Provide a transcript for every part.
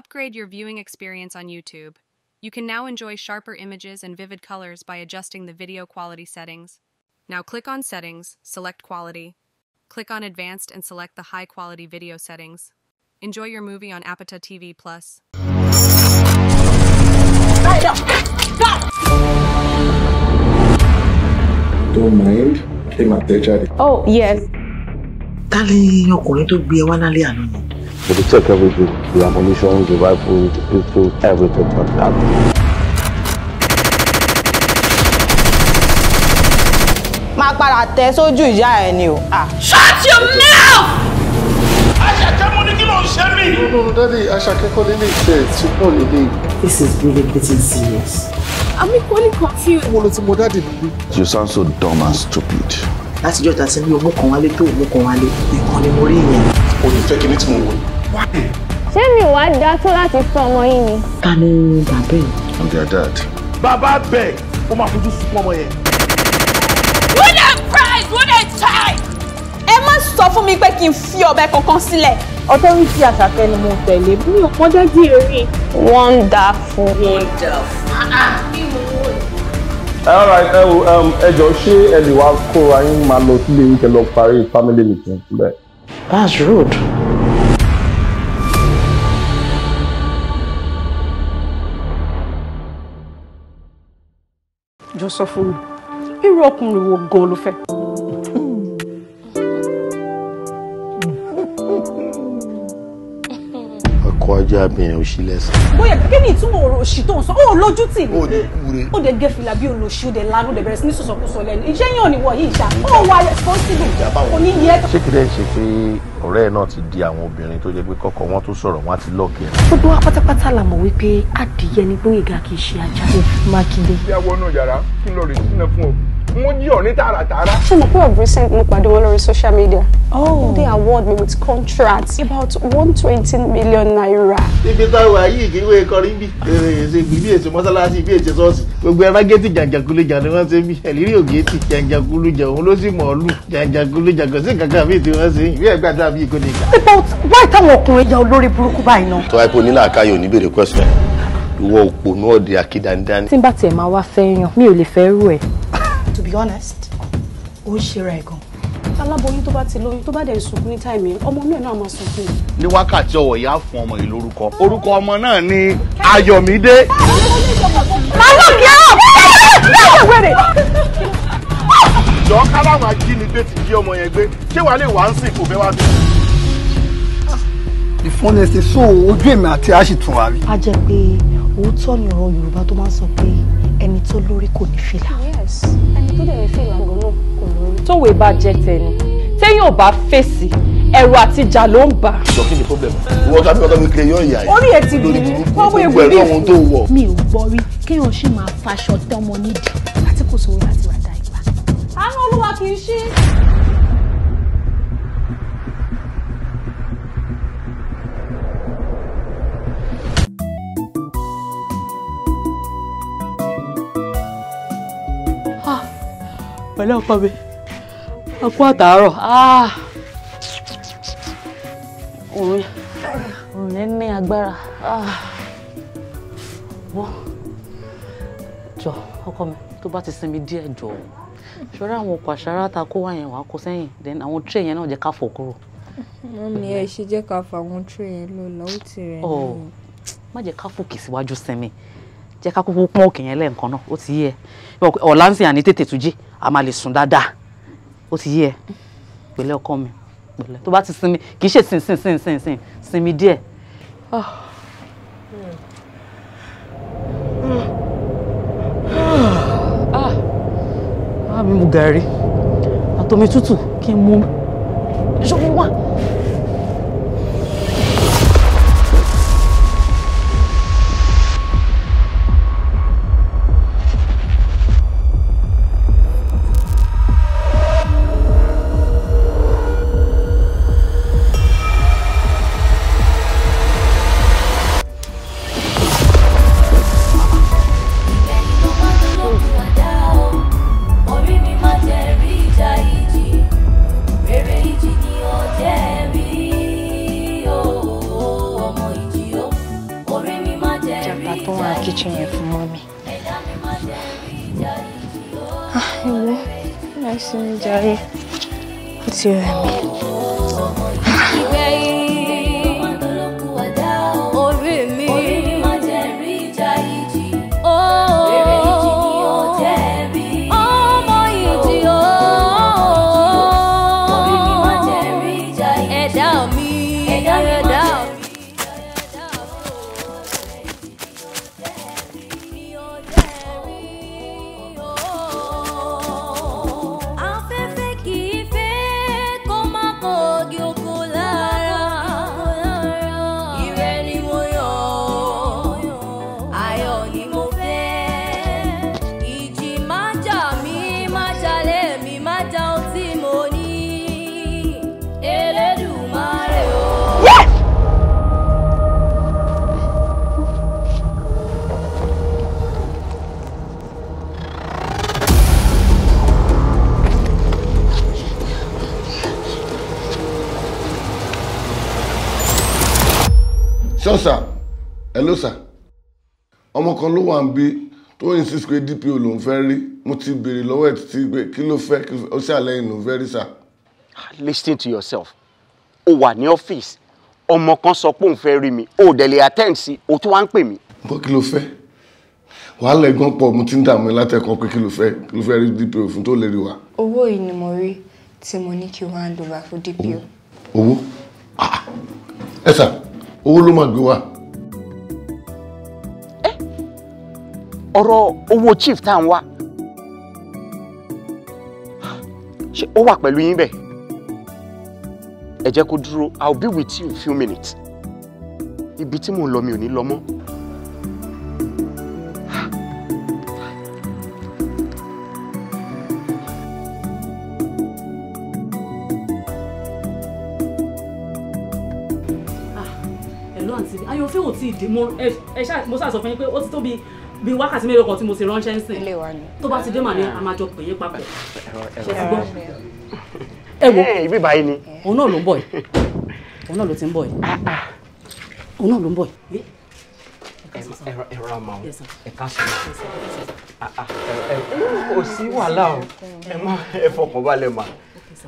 Upgrade your viewing experience on YouTube. You can now enjoy sharper images and vivid colors by adjusting the video quality settings. Now click on Settings, select Quality. Click on Advanced and select the High Quality Video settings. Enjoy your movie on Apata TV+. Plus. Don't mind. Take my Oh, yes. Darling, you're going to be one alien. But they check everything. The ammunition, the rifle, the pistol, everything but that. Máa padà tẹ sójú ìyá ẹ ni o. Ah, shut your mouth! Aṣàkẹ́ mo ní kí ló ń ṣe mí. No, no, Daddy, Aṣàkẹ́ kọ́ nílé ìṣe ṣùgbọ́n nílé. This is really getting serious. I'm equally confused. Mo lo ti mo dáàdì mi. You sound so dumb and stupid. Látijọ́ ta ti ní omú kan wálé to omú kan wálé, ìkànnì mo rí ìyẹn. Olùfẹ́ kìíní tí mo wọ̀ wá dé. ṣé mi wàá dá tó láti fún ọmọ yín ni. ta ni bàbá ẹ. i'm their dad. bàbá bẹ ó máa fojú sunkún ọmọ yẹn. what a prize what a time. ẹ má sọ fún mi pé kí n fi ọbẹ̀ kankan sílẹ̀. authority àṣàkẹ́ ni mo tẹ̀lé bí ọ̀pọ̀ dájú eré. wonderful. wonderful alright ẹ wo um, ẹ jọ ṣé ẹ lè wá kóra yín máa lọ sílé yín kẹ lọ parí family meeting that's rude. jọ sọ fún mi irú ọkùnrin wo gan ló fẹ́. kọjá abìnrin òṣì lẹ́sìn. bóyá kí ni ìtumọ̀ ọ̀rọ̀ tó ń sọ ó lójú tì mí. ó dé kúre. ó dé gẹ́fìlà bí olóṣù dé lanu dé bẹ̀rẹ̀ sí ní sọ̀sọ̀kúsọ lẹ́nu iṣẹ́ yàn ni wọ̀nyí ìṣá ó wà responsible kò ní yẹ. ṣé kìí dẹ́n ṣe pé ọ̀rẹ́ náà ti di àwọn obìnrin tó jẹ́ pé kọ́kọ́ wọn tó sọ̀rọ̀ wọn ti lọ́ọ̀kẹ́. gbogbo wa pátápátá la mọ̀ wípé adìyẹ ni gbóyèga kì í ṣe ajá. mákindé. bí wọnú yàrá kí lọ rè sínú fún ọ mo yí ọ ní tààràtààrà. ṣé mo pé of recent mo pàdé wọn lórí social media. oh they award me with contract about one twenty million naira. ibi táwọn ayé ìkéwé kọrin bí èrè bí èsì mọ́sálásí bí èsì ṣọ́ọ̀ṣì gbogbo ẹ̀mágẹ́tì jàǹjàkulù jà ni wọ́n ṣe bí ẹ̀lírí ògẹ́tì jàǹjàkulù jà òun ló sì mọ̀ ọ́ lù jàǹjàkulù jà kò sí kankan mi tí wọ́n ṣe ìwé ẹ̀gbà tá a bí ikú nìkan. about why táwọn ọkùnrin ya olórí burúkú báyìí náà. tọ́ àìpọ̀ nílà àkáyọ̀ ní bèrè question ìwọ òpó náà di akídandani. tí n bá tiẹ̀ máa wá fẹ́ yàn mi ò lè fẹ́ rú ẹ̀ be honest ó ń ṣe ra ẹ̀ gan aláboyún tó bá ti lóyún tó bá dẹ̀ sunkún ní táìmì ọmọ náà náà máa sunkún. ní wákàtí ọwọ ìyá fún ọmọ yìí lórúkọ orúkọ ọmọ náà ni Ayọ̀mídé. màlúù kí ọ yóò wèrè. jọ káláwọn ajínigbé ti jí ọmọ yẹn gbé ṣé wàá lè wá ń sìn kò fẹ́ wá bí. ìfúnnisẹ so ojú èmi àti aṣìtúnwá rí. a jẹ pé òótọ́ ni ọ̀rọ̀ Yorùbá tó máa ń sọ pé ẹni tó lórí kò ní fìlà. yes ẹni tó dẹ̀ ní fìlà gan náà kò lórí. tówè bá jẹ tẹni téèyàn ò bá fèsì ẹ̀rù àti ìjà ló ń bà. ìjọ kí ni problem ìwọ tàbí ọkọ mi kiri yọ ìyá ẹ orí ẹ ti bí kọ́wé ìwúrí fún mi ò gbọ́ rí kéèyàn ṣì máa faṣọ tọmọ nídìí àti kò sówó láti rà dá ìgbà. àwọn olúwa kì í ṣe. pẹ̀lẹ́ ọkọ mi a kú àtàárọ̀ ah. òun òun yẹn ní agbára ah. wọ́n jọ ọkọ mi tó bá ti sinmi díẹ̀ jọ ṣọ́ra àwọn ọkọ̀ àṣàrà ta kó wá yẹn wàá kó sẹ́yìn then àwọn tray yẹn náà jẹ́ ká fọ̀ kúrò. mọ́mí ẹ ṣe jẹ́ ká fọ àwọn tray yẹn ló lọ ó ti rẹ̀ náà. Oh. má jẹ́ ká fòkè síwájú sinmi jẹ́ ká kúkú pọ́n òkè yẹn lẹ́ẹ̀kan náà ó ti yẹ ọ̀la ń sìn àní tètè tún jí a máa lè sùn dáadáa ó ti yé ẹ pẹ̀lẹ́ ọkọ mi pẹ̀lẹ́ tó bá ti sinmi kì í ṣe sìn sìn sìn sìn sìn sinmi díẹ̀. a ah. ah. ah, mi mu gàrí àtomi tútù kí n mu ṣùgbọ́n. sure sir hello sir ọmọ kan ló wà ń bí tó insist pé DPO lòún fẹ́ rí mo ti béèrè lọ́wọ́ ẹ̀ títí pé kí ló fẹ́ kí ó ṣàlẹ́yìn lòún fẹ́ rí sir. listen to yourself o wà ní ọ́fíìsì ọmọ kan sọ pé òun fẹ́ rí mi o dẹ̀ lè attend sí o tó wá ń pè mí. bọ́ kí ló fẹ́ wàhálà ẹ̀gbọ́n pọ̀ mo ti ń dààmú látẹ̀kọ́ pé kí ló fẹ́ kí ló fẹ́ rí DPO fún tó lè rí wa. owó yìí ni mo rí tí mo ní kí wọ́n á lò wá fún DPO. owó ah, ẹ sà owó ló máa gbé wá. ẹ ọ̀rọ̀ owó chief tá à ń wá ṣé ó wà pẹ̀lú yín bẹ́ẹ̀ ẹ jẹ́ kó dúró i will be with you in few minutes ibi tí mò ń lọ mi ò ní lọ mọ́. tí dé mo ṣàṣọ fún yín pé ó ti tó bíi bí wákàtí mélòó kan tí mo ti ránṣẹ́ ń sìn tó bá ti dé màá ní a máa jọ pè é papọ̀ ṣe ti gbọ́. ẹ wo ibi báyìí ni. òun náà ló ń bọ̀ yìí òun náà ló ti ń bọ̀ yìí ah, ah. òun náà ló ń bọ̀ yìí. ẹ ra ma ẹ ká sọ ma o sí wàhálà ẹ má ẹ fọkàn balẹ̀ ma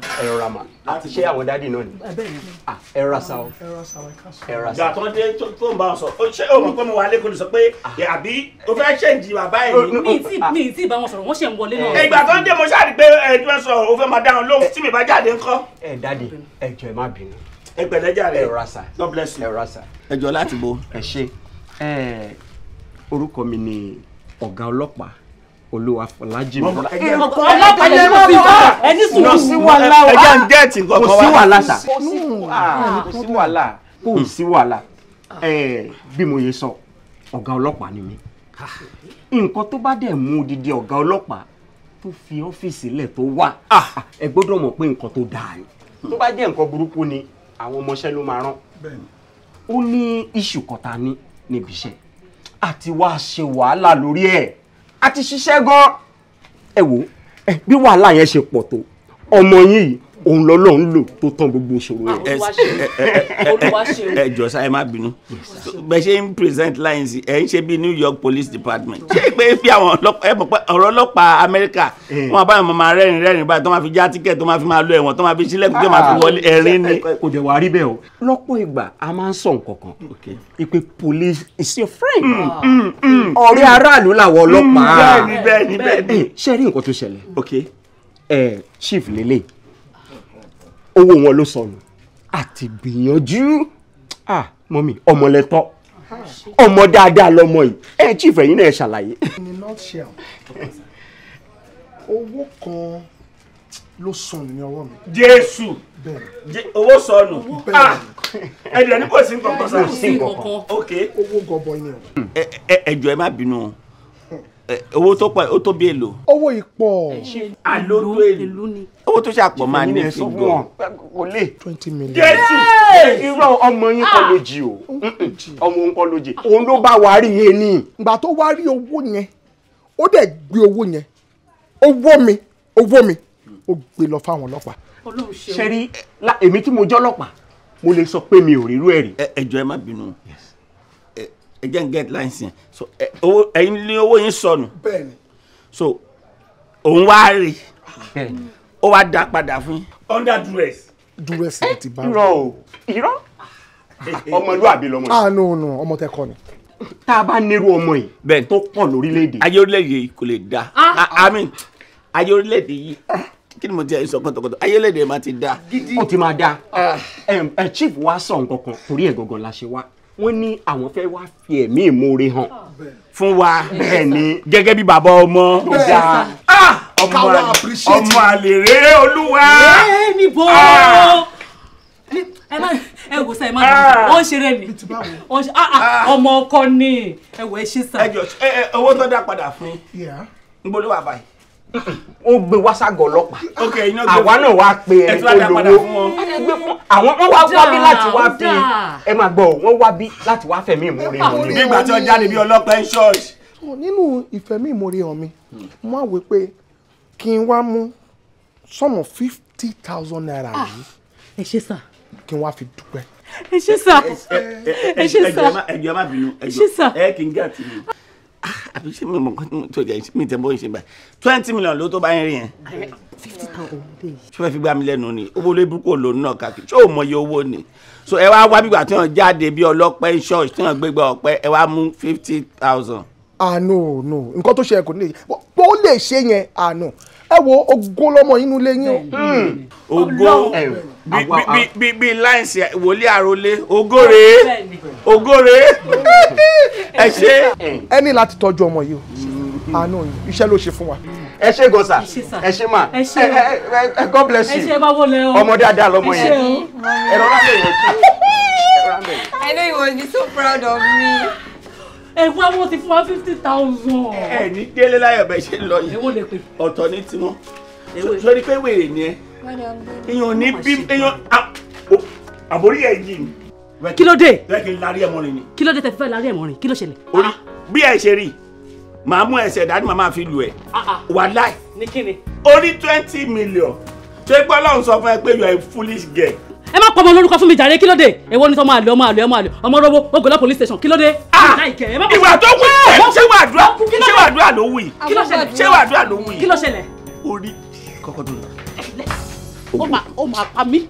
ẹ̀rọ ra mà á ti ṣe àwọn dáàdì náà ni eh, ẹ̀rọ ah, ra sa o ẹ̀rọ ra sa. ìgbà tó ń dé tó ń bá wọn sọ ṣé o mọ̀ pé mo wà lẹ́kọ̀ọ́ lè sọ pé ah. àbí o fẹ́ ṣe ń jìyà báyìí ni. Mm, mm, mi mm, ti ah. mi ti bá wọn sọ̀rọ̀ wọ́n ṣe ń wọlé náà. Eh, ìgbà tó ń dé mo ṣáà rí pé ẹ̀ẹ́dúrẹ́ eh, sọ o fẹ́ máa dá wọn lóhùn tí mi bá jáde ńkọ́. ẹ dáàdì ẹ jọ̀ọ́ ẹ má bínú. ẹ pẹ̀lẹ́jà rẹ ẹ̀rọ sa God bless you ẹ̀rọ ra sa. ẹ jọ̀ọ́ láti bo. ẹ ṣe orúkọ mi ni ọ̀gá ọlọ́pàá olúwa fọlájì mi. ẹ̀rọ̀kọ̀ alábẹ́lẹ́ ló fi bá ẹni sùn kò sí wàhálà o. ẹja ah, ń gẹ́ẹ̀tì nǹkan kan wá kò sí wàhálà sà. kò sí wàhálà kò sí wàhálà hmm. bí mo yẹ sọ ọ̀gá ọlọ́pàá ni mí. nǹkan tó bá dẹ̀ mú odidi ọ̀gá ọlọ́pàá tó fi ọ́fíìsì lẹ̀ tó wà ah. Ah, ẹ gbọ́dọ̀ mọ̀ pé nǹkan tó dáa ni. tó bá jẹ́ nǹkan burúkú ni àwọn ọmọọṣẹ́ ló máa rán. ó ní iṣu kọ̀tà ní níbi iṣẹ́ àti wàá ṣe wàhálà lórí ẹ̀ a ti ṣiṣẹ́ gan-an. ẹ wo bí wàhálà yẹn ṣe pọ̀ tó ọmọ yín yìí òun lọ́lọ́run lò tó tán gbogbo ìṣòro yẹn. ẹ jọ̀ọ́ sá ẹ má bínú bẹ́ẹ̀ ṣe ń present lines ẹ̀ ń ṣe bí New York Police Department ṣé pé fi àwọn ọ̀rọ̀ ọlọ́pàá Amẹ́ríkà wọn bá àwọn ọmọ rẹ́rìn rẹ́rìn báyìí tó máa fi já tíkẹ́ẹ̀tì tó máa fi máa lo ẹ̀wọ̀n tó máa fi sílẹ̀kùn tó máa fi wọlé ẹ̀rín ni. kò jẹ́ wàá rí bẹ́ẹ̀ o. lọ́pọ̀ ìgbà a máa ń sọ nǹkan kan ìpè police is your friend ọ̀rẹ́ aráàlú làwọn ọlọ́pàá bẹ́ẹ̀ ni bẹ́ẹ̀ ni bẹ́ẹ̀ ni ṣe rí nǹkan tó ṣẹlẹ̀ chief lélẹ́yìí owó wọn ló sọnù àti gbìyànjú ah mọ́mí ọmọlẹ́tọ́ ọmọ dáadáa lọmọ yìí ẹ chief ẹ̀yin náà ṣàlàyé. in a nutshell owó kan ló sọnù ní ọwọ́ mi. jésù owó sọnù ah! ẹ̀dùn ẹni kò sí nǹkan kan sáà. owó gọbọi ni o. ẹ ẹ jọ̀ọ́ ẹ má bínú o. Eh, owó tó pọ̀ ó tó bí èlò. owó ìpọ̀. àlódó èlò owó tó ṣàpọ̀ máa ní fi gan. kò lè. twenty million. jésù irọ́ ọmọ yín kọ́ ah! ló o ọmọ òun kọ́ ló jí òun ló bá wa rí yẹn ní. ìgbà tó wá rí owó yẹn ó dẹ̀ gbé owó yẹn mi owó mi ó gbé lọ fáwọn ọlọ́pàá. ṣe rí èmi sọ pé mi ò ẹ̀ rí. ẹ ẹ má bínú. ẹ jẹ́ n get license, so owó ẹ̀yin ní owó yín sọnù so òun wá rè ó wá dá padà fún yín. under duress. duress ni ti bá wọn. irọ́ o irọ́ ọmọlúwàbí lọmọ yìí. ah no no ọmọ tẹ kọ ni tá a bá nírú ọmọ yìí. bẹ́ẹ̀ tó pọ̀ lórílẹ̀ ayé orílẹ̀ yìí kò lè da ah, àmín ah, ah. ayé orílẹ̀-èdè yìí kí ni mo ti ẹ sọ kọtọkọtọ ayé orílẹ̀-èdè máa ti da. ó ti máa da ẹ chief wa sọ nǹkan kan torí ẹ gangan la ṣe wa wọ́n ní àwọn fẹ́ wá fi ẹ̀mí ìmoore hàn fún wa bẹ́ẹ̀ ni gẹ́gẹ́ bí bàbá ọmọ tó dáa ah, ọmọ àlèrè olúwa. ẹ ah. níbo ẹ má ẹ wò sẹ ẹ má lọ ọ ń ṣeré ni ah, ọmọ ọkọ ni ẹ wò ẹ ṣe sàn. ẹ jọ owó tó dá padà fún yín ń bolówó àbáyé ó gbé wáṣágọ ọlọ́pàá àwa náà wá pe ẹni tó lówó àwọn wọn wá wá bí láti wá fi ẹ máa gbọ́ wọn wá bí láti wá fẹ̀mí ìmúre hàn ní. nígbà tí wọn jáde bí ọlọ́pàá ń ṣọ́ọ̀ṣì. nínú ìfẹ̀mí ìmúre hàn mi mo á wò pé kí n wá mú sọmọ fifty thousand naira yìí. ẹ ṣe sà. kí n wá fi dúpẹ́. ẹ ṣe sà. ẹ ṣe sà. ẹ jọ̀ọ́ má bínú ẹ jọ̀ọ́ ẹ kì í gà tì mí àbí ṣé mi mọ nǹkan tí mo tó jẹ mi tẹ bó ṣe báyìí twenty million ló tó bá yín rí yẹn. fifty thousand dé. ṣé fẹ́ fi gbá lẹ́nu ni owó lé burúkú ò lóun náà káàkiri ṣé ò mọye owó ni so ẹ wá wá bígbà tí wọn jáde bí ọlọ́pẹ́ ṣọ́ọ̀ṣì tí wọn gbégbá ọ̀pẹ ẹ wá mú fifty thousand. ah no no nǹkan tó ṣe ẹ kò ní lè bó lè ṣe yẹn ah no ẹ wo ogo lọmọ inú ilé yín o. ogo hmm. bí bí láìsí wòlíì àròlé ogóre ogóre ẹ ṣe. ẹ ní láti tọ́jú ọmọ yìí o àánú yìí iṣẹ́ ló ṣe fún wa. ẹ ṣe gọ́sà ẹ ṣe mà ẹ God bless you ọmọ dáadáa lọmọ yẹn ẹ rọra lè yẹn kí. I know you will be so proud of me ẹ̀gbọ́n wọn ti fún wa fifty thousand. ẹ ní délé láyọ̀ bẹ́ẹ̀ ṣe lọ yìí ọ̀tọ̀ ní tiwọn sórí pé wèrè ni ẹ èèyàn ní bí èèyàn àbórí ẹ̀ yìí ni. kí ló dé kí n larí ẹ̀ mọ́rin ni. kí ló dé tẹ̀sífẹ́ larí ẹ̀ mọ́rin kí ló ṣẹlẹ̀. orí bí ẹ ṣe rí màá mú ẹsẹ̀ dání màá máa fi lù ẹ̀ ah, ah. wàláì orí twenty million ṣé gbọ́dọ̀ sọ fún ẹ pé you are a foolish girl ẹ má pọmọ lórúkọ fún mi jàre kí ló dé èwo ni tọmọ àlè ọmọ àlè ọmọ àlè ọmọ rọwọ ogola police station kí ló dé. Ah! ìwà tó wù ẹ ṣé wà dúrà ṣé wà dúrà ló wù yìí kí ló ṣẹlẹ̀ ṣé wà dúrà ló wù yìí kí ló ṣẹlẹ̀. orí kọ́kọ́ dùn náà. ó máa pa mí.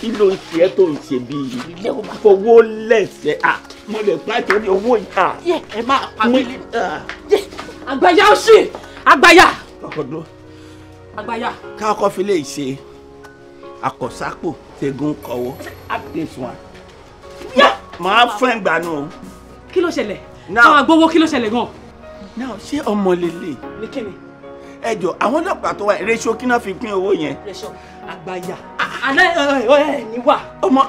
kí ló ń ṣe ẹ́ tó ń ṣe bí ilé owó lẹ́sẹ̀ à ah! mo lè gbá ìtọ́ni owó yìí. Ah! ẹ máa pa mí. àgbàyà ó ṣì àgbàyà. kọ́kọ́ dùn. àgbàyà. ká ọkọ fi lè ṣe àkọsápò àtẹ̀gùn kọ̀wọ́ act this one. màá fún ẹ̀ gbà nù. kí ló ṣẹlẹ̀ àwọn àgbọ̀wọ́ kí ló ṣẹlẹ̀ gan. now ṣé ọmọ lele. ní kíni. ẹ jọ àwọn ọlọ́pàá tó wà rẹṣọ kí náà fi pín owó yẹn. rẹṣọ àgbàyà. àná ẹ ẹ ní wà. ọmọ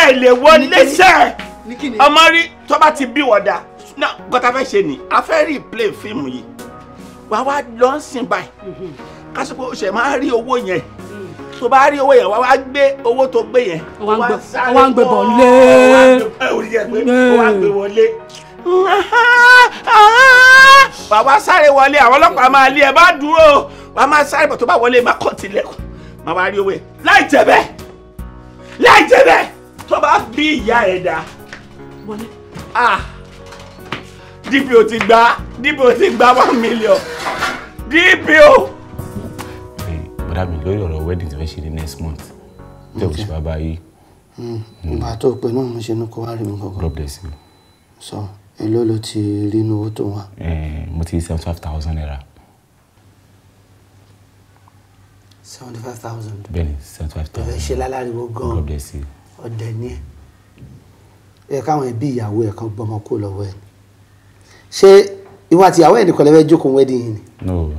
ẹ lè wọlé sẹ ọmọ rí tó bá ti bí wọ̀dà náà gbọ́dọ̀ fẹ́ ṣe ni a fẹ́ rí play fíìmù yìí wàá wá lọ́ọ́ sìn báyìí mhm. kásìkò ṣẹ̀ máa rí owó yẹn tó bá rí owó yẹn wá wá gbé owó tó gbé yẹn. wá gbé bọ̀ wá gbé wọlé. bàbá sáré wọlé àwọn ọlọ́pàá máa lé ẹ bá dúró wàá máa sáré bọ̀ tó bá wọlé má kọ̀ tilẹ̀kùn má wá rí owó yẹn. láì jẹ bẹ́ẹ̀ láì jẹ bẹ́ẹ̀ tó bá bí ìyá ẹ̀ dá. wọlé. ah DPO ti gba DPO ti gba one million DPO bọ̀dá mi lórí ọ̀rọ̀ wedding tí wọ́n ṣe ní next month tẹ́ ò ṣe bàbá yìí. Hmm. Hmm. ìgbà tó pé náà mo ṣe ní kó wá rí mi gbọ̀ngàn. God bless you. sọ èló ló ti rí inú owó tó wà. Eh, mo ti seventy five thousand naira. seventy five thousand. bẹ́ẹ̀ni seventy five thousand. ọ̀rẹ́ ṣe lálàríwó gan-an. God bless you. ọ̀dẹ̀ ni ẹ̀ ẹ̀ káwọn ẹbí ìyàwó ẹ̀ kan gbọ́mọ kó lọ́wọ́ ẹ̀ ṣé ìwà àtìyàwó ẹ̀ nìkan lẹ́fẹ̀ẹ́ jókòó wedding yìí ni. no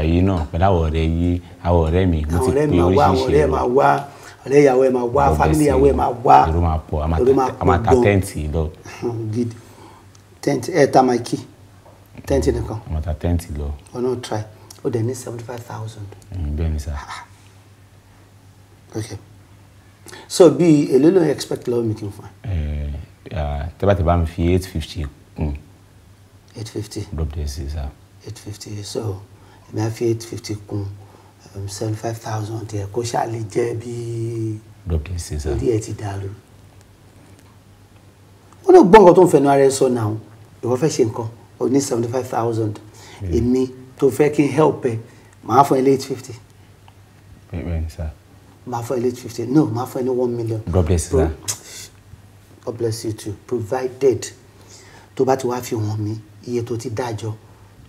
yìí náà pẹ̀lú àwọn ọ̀rẹ́ yìí àwọn ọ̀rẹ́ mi mo ti pe oríṣiríṣi èrò ọ̀rẹ́ ìyàwó ẹ̀ máa wá fámìlì ìyàwó ẹ̀ máa wá èrò máa pọ̀ a máa ta tẹ́ǹtì lọ. tẹ́ǹtì ẹ̀ ta máa kí tẹ́ǹtì nìkan. a máa ta tẹ́ǹtì lọ. wọn náà try ó dẹ̀ ní seventy five thousand. Mm, bẹ́ẹ̀ ni sá. ok so bí èlé ló ń expect lọ́wọ́ mi kí n fún ẹ. tẹ́bà tẹ́bà mi fi eight fifty kún. Mm. eight fifty. drop the six sá. eight fifty so bí a fi eight fifty kún um, seventy five thousand tiẹ̀ kó ṣáà lè jẹ́ bí orí ẹ̀ ti dàrú wọ́n lè gbọ́ nǹkan tó ń fẹnu ara ẹ sọ náà ìwọ fẹ́ ṣe nǹkan o ní seventy five thousand hmm. èmi tó fẹ́ kí n help ẹ màá fún ẹ lé eight fifty. bẹ́ẹ̀ ni sá. màá fún eight fifty no màá fún ẹ one million. God bless you God bless you too provided tó bá ti wá fi hàn mí iye tó ti dájọ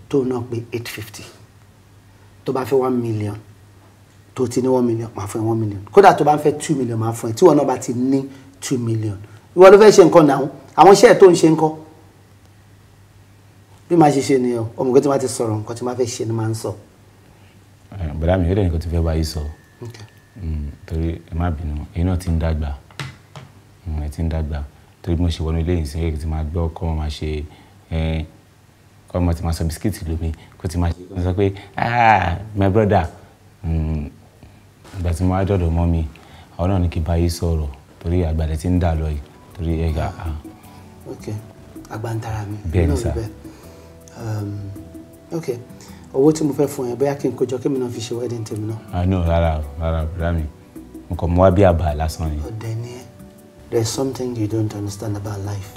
tó náà pé eight fifty tó bá fẹ́ one million tó ti ní one million máa fún one million kódà tó bá ń fẹ́ two million máa fún ẹ tí wọn náà bá ti ní two million ìwọ ló fẹ́ ṣe nǹkan náà àwọn iṣẹ́ tó ń ṣe nǹkan bí màá ṣe ṣe nìyẹn o ọmọ kí tí wọ́n ti sọ̀rọ̀ nǹkan tí wọ́n fẹ́ ṣe ni màá ń sọ. Eh, bàdá mi ìrẹ́lẹ̀ nǹkan tí fẹ́ bá yìí sọ mm, torí ẹ má bínú èyí náà ti ń dàgbà mm, ẹ ti ń dàgbà torí mo ṣe wọnú ilé ìsìn èyí kọ́ ọmọ ti máa sọ bisikíìtì lómi kó ti máa ṣe kó sọ pé ah, my brother hmm. ìgbà tí mo wá dọ̀dọ̀ mọ́ mi ọ̀rọ̀ náà ni kí bá yí sọ̀rọ̀ torí àgbàdo ti ń dà lọ yìí torí ẹ̀ gà á. Ah. ok agbantara mi bẹ́ẹ̀ ni sá um, ok owó tí mo fẹ́ fún ẹ bóyá kí n kójọ kí mi náà fi ṣe wedding tèmi náà. ah rárá rárá rárá mi mo kàn mú wá bí àbá lásán ni. ọ̀dẹ̀ ni ẹ there is something you don't understand about life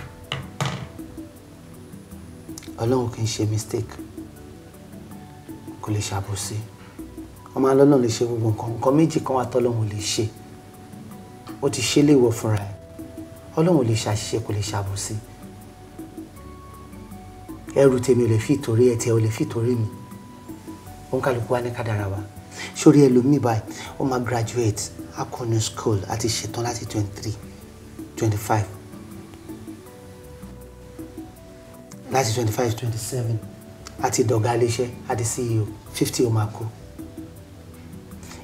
ọlọ́run kì í ṣe mistake kò lè ṣàbòsí ọmọ alọ́lọ́run lè ṣe gbogbo nǹkan nǹkan méjì kan wà tọ́lọ́run lè ṣe ó ti ṣe léèwọ̀ fúnra ẹ̀ ọlọ́run lè ṣàṣìṣe kò lè ṣàbòsí ẹrù tèmi ò lè fi ìtòrí ẹ̀ tiẹ̀ ò lè fi ìtòrí mi òǹkàlùkù wa ní kádàrà wa sórí ẹlòmíì báyìí ó máa graduate akọni school àti ṣetán láti twenty three twenty five láti twenty five twenty seven àti dọ̀gá iléeṣẹ́ àti ceo fifty ó máa kú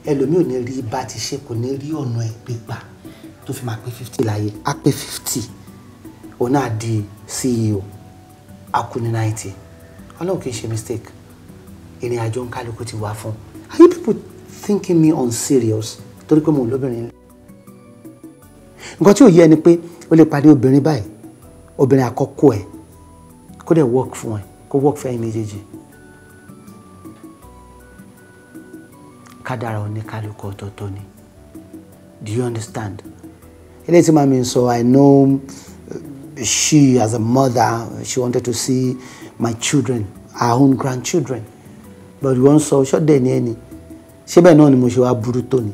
ẹlòmíì ò ní rí bá ti ṣe kò ní rí ọ̀nà ẹ̀ gbégbà tó fi máa pé fifty láyé á pé fifty òun náà di ceo á ní ninety ọlọ́run kì í ṣe mistake ìrìn àjò ń kálukú ti wá fún are you people thinking me on serious torí pé mo lóbìnrin nǹkan tí ò yẹ ni pé o lè pàdé obìnrin báyìí obìnrin àkọ́kọ́ ẹ̀ kó dẹ̀ work fún ẹ kó work fún ẹ̀yin méjèèjì kádàrá oníkálukú ọ̀tọ̀ọ̀tọ̀ ni do you understand eléyìí tí màmí sọ i know uh, she as a mother she wanted to see my children our own grandchildren but wọ́n sọ ṣọ́dẹ̀ ni ẹni ṣé bẹ́ẹ̀ náà ni mo ṣe wá burú tó ni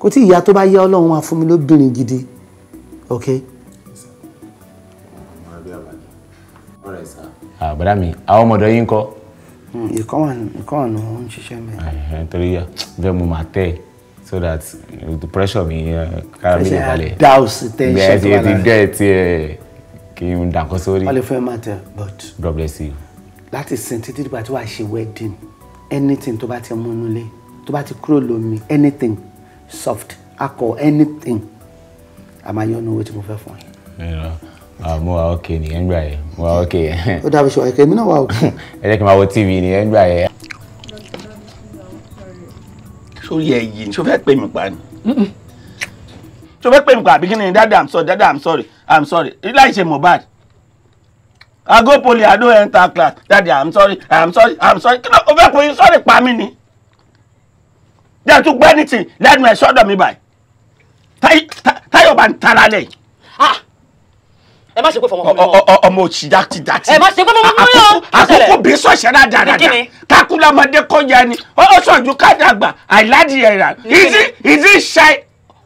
kò tí ìyá tó bá yá ọlọ́run wá fún mi lóbìnrin gidi okay àbúrò ah, mi àwọn ọmọdé yín kọ́. ìkọ́wọ̀n ló ń ṣiṣẹ́ mi. torí eh, bẹ́ẹ̀ mo máa tẹ̀ so that eh, the pressure mi eh, kára mi lè balẹ̀. douse tension tó wà lára. bẹ́ẹ̀ ti gẹ̀ ti ẹ̀ kí n dàkọ́ sórí. wọ́n lè fẹ́ máa tẹ̀ but. God bless you. láti sin títí dìgbà tí wàá ṣe wedding anything tó bá ti mú inú lé tó bá ti kúrò lómi anything soft akọ anything àmàyọ́nu owó tí mo fẹ́ fún ẹ. Ah, mo wà ok ní ẹgbà yẹn mo wà ok. ó dàbí ṣọ ẹkẹ mi náà wà ok. ẹ jẹ́ kí n máa wo tv ní ẹgbà yẹn. sórí ẹ yìí ṣó fẹ́ pè mí pa ni ṣó fẹ́ pè mí pa àbí kí ni dada i'm sorry dada i'm sorry i'm sorry láì ṣe Mohbad i go poli i no enter class dadi i'm sorry i'm sorry i'm sorry kí ló o fẹ́ pè sọ́ọ̀rì pa mí ni jẹ́ tún gbẹ́ni tì lẹ́nu ẹ̀ sọ́dọ̀ mi báyìí táyọ̀ bá ń tara lẹ́yìn ẹ má ṣe pé fọmọ fún mi mọ. ọmọ òsì dátì dátì. ẹ má ṣe pé fọmọ fún mi mọ. àkókò bí sọ̀ṣẹ́ náà dáradára kákúlámọdé kọjá ni ó sọ̀jú kádàgbà àìládìyẹ rà is it is it shy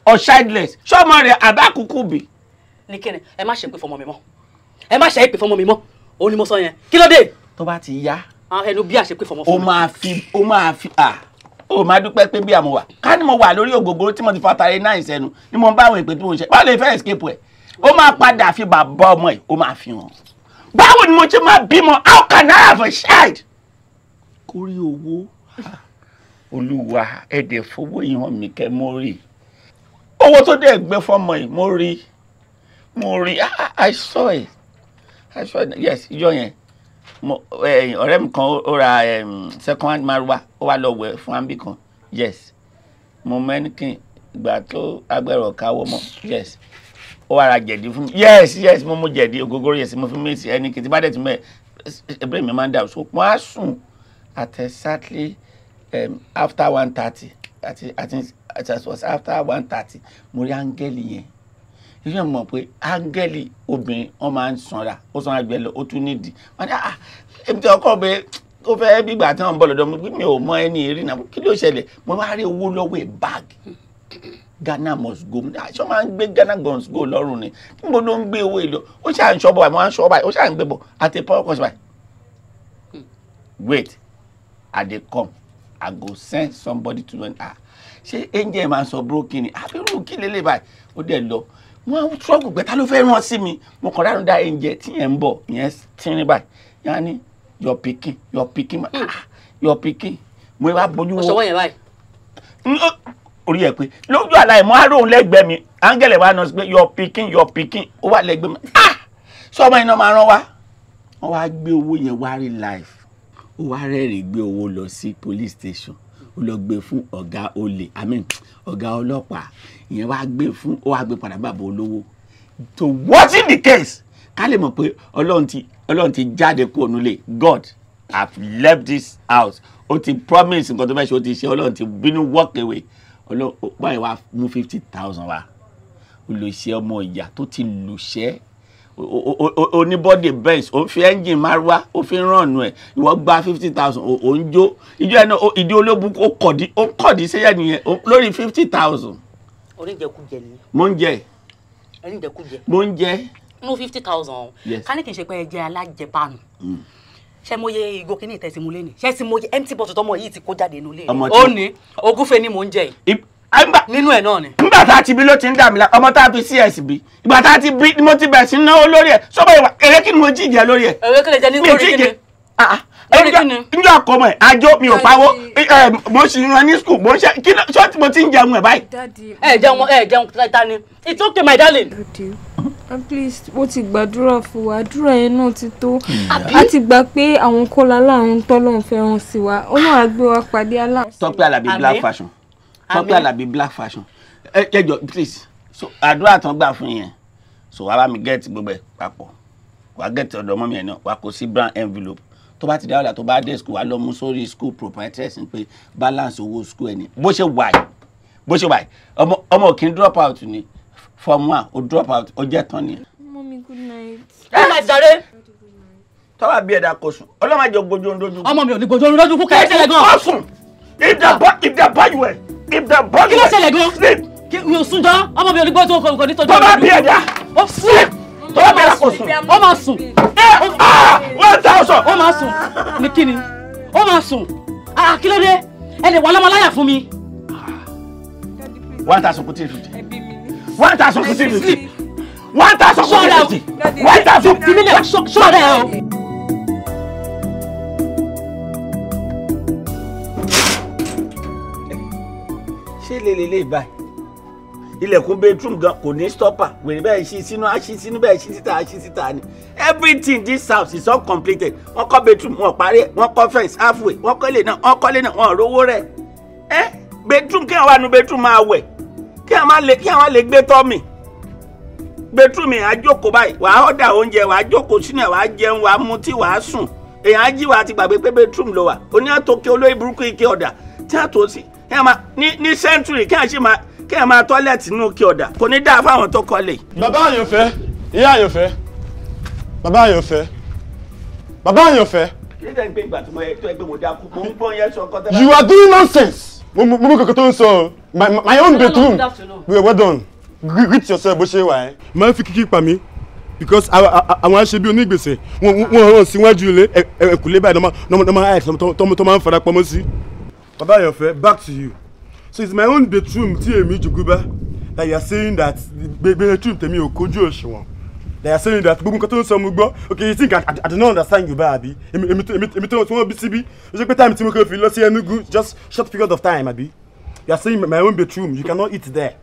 or childless ṣọmọ rẹ àbákùkù bì. ní kíni ẹ má ṣe pé fọmọ mi mọ ẹ má ṣe pé fọmọ mi mọ òun ni mo sọ yẹn kí ló dé. tó bá ti yá. ẹnu bí àṣẹ pé fọmọ fún mi. o máa fi o máa fi ah o máa dúpẹ́ pé bí àmọ́ wà ká ní mo wà lórí ògógóró tí mo ti fa tare náà ìsẹ́nu ni mo bá àwọn ìpè tí mo ń ṣe báwo lè fẹ́ escape ẹ̀ ó máa padà fi bàbá ọmọ yìí ó máa fi hàn báwo ni mo ti máa bímọ how can I have a child kó rí owó olúwa ẹ̀dẹ̀ fowó yìí hàn mí kẹ́ mo rí owó tó dẹ̀ gbé fọmọ yìí mo rí mo rí ah, ah, I saw it I saw it yes ijọ́ yẹn eh, ọ̀rẹ́ mi kan ó ra second hand maruwa ó wá lọ wẹ̀ fún ambi kan yes mo mẹ́ni kí n gbà tó agbẹ̀rọ̀ káwọ́ mọ́ yes ó wàrà jẹ̀dí fún mi yes yes mo mú jẹ̀dí ògógóró yẹ̀sì mo fi mí sí ẹni kìtì bá dẹ̀ ti mẹ́ ẹ̀bẹ̀rẹ̀ mi máa ń dà so wọ́n á sùn at exactly um, after one thirty àti àti it was after one thirty mo rí áńgẹ́lì yẹn ìfẹ́ mọ̀ pé áńgẹ́lì obìnrin wọ́n máa ń sanra ó sanra gbẹ lọ ó tún nídìí wọ́n á ebi tí ọkọ mi ó fẹ́ bígbà tí wọ́n ń bọ̀ lọ́dọ̀ mi mi ò mọ ẹni rí kí ló ṣẹlẹ̀ mo máa rí owó lọ́wọ́ ẹ̀ báàgì Ghana must go ah, ṣé máa ń gbé Ghana guns go lọ́rùn ni níbo ló ń gbé owó èlò ó ṣáà ń ṣọ́bọ̀ àmọ́ à ń ṣọ́ báyìí ó ṣáà ń gbé bọ̀ àti power cost báyìí. Hmm. wait i dey come i go send somebody to know ah ṣé angel máa sọ broken ni àbí irú kí lélẹ̀ báyìí ó dẹ̀ lọ wọ́n á ṣọ́ọ̀gù gbẹ́ta ló fẹ́ rán sí mi mo kàn ráàrún dá angel tí yẹn ń bọ̀ yẹn tínrín báyìí yẹn á ní your pikin your pikin ah, your pikin mo bá bójú wo. ọ̀ṣọ́wọ́ yẹn báyìí orí ẹ pé lójú àlàyé mo á ròhun lẹ́gbẹ̀ẹ́ mi áńgẹ̀lẹ̀ wa nọ sí pé your pikin your pikin ó wà lẹ́gbẹ̀ẹ́ mi ah sọmọ iná máa rán wa wọ́n wá gbé owó yẹn wá rí life ó wá rẹ́rìn gbé owó lọ sí police station ó lọ gbé fún ọ̀gá olè i mean ọ̀gá ọlọ́pàá ìyẹn wá gbé fún ó wá gbé padà bàbá olówó to what in the case ká lè mọ̀ pé ọlọ́run ti ọlọ́run ti jáde kúrò nílé god have left this house ó ti promise nǹkan tó fẹ́ ṣe ó ti ṣe ọlọ́run ti bínú walk away báyìí wá mú fifty thousand wá olùṣẹ́ ọmọ ìyá tó ti lùṣẹ́ oníbọ́dì benz ó fi ẹ́ńjìn márúwá ó fi rànnù ẹ̀ ìwọ gba fifty thousand ó ń jó ìjọ ẹni ìdí olóògùn ó kọ̀dí ó kọ̀dí sẹ́yà nìyẹn lórí fifty thousand. oníjẹkújẹ ni. mo ń jẹ. oníjẹkújẹ. mo ń jẹ. nú fifty thousand. yes. ká ní kì í ṣe pé ẹ jẹ alájẹbánu. Mm ṣé mo ye ìgò kíní ìtẹ̀sí mu lẹ́nu ṣé ti mo ye empty bottle tọmọ yìí ti kó jáde nínú ilé rẹ ó ní ogúnfe ni mò ń jẹ yìí nínú ẹ náà ni. nígbà tá a ti bí ló ti ń dà mí la ọmọ tá a fi cs bí ìgbà tá a ti bí mo ti bẹ̀ sí náwó lórí ẹ̀ sọ́kọ̀ ìwà èrè kí ni mo jíjẹ lórí ẹ̀. èrè kí lè jẹ ní orí kí ni. Ah, ah lórí kí ni. njọ àkọmọ ẹ àjọ mi ò pawọ mo sì ń ran ní skul mo ń ṣe kí ṣọ́ọ̀tì mo ti ń jẹun ẹ̀ báyìí. ẹ jẹun ẹ jẹun tẹta ni it's okay my darling. please mo ti gbàdúrà fún wa àdúrà yẹn náà ti tó a ti gbà pé àwọn kọ́lá láàrún tọ́lọ́run fẹ́ràn sí wa ọlọ́run gbé wa pàdé aláàrún. Tọ́pẹ́ Àlàbí black fashion Tọ́pẹ́ Àlàbí black fashion ẹ ẹ please so àdúrà tán gbà fún yẹn so wàá bá mi gẹ́ẹ̀tì gbogbo ẹ̀ papọ̀ wàá gẹ́ẹ̀tì ọ̀dọ̀ ọmọ mi náà wàá kó sí brown envelope tó bá ti dáwọ́lá tó bá dé school wa lọ mú sórí school proprietors ń pé balance owó school ẹni bó ṣe wà yìí bó ṣe wà yìí ọmọ ọmọ kì í drop out ni form one ó drop out ó jẹ́ tán ni. mọ́mí good night. ẹ máa jàre tọ́wọ́ bí ẹ̀dá kò sùn ọlọ́mọ àjọ gbójú ń dojú. ọmọ mi ò ní gbójú ń dojú kú kẹ́kẹ́ ṣẹlẹ̀ gan. ó sùn ìdàbọ̀ ìwẹ̀ ìdàbọ̀ ìwẹ̀. kí ló ṣẹlẹ̀ gan. sleep. kí mi ò sún jọ ọmọ mi ò ní gbójú ń kọ̀ ní tọ́jú. tọ́wọ́ bí ẹ̀dá. ó sùn tó bá bẹ̀rẹ̀ kò sùn ó máa sùn. one eh, ah! thousand. ó máa sùn ní kíni ó máa sùn ah, kí ló dé ẹ lè wọ ọlọ́mọláyà fún mi. one thousand fifty fifty one thousand fifty fifty one thousand fifty fifty one thousand fifty fifty. sọ́ọ̀dà ẹ o. ṣé lè lè lè báyìí ilẹ̀kùn bedroom gan kò ní stopper wèrè bẹ́ẹ̀ ṣí sínú aṣí sínú bẹ́ẹ̀ ṣí síta aṣí síta ni everything this house is uncompleted wọ́n kọ́ bedroom wọn parí ẹ̀ wọ́n kọ́ fence halfway wọ́n kọ́lé náà wọ́n kọ́lé náà wọ́n rówó rẹ̀ ẹ́ bedroom kí àwọn àánú bedroom máa wẹ̀ kí àwọn lè gbé tọ́mì bedroom yẹn á jókòó báyìí wàá ọ̀dà oúnjẹ wàá jókòó sínú ẹ̀ wàá jẹun wàá mutí wàá sùn èèyàn á jí wàá ti gbàgbé pé bedroom ló wà oníyàtọ̀ kí olóyè burúkú ike ọ̀dà tí a tó sí ní century kí a ṣe máa kí ẹ máa tọ́lẹ̀tì nínú kí ọ̀dà kò ní dáa fáwọn tó kọ́lé. bàbá àyànfẹ́ ìyá àyànfẹ́ bàbá àyànfẹ́ bàbá àyànfẹ́. kí ló dé gbé ìgbà tí mo tó ẹgbẹ́ mo dákú mo ń gbọ́ yẹn sọ kọ́tẹ́rẹ́. you are doing nonsense. mo mú kòkòtò ń sọ my my own bedroom well done greet yourself bó ṣe wà ẹ́. Eh? máa ń fi kíkí pa mí because àwọn aṣebí onígbèsè wọn hàn síwájú ilé ẹkùlé báyìí tó máa ń fara pamọ́ sí. bàbá àyànfẹ́ back to you so it's my own bedroom tí èmi jùgúbá that you are saying that bedroom tèmi ò kójú òṣùwọ̀n they are saying that gbogbo nǹkan tó ń sọ mo gbọ́ okay you think i, I, do not understand you baabi èmi tó wọ́n bí síbí ó ṣe pé time tí mo kò fi lọ sí Enugu just short period of time abi you are saying my own bedroom you cannot eat there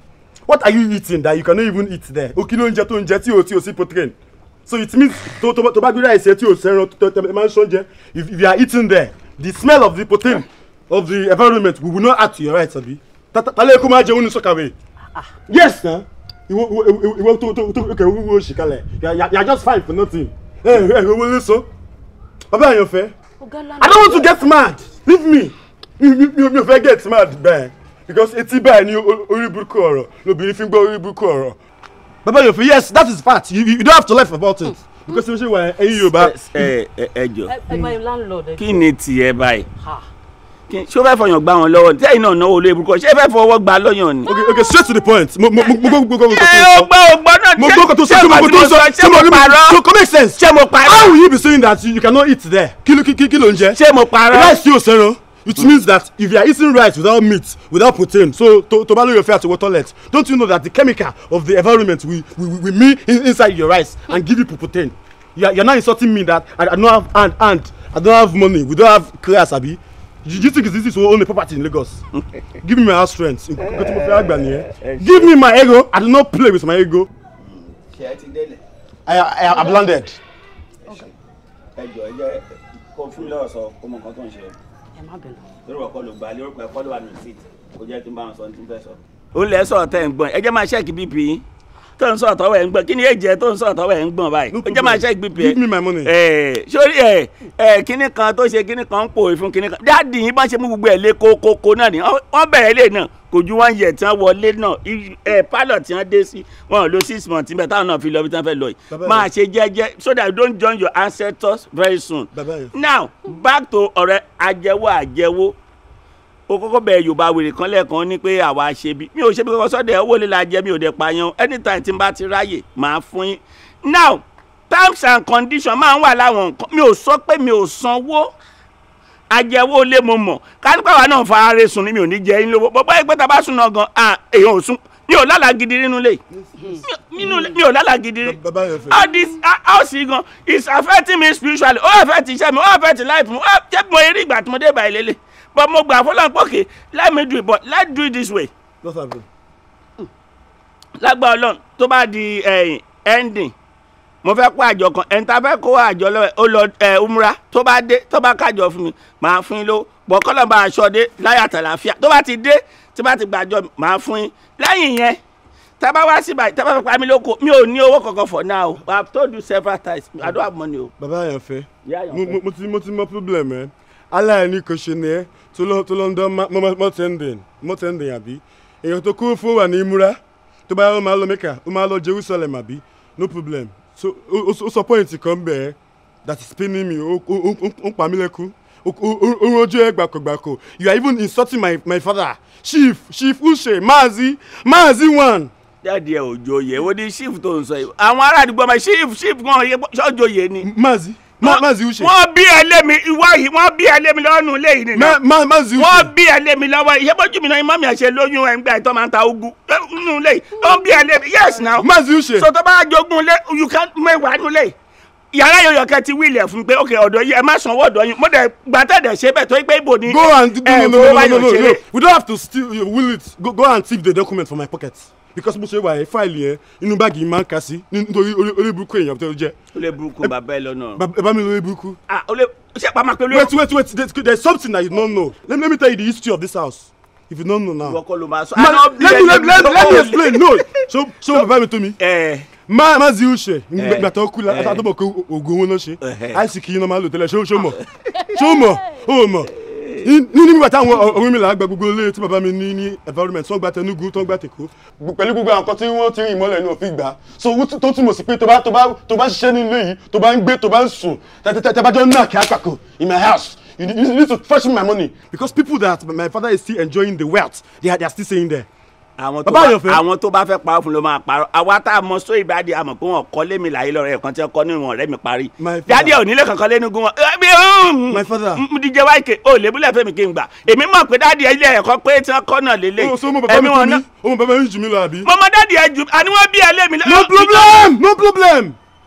what are you eating that you cannot even eat there o kilo ló ń jẹ tó ń jẹ tí o tí o sí protein so it means to to to gbé ráìsì ẹ tí o sẹ́ran tó to ẹ máa ń if you are eating there the smell of the protein of the environment we will not act to your right abi tálẹ̀ kó máa jẹun ní sọ́kàwé ah. yes na ìwọ ìwọ tó tó tó kẹ̀ wíwọ òṣìkalẹ̀ you are just fine for nothing ẹ ẹ owó ló sọ bàbá àyànfẹ́ i don't want to get mad leave me mi mi ò fẹ́ get mad bẹ́ẹ̀ because etí báyìí ni orí burúkú ọ̀rọ̀ lóbìnrin fi ń gbọ́ orí burúkú ọ̀rọ̀ bàbá àyànfẹ́ yes that is fact you, you don't have to laugh about it because hmm. ṣe ṣe wà ẹ̀yin Yorùbá. ẹ ẹ ẹ jọ kí ni tiẹ̀ báyìí ṣé o fẹ́ fọyàn gbà wọn lọ́wọ́ ní sẹ́yìn náà náwó olóyè burúkọ ṣé ẹ fẹ́ fọwọ́ gbà lọ́yàn ni. okay okay straight to the point mo mo mo gbọ́ gbọ́ tó sọ. o gbọ́ o gbọ́ náà mo gbọ́ tó sọ ṣé mo tó sọ ṣé mo parọ́ so come make sense. ṣé mo parọ́ how will you be saying that you cannot eat there kí ló kí ló ń jẹ. ṣé mo parọ́ rice yóò sẹ́ran it means that if you are eating rice without meat without protein so to to value your fat to go toilet don't you know that the chemical of the environment will will will meet inside your rice and give you protein you are you are now insulting me that i i don't have hand hand i don't have money we don't have class abi Do you think this is your only property in Lagos? Give me my strength. Eh, eh, eh, Give me my ego. I do not play with my ego. I, I, I've landed. Okay. ó lẹ́sọ̀ọ́ tẹ̀ ń gbọ́n ẹ jẹ́ máa ṣẹ́ẹ̀kì bp yín tó ń sọ àtọwọ́ ẹ̀ ń gbọ́n kí ni èjì ẹ tó ń sọ àtọwọ́ ẹ̀ ń gbọ́n báyìí ó jẹ́ máa ṣe gbìpẹ́ give me my money. ẹ sórí ẹ ẹ kíní kan tó ṣe kíní kan ń pò ìfún kíní kan dáàdì yín bá ṣe mú gbogbo ẹ̀ lé kókókó náà ni wọ́n bẹ̀rẹ̀ lé náà kò ju wọ́n yẹ tí wọ́n wọlé náà ẹ pálọ̀ tí wọ́n dé sí wọn ò lo six months níbẹ̀ táwọn náà fi lọ bí tí wọ́n lọ yìí máa ṣe jẹ́jẹ́ so that you don't join your ancestors very soon. now back to ọ̀rẹ́ ajẹ́wó ajẹ́wó o kọ́kọ́ bẹ yorùbá wèrè kan lẹ́ẹ̀kan ní pé àwa ṣe bí mi ò ṣe bí kọ́kọ́ sọ́dẹ̀ owó líla jẹ mi ò dẹ̀ pààyàn anytime tí n bá ti ráyè màá fún yín now terms and conditions máa ń wà láwọn nǹkan mi ò sọ pé mi ò sanwó ajẹwó lé mo mọ̀ kálípàwá náà fa ara sùn ni mi ò ní jẹ yín lówó bọ́bá ẹgbẹ́ tá a bá sùn náà gan èèyàn ò sùn mi ò lálàá gidi nínú ilé mi ò lálàá gidi rí all this all this gan is affecting me spiritually ó affect iṣẹ́ mi ó affect life mi ó jẹ́ mo eré ìgbà tí mo dé ìbàyẹ̀ lélẹ̀ but mo gbà fọlá pọkè let me do it but let do it this way. no problem. lágbà Ọlọ́run tó bá di eh, ending mo fẹ́ kó àjọ kan ẹni tá a fẹ́ kó àjọ lọ eh, umra tó bá dé tó bá kájọ fún mi màá fún yín ló bọ̀ kọ́lọ̀ bá aṣọ dé láyà tàlàfíà tó bá ti dé tí bá ti gbàjọ màá fún yín lẹ́yìn yẹn tá a bá wá sí báyìí tá a bá fẹ́ pa mí lóko mi ò ní owó kankan for now I have told you several times I don't have money o. bàbá àyànfẹ́ mo ti mo ti mọ problem ẹ aláìní kò ṣe ni ẹ tó lọ ń dán mọ́tẹ́ndìn mọ́tẹ́ndìn àbí èèyàn tó kú fún wa ní ìmúra tó bá yà ó máa lọ mẹ́kà ó máa lọ Jerusalem àbí no problem so ó sọ point kan bẹ́ẹ̀ that is pinning me ó ń pa mí lẹ́kú ó ń rojú ẹ gbàkọ̀gbàkọ̀ you are even insulting my my father chief chief Uche maazi maazi one. jáde òjò yẹ wọ́n ní chief tó ń sọ yìí àwọn ará àdúgbò ọmọ chief chief kan ṣọ́jọ́ yẹ ni. maazi mazi uche. wọ́n bí ẹlẹ́mi ìwá yìí wọ́n bí ẹlẹ́mi lọ́wọ́ nù lẹ́yìn nìyẹn. ma mazi uche. wọ́n bí ẹlẹ́mi lọ́wọ́ yìí ṣẹ́bọ́jú mi náà mọ́mí àṣẹ lóyún ẹ̀ ń gbà ìtọ́ máa ń ta ogun nù lẹ́yìn. wọ́n bí ẹlẹ́mi yes now. mazi uche. sọtọ́ bá jogún lé you can mẹ́wàá nù lẹ́yìn yàrá yọyọ kan ti wíìlì ẹ fún pé ok ọ̀dọ̀ yìí ẹ má sanwó ọ̀dọ̀ yín mo dẹ gbàtẹ̀dẹ̀ ṣe bẹ́ẹ̀ tó pé ibo ni. go and no no no no no no we don't have to steal will it go, go and thief the document from my pocket because bó ṣe wà yẹn fáìlì yẹn inú báàgì yìí máa ń kà sí nítorí olórí burúkú èèyàn tó jẹ. olórí burúkú bàbá ẹ lọ́nà. bàbá mi olórí burúkú. ah olè ṣe pa máa pe olórí. wait wait wait there, is something that you don't know let me, let me tell you the history of this house if you don't know now. ìwọ kọ́ ló máa sọ. let let me let me, let me explain no so so bàbá mi tó mi. Eh. Ma ma zi ìṣe eh. ìgbà tó kú la àtàtọ́ eh. mọ̀ pé oògùn owó náà ṣe àìsí kì í náà máa lò tẹ́lẹ̀ ṣé o mọ̀ ṣé o mọ̀ o mọ̀ nínú ìgbà táwọn ọ̀run mi là ń gba gbogbo ilé tí bàbá mi ní ní environment tó ń gba tẹnugu tó ń gba tèkó. pẹ̀lú gbogbo àwọn kan tí wọ́n ti rìn mọ́lẹ̀ ní òfin gbà so tó túmọ̀ sí pé tó bá tó bá ṣiṣẹ́ nínú èyí tó bá ń gbé tó bá ń sùn tẹ́tẹ́tẹ́bájọ́ náà kí á pàkó in my house you need to freshen, my money. because people that my father is still enjoying the wealth they are, they are still staying there àwọn tó bá fẹ́ parọ́ fún ló máa parọ́ àwa tá a mọ só ìbàdí àmọ̀ pé wọn kọ́ lémi láyé lọ́rọ̀ ẹ̀kan tí wọ́n kọ́ nínú ọ̀rẹ́ mi parí dáadé ò nílé kankan lẹ́nu gun wọn. Um, díje wáìkè o lébúlẹ̀ fẹ́mi kí n gbà èmi mọ̀ pé dáadé ilé ẹ̀kọ́ pé tí wọ́n kọ́ náà lélẹ̀ oh, ẹ̀mí wọn náà. ọmọ bàbá mi jù mí lọ àbí. mọ̀mọ́ dáadé ẹ̀ jù àní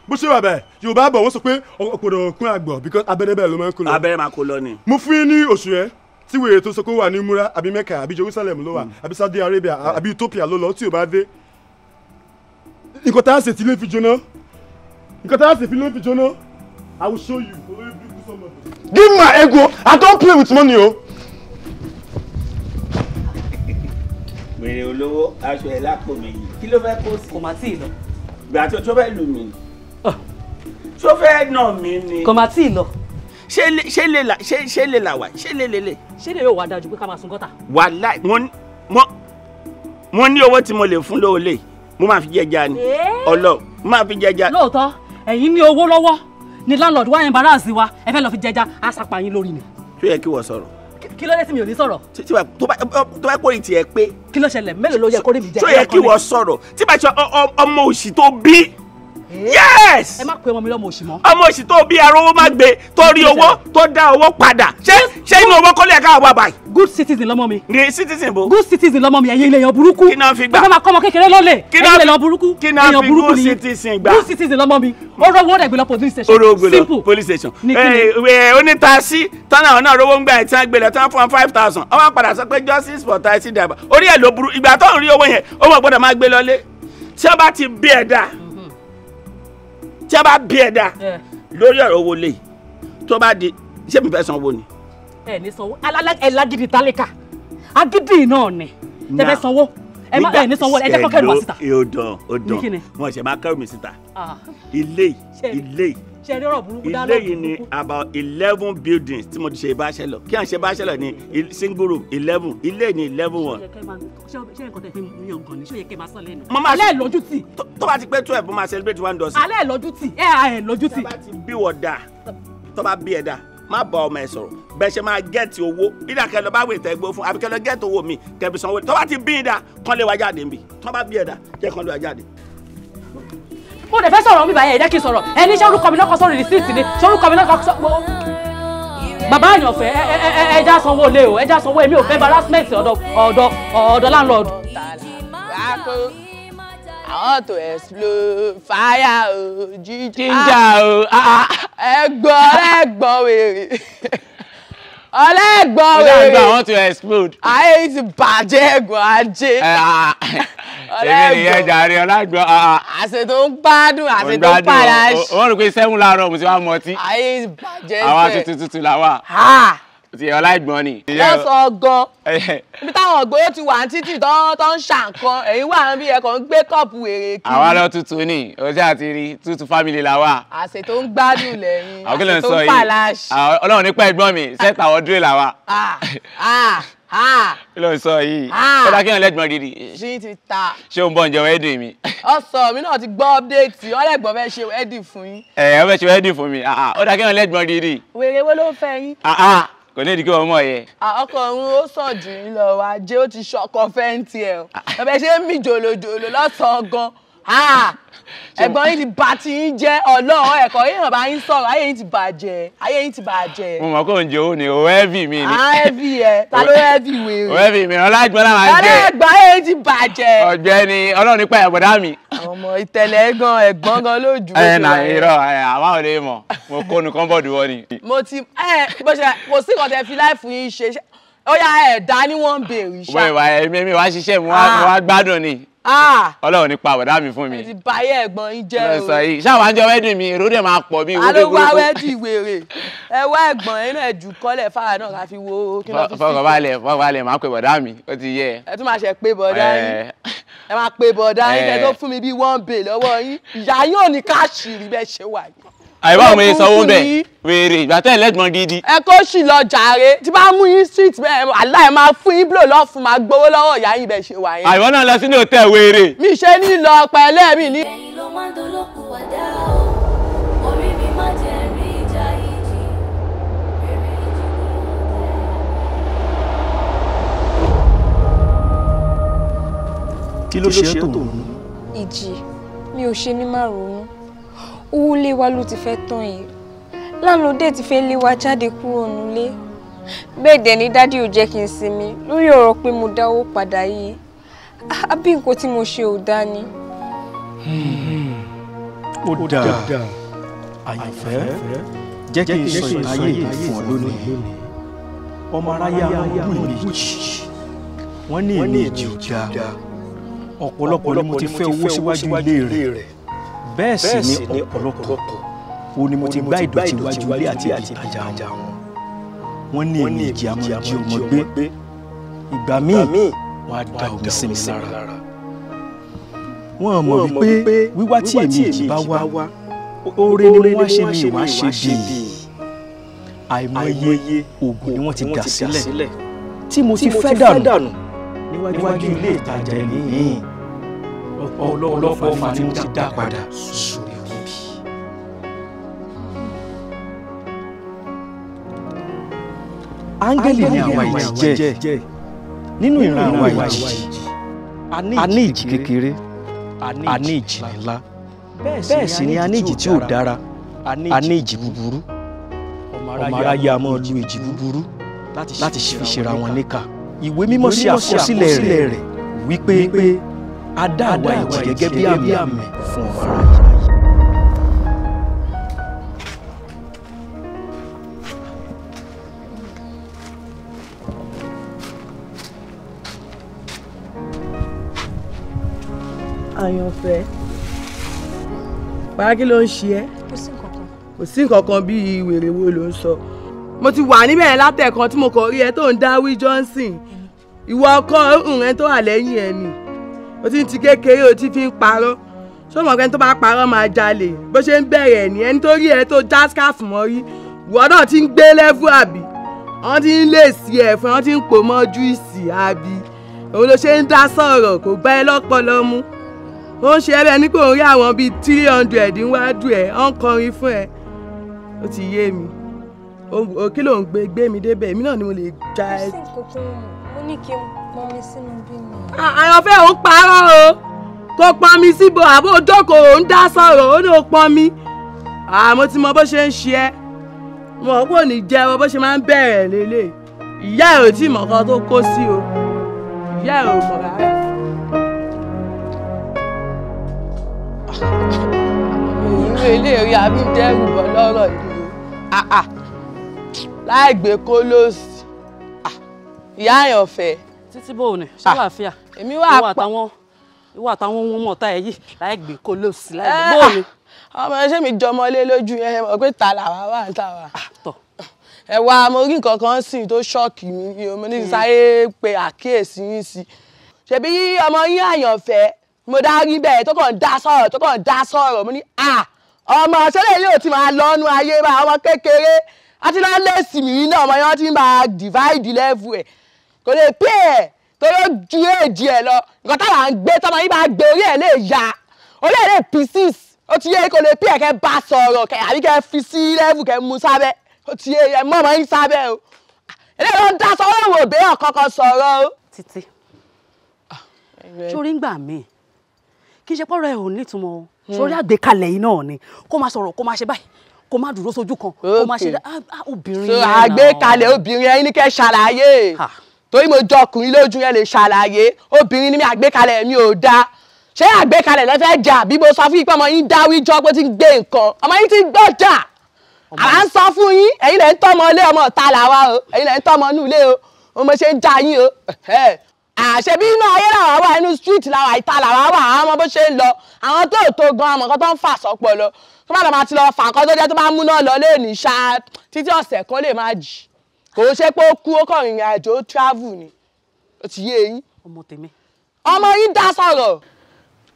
bó ṣe wà bẹ́ẹ̀ yorùbá bọ̀ wọ́n sọ pé ọ̀pọ̀lọpọ̀ kún àgbọ̀ because abẹ́rẹ́ bẹ́ẹ̀ ló máa ń kó lọ. abẹ́rẹ́ máa kó lọ ni. mo fún yín ní oṣù yẹn tí wèrè tó sọ pé ó wà ní múra àbí mẹ́kà àbí Jerusalem ló wà hmm. àbí Saudi Arabia hmm. àbí Ethiopia ló lọ tí ò bá dé nǹkan tá a ṣe ti lè fi jóná nǹkan tá a ṣe fi lè fi jóná I will show you Give my ego I don play with money o. Oh. wèrè olówó aṣọ ẹ̀ lápò mi yìí kí ló fẹ́ kó sí. kò má tí ì lọ. gbà tó tó fẹ́ lù mí. tó ah. fẹ́ nà mí ni. kò má tí ì lọ ṣé lè là ṣé ṣé lè là wà ṣé lè lè lè. ṣé lè yóò wá dájú pé ká máa sun gọ́tà. wàláì mo ní owó tí mo lè fún lóò lè mo máa fi jẹja ni ọlọ mo máa fi jẹja. lóòótọ́ ẹ̀yin ní owó lọ́wọ́ ni landlord wá embarrass wa ẹ fẹ́ lọ fi jẹja àṣàpà yín lórí ni. tó yẹ kí wọ́n sọ̀rọ̀. kí ló dé tí mi ò ní sọ̀rọ̀. tó bá kórè tiẹ̀ pé. kí ló ṣẹlẹ̀ mélòó ló yẹ kórè mi jẹ́. tó yẹ kí wọ́n sọ̀rọ̀ tí bá ṣe ọmọ òṣì tó bí yes. ẹ má pe ọmọ mi lọ́mọ òṣì mọ́. ọmọ òṣì tó bí arówó má gbé tó rí owó tó dá owó padà ṣé ṣé inú owó kọ́lé ẹ̀ka àwa báyìí. good citizen lọ́mọ mi. ni citizen bo. good citizen lọ́mọ mi ẹ̀yin èèyàn burúkú. kí náà fi gbà. bàbá máa kọ́ ọmọ kékeré lọ́lẹ̀. kí náà burúkú. kí náà fi good citizen gbà. good citizen lọ́mọ mi. oró owó rẹ̀ gbé lọ police station. oró gbé lọ police station. onítàṣí tọ́nà àwọn náà rówó ń gbà ẹ̀tí àgbélẹ̀ tán fún five thousand. ọwọ́ padà sọ pé justice for taxi driver. orí ẹ̀ ló burú ìgbà tó ń rí owó yẹn owó gbọ́dọ̀ máa gbé lọlé. tí wọ́n bá ti bí ẹ̀ dáa tí a bá bí ẹ dá lórí ọ̀rọ̀ owó lè tó bá di ṣé mi fẹ́ sanwó ni. ẹ ní sanwó ẹ lágídí talika, agídí náà ni ẹ fẹ́ sanwó ẹ má ẹ ní sanwó ẹ jẹ́ kọ́kẹ́rù wá síta. o dàn o ṣe máa kẹ́rù mi síta ah. ilé ilé ṣe rí ọ̀rọ̀ burúkú dá lóògùn. ilé yìí ni about eleven buildings tí mo ti ṣe bachelor kí à ń ṣe bachelor ní single room eleven ilé ní eleven one. ṣé nǹkan tẹ̀ fi mú yan gan ni ṣé mo máa alẹ́ lọ́jú tì. tó bá ti pé twelve mo máa celebrate one dozen. alẹ́ lọ́jú tì ẹ ẹ lọ́jú tì. tó bá ti bí wọ̀ dà tó bá bí ẹ dà má bá ọmọ ẹ sọ̀rọ̀ bẹ́ẹ̀ ṣe máa gẹ́ẹ̀tì owó nígbà kẹlẹ́ bá wèé tẹ́gbó fún àbíkẹ́lẹ́ gẹ́ẹ̀tì owó mi kẹ́bi sanwó tó bá ti bí i dà kán lè wá jáde tó bá bí i jẹ́ kán lè wá jáde mo dẹ̀ fẹ́ sọ̀rọ̀ mi báyẹn ẹ jẹ́ kí n sọ̀rọ̀ ẹni ṣé orúkọ mi náà kọ sọ̀rọ̀ rìsíìtì ni ṣé orúkọ mi náà kọ sọ̀rọ̀ bàbá àyànfẹ́ ẹja sanwó lé o ẹja sanwó èmi ò fẹ́ embarrassment ọ̀dọ̀ ọ̀dọ̀ ọ̀dọ̀ landlord. àwọn tó explode fire o jíjà o ah, ah. ẹgbọ́n ẹgbọ́n wèrè ọlẹ́gbọ̀n wèrè ọlẹ́gbọ̀n I want to explode. ayé ti bàjẹ́ ẹ̀gbọ́n ajé. èmi nìyẹn jàre ọlẹ́gbọ̀n. àṣẹ tó ń gbádùn àṣẹ ń padà. wọ́n rò pé sẹ́wọ̀n láàárọ̀ mo ti wá mọtí. ayé ti bàjẹ́ ẹ̀fẹ̀. àwa tuntun tuntun làwa ti ọláìgbọ́n ni. wọ́n sọ gan ibi táwọn ògbóró ti wà títì tó ń ṣàǹkan ẹ̀yin wà níbi ẹ̀kọ́ ń gbé kọ́ọ̀pù èrè kiri. àwa lọ tutù ni ọjọ́ àti rí tutù family la wà. àṣẹ tó ń gbádùn lẹ́yìn àṣẹ tó ń pàlàṣì. ọlọ́run nípa ẹ̀gbọ́n mi sẹ́ta ọdún la wà. kí ló ń sọ yìí ó dá kí wọn lẹ́gbọ́n gidi. ṣé ti ta. ṣé o ń bọ̀ ǹjẹ́ wẹ́ẹ́dì mi. ọ̀sọ̀ mi náà ti gbọ́ ọ́pdéètì ọlẹ́gbọ́n fẹ́ ṣe wẹ́ẹ́dì fún yín. ẹ̀ ọ́ fẹ́ ṣe wẹ́ẹ́dì fún mi ó dá kí wọn lẹ́gbọ́n gidi. wèrè wo ló ń fẹ́ yín kò ní ìdíkẹ́ ọmọ yẹ. ọkọ òun ó sàn jù yín lọ wá jẹ́ ó ti ṣọkọ fẹ́ǹtì ẹ̀ ọ̀ bẹ́ẹ̀ ṣe ń mí jòlòjòlò lọ́sàn-án gan ẹ̀gbọ́n yìí ti bà tí yín jẹ́ ọlọ́ọ̀ ẹ̀kọ́ yìí hàn bá yín sọ̀rọ̀ ayé yìí ti bàjẹ́ ayé yìí ti bàjẹ́. mo mọ̀ kó ń jẹ òun ni òun ẹ́ẹ̀fì mi ni. àá ah, ẹ́ẹ̀fì ẹ ta ló ẹ́ẹ̀fì wèrè. òun ẹ́ẹ̀fì mi ọlájọ́ náà máa ń jẹ. ẹlẹ́gbàá ayé yìí ti bàjẹ́. ọ̀gbẹ́ni ọlọ́run nípa ẹ̀bọ̀dá mi. ọmọ ìtẹ̀lẹ̀ gan ẹ̀gbọ́n gan ló jù. ẹ nà irọ́ àwa ò lè mọ̀ mo kónu kọ́ńbọ̀dù wọ ni. mo ti ẹ bó ṣe kò sí ìkọ̀tẹ́ fi láì fún yín ṣe ọ̀yà ẹ̀dá ni wọ́n ń béèrè ṣá. wẹ́ẹ̀ wá ẹ̀mí mi wá ṣiṣẹ́ mi ah. wá gbádùn ni. Ah. ọlọ́run ní pa àwọ̀dá mi fún mi. ẹ ti ba ayé ẹ̀gbọ́n yín jẹ́ o. sọ yìí ṣáà wá ń jọ wẹ́dùn mi èrò dẹ̀ máa pọ̀ bí ìwé gbogbo. alówó awẹ́dì wèrè ẹ wá ẹ̀gbọ́n yín náà jù kọ́lẹ̀ fáwọn náà káfi wo kí ló fi sí. fọkànbalẹ̀ fọkànbalẹ̀ máa pe bọ̀dá mi ó ti yẹ. ẹ tún máa ṣe pé bọ̀dá yín eh. ẹ máa pe bọ̀dá yín kẹ́ tó eh. fún mi bí one bill lọ́wọ́ yín ìyá yín ò ní káàṣì rí àìbá òun èso owó bẹ̀ wèrè ìgbà tẹ́ ẹlẹ́gbọ̀n gidi. ẹ kó sì lọ jàre tí bá mú yín street bẹ́ẹ̀ àlá ẹ̀ máa fún yín blò lọ́fun máa gbowó lọ́wọ́ ìyá yín bẹ̀ ṣe wà yẹn. àìwọ́n náà lọ sínú òtẹ́ wèrè. mi ṣe ní lọ pẹ̀lẹ́ mi ní. ẹ̀yin ló máa ń dolókùn wá dá o orí mi má jẹ́ rí ìjà yìí jì èrè ìjì kò tẹ̀. kí ló ṣe é tó ìjì mi ò ṣe ní márùn-ún owó lé wa ló ti fẹ́ tán yìí láńlọ́dẹ̀ ti fẹ́ lé wa jáde kúrò nílé bẹ́ẹ̀ dẹ̀ ni dádì ò jẹ́ kí n sinmi lórí ọ̀rọ̀ pé mo dáwó padà yìí àbí nǹkan tí mo ṣe ò dá ni. ó dáa àyànfẹ́ jẹ́ kí n sọ ìtayé yìí fún ọ lónìí ọmọ aráyé àwọn ọdún ìmejì wọ́n ní ìmejì ò dáa ọ̀pọ̀lọpọ̀ ni mo ti fẹ́ owó síwájú ilé rẹ̀ bẹ́ẹ̀ sì ni ọ̀pọ̀lọpọ̀ wo ni mo ti gbá ìdọ̀tí wájú ilé àti ìtajà wọn wọ́n ní èmi ìjì àmọ́ ìjì ọmọ gbé ìgbà míì wọ́n á da omi sí mi lára wọ́n mọ̀ wípé wíwá tí èmi ìjì bá wá oore ni wọ́n ṣe mi ìwà ṣe bíi àìmọye oògùn ni wọ́n ti dà sílẹ̀ tí mo ti fẹ́ dànù níwájú ilé ìtajà ẹni yìí ọlọ́pàá ọmọ tí mo ti dá padà sórí wọn bí. áńgẹ́lì ni àwa ìjì jẹ́ nínú ìran àwa ìjì a ní ìjì kékeré a ní ìjì ńlá bẹ́ẹ̀ sì ni a ní ìjì tí ò dára a ní ìjì búburú ọmọ aráyé a máa lu ìjì búburú láti fi ṣera wọn níkà ìwé mímọ́ ṣe àkọsílẹ̀ rẹ̀ wípé a dá àwa ìjì gẹ́gẹ́ bí àmì fún ọmọ rẹ. àyànfẹ́ pàákí ló ń ṣe ẹ́ kò sí nǹkan kan bíi wèrè wo ló ń sọ mo ti wà níbẹ̀ látẹ̀kan tí mo kọ̀ rí ẹ tó ń dáwí Johnson ìwọ ọkọ òun ẹ tó wà lẹ́yìn ẹ nì o ti ń ti kékeré o ti fi ń parọ́ sọmọ kẹ́ni tó bá parọ́ máa jalè bó ṣe ń bẹ̀rẹ̀ ẹ̀ nìyẹn nítorí ẹ tó já skáfù mọ́ rí wọ́dọ̀ ti ń gbé lẹ́fù àbí wọ́n ti ń lè sí ẹ̀fọn wọ́n ti ń pò mọ́ júìsì àbí òun ló ṣe ń dá sọ̀rọ̀ kò bá ẹ lọ́pọlọ mu ó ń ṣe ẹ bẹ́ẹ̀ nípò orí àwọn bíi three hundred níwájú ẹ̀ ọ́n kọrin fún ẹ ó ti yé mi òkè ló ń gbé gbé mi débẹ̀ èmi náà ni mo lè ja ẹ. mo ní kí n pọn mi sínú bí mi. Ah, àyànfẹ́ ò ń parọ́ o kò pọn mi síbo àbó ojókòó ò ń dá sọ̀rọ̀ ó ní o pọn mi àmọ́ ah, ti mọ bó ṣe ń ṣe ẹ́ wọn kò ní jẹ́wọ́ bó ṣe máa ń bẹ̀rẹ̀ lélẹ̀ ìyá ẹ̀ ò tí mọ̀ kan tó kó sí o ìyá ẹ̀ ò mọ̀ rárá. ìlú ilé rí àbí dẹ́rù bọ̀ lọ́rọ̀ yìí o ah, láì gbé kólóòsì ìyá ẹ̀ títí bò ní ṣàlàáfíà ah. èmi wà pa ìwà àtàwọn ohun ọmọọta ẹ yìí láì gbé kó lò sí láì gbé eh, bò ní. Ah, ọmọ ẹṣẹ mi jọmọlé lójú ẹ mọ̀ pé ta làwa wà ń ta wa. Ah, ẹ mo rí nǹkan kan sí tó ṣọ́ọ̀kì mi mo ní hmm. sáré pe àkíyèsí yín sí i ṣebí ọmọ yín àyànfẹ́ mo dá rí bẹ́ẹ̀ tó kàn dá sọ̀rọ̀ tó kàn dá sọ̀rọ̀ mo ní à ọmọ ṣẹlẹ̀ yóò ti máa lọ́nu ayé bá ọmọ kékeré àti náà lẹ́sìn mí náà ọmọ yẹn ti máa divide level ẹ̀ kò lè pé ẹ̀ tó ló ju èjì ẹ̀ lọ nǹkan táwa ń gbé tọmọ yín bá gbé orí ẹ̀ lè yá orí ẹ̀ lè pieces ó ti yẹ kò lè pé ẹ̀ kẹ́ bá sọ̀rọ̀ kẹ́ àbí kẹ́ fi sí lẹ́fù kẹ́ mú sábẹ́ ó ti yẹ ẹ̀ mọ́ ọmọ yín sábẹ́ o ẹlẹ́yìn ló ń dá sọ wọ́n wò bẹ́ sọ̀rọ̀ o. títí sórí ah, ń gbà mí kì í ṣe pọ́nrọ ẹ̀ ò nítumọ̀ o sórí hmm. àgbékalẹ̀ yìí náà ni kó máa sọ̀rọ̀ kó máa ṣe báyìí kó má dúró sójú kan kó má ṣe ah, ah, obìnrin yẹn náà. àgbékalẹ̀ obìnrin yẹn ní kẹ́ ṣàlàyé torí mo jọ ọkùnrin lójú yẹn lè ṣàlàyé obìnrin ni mi àgbékalẹ̀ mi ò dáa ṣé àgbékalẹ̀ lẹ́fẹ́ jà bí mo sọ fún yín pé ọmọ yín dáwí jọ pé ó ti ń gbé nǹkan ọmọ yín ti ń gbọ́jà àwa ń sọ fún yín ẹ̀yin lẹ́ ń tọ́mọ ilé ọmọ ọ̀tá làwa o ẹ̀yin lẹ́ ń tọ́mọ inú ilé o ó mo ṣe ń já yín o àṣebí inú ayé làwa wà inú street làwa ìta làwa wà àwọn ọmọ bó ṣe ń lọ àwọn tó tó gan ọmọ kan tó ń fà sọ́pọ̀ lọ tó bá lọ́ máa ti lọ fà kan tó jẹ́ tó bá múná lọ lé ní ṣáá títí ọ̀sẹ̀ kan lè má jì kò ṣe pé ó kú ó kàn rìnrìn àjò ó travel ni ó ti yé yín. ọmọ tèmi. ọmọ yín dá sọ̀rọ̀.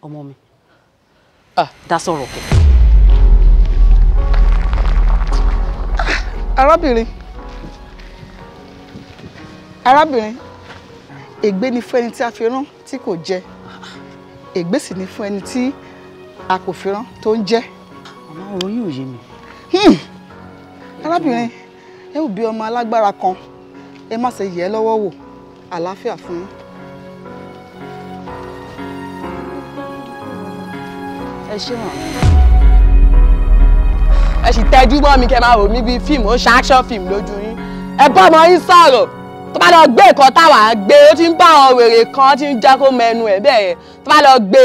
ọmọ mi ah. dá sọ̀rọ̀ kẹ. Ah, arábìnrin arábìnrin ègbé ni fún ẹni tí a fi rán tí kò jẹ ègbé sì ni fún ẹni tí a kò fi rán tó ń jẹ. ọmọ orí òye mi. Hmm. arábìnrin. Hmm ẹ ò bí ọmọ alágbára kan ẹ má ṣe yẹ̀ ẹ́ lọ́wọ́ wò àlàáfíà fún yín. ẹ ṣe hàn. ẹ sì tẹ́jú mọ́ mi kẹ́ máa wò mí bíi fíìmù ó ṣe action film lójú yín ẹ bọ́ ọmọ yín sọ̀rọ̀ tó bá lọ gbé nǹkan táwa gbé ó ti ń bá àwọn wèrè kan ti ń já kó mẹnu ẹ̀ bẹ́ẹ̀ tó bá lọ gbé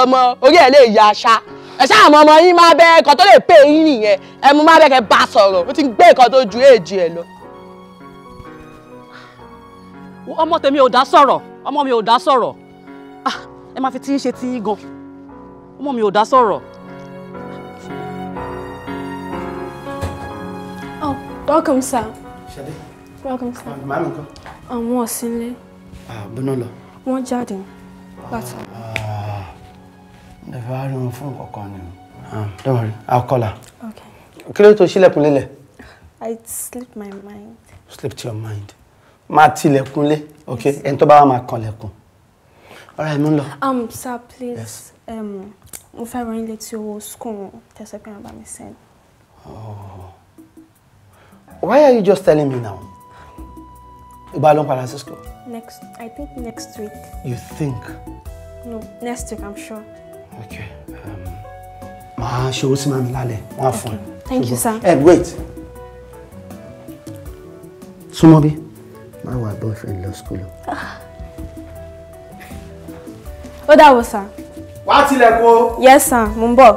ọmọ orí ẹ̀ lè ya aṣá ẹ ṣáà mọ ọmọ yín máa bẹ ẹkọ tó lè pè yín nìyẹn ẹ mú máa bẹ kẹ bá sọ̀rọ̀ ó ti ń gbé nǹkan tó ju èjì ẹ lọ. ọmọ tèmi ò dá sọ̀rọ̀ ọmọ mi ò dá sọ̀rọ̀ ah, ẹ máa fi tí ń ṣe tí ń gan ọmọ mi ò dá sọ̀rọ̀. oh welcome sir. ṣadé welcome sir. màá mi kọ́. àwọn ọ̀sìn lé. àbúná ah, lọ. wọ́n jáde látàrí ẹ fẹ́ rí wọn fún nǹkan ni o ah. don't worry I'll call her. okay. kí ló tó ṣílẹ̀kùn lélẹ̀. I sleep my mind. sleep to your mind. máa tilẹ̀kùn lé ok ẹni tó bá wà máa kanlẹ̀kùn. ọ̀rẹ́ mi ń lọ. um sir please. Yes. Um, mo fẹ́ ràn yín létí owó school tẹ̀sán pé wọ́n bá mi send. Oh. Why are you just telling me now? Ìgbà ló ń padà sí school. Next, I think next week. You think? No, next week I'm sure. Um, màá Ma, sí màmí lálẹ́ wọn á fún ẹ. thank you sir. ẹ eh, wait súnmọ́ bí má boyfriend lọ school. Oh, that was, sir. What á tilẹ̀ kó. yes sir Mumbo. We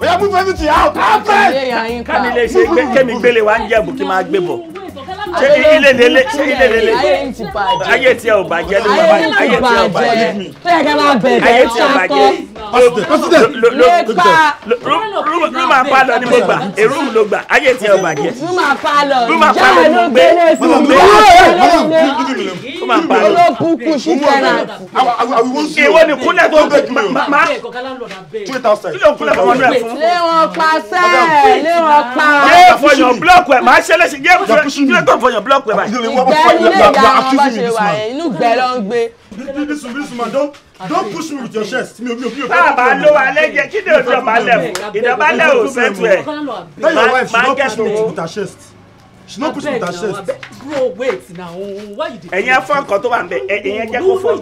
bọ̀. bóyá mú fẹ́mi tì í out out. kí ni ilé iṣẹ́ kẹ́mi gbélé wa ń jẹ́ bùkí máa gbé bọ̀ ṣé ilé lele ṣé ilé lele ayé tí ẹ ò bàjẹ́ ayé tí bàjẹ́ ayé tí bàjẹ́ rúmà pálọ̀ ni mo gbà èrú mi ló gbà ayé tí ọba jẹ rúmà pálọ̀ jẹ́ ló gbélé sí i rúmà pálọ̀ ló kú kú sí tẹ̀lá. ìwọ ni kúnlẹ̀ tó gbé ma kí ló kúnlẹ̀ fọwọ́ rẹ̀ fún. lé wọn pa sẹ́ẹ̀ lé wọn pa. yé fọyàn búlọ̀kù ẹ̀ máa ṣẹlẹ̀ sí yé fọyàn fọyàn búlọ̀kù ẹ̀ báyìí. ìgbẹ́ nílé ìyá wọn bá ṣe wà yẹn inú gbẹ́ ló ń gbé. bísí bísí màdán don't push me with your chest mi ò mi ò mi ò fẹ́ kó lọ. tá a bá lówó alẹ́ jẹ kí ni o dọ̀bálẹ̀ fún tell your wife she no push me with her chest she no push me with her chest. bro wait na why you dey. ẹ̀yin afọ nǹkan tó wà ń bẹ ẹ̀yin ẹ̀jẹ̀ kó fọ́.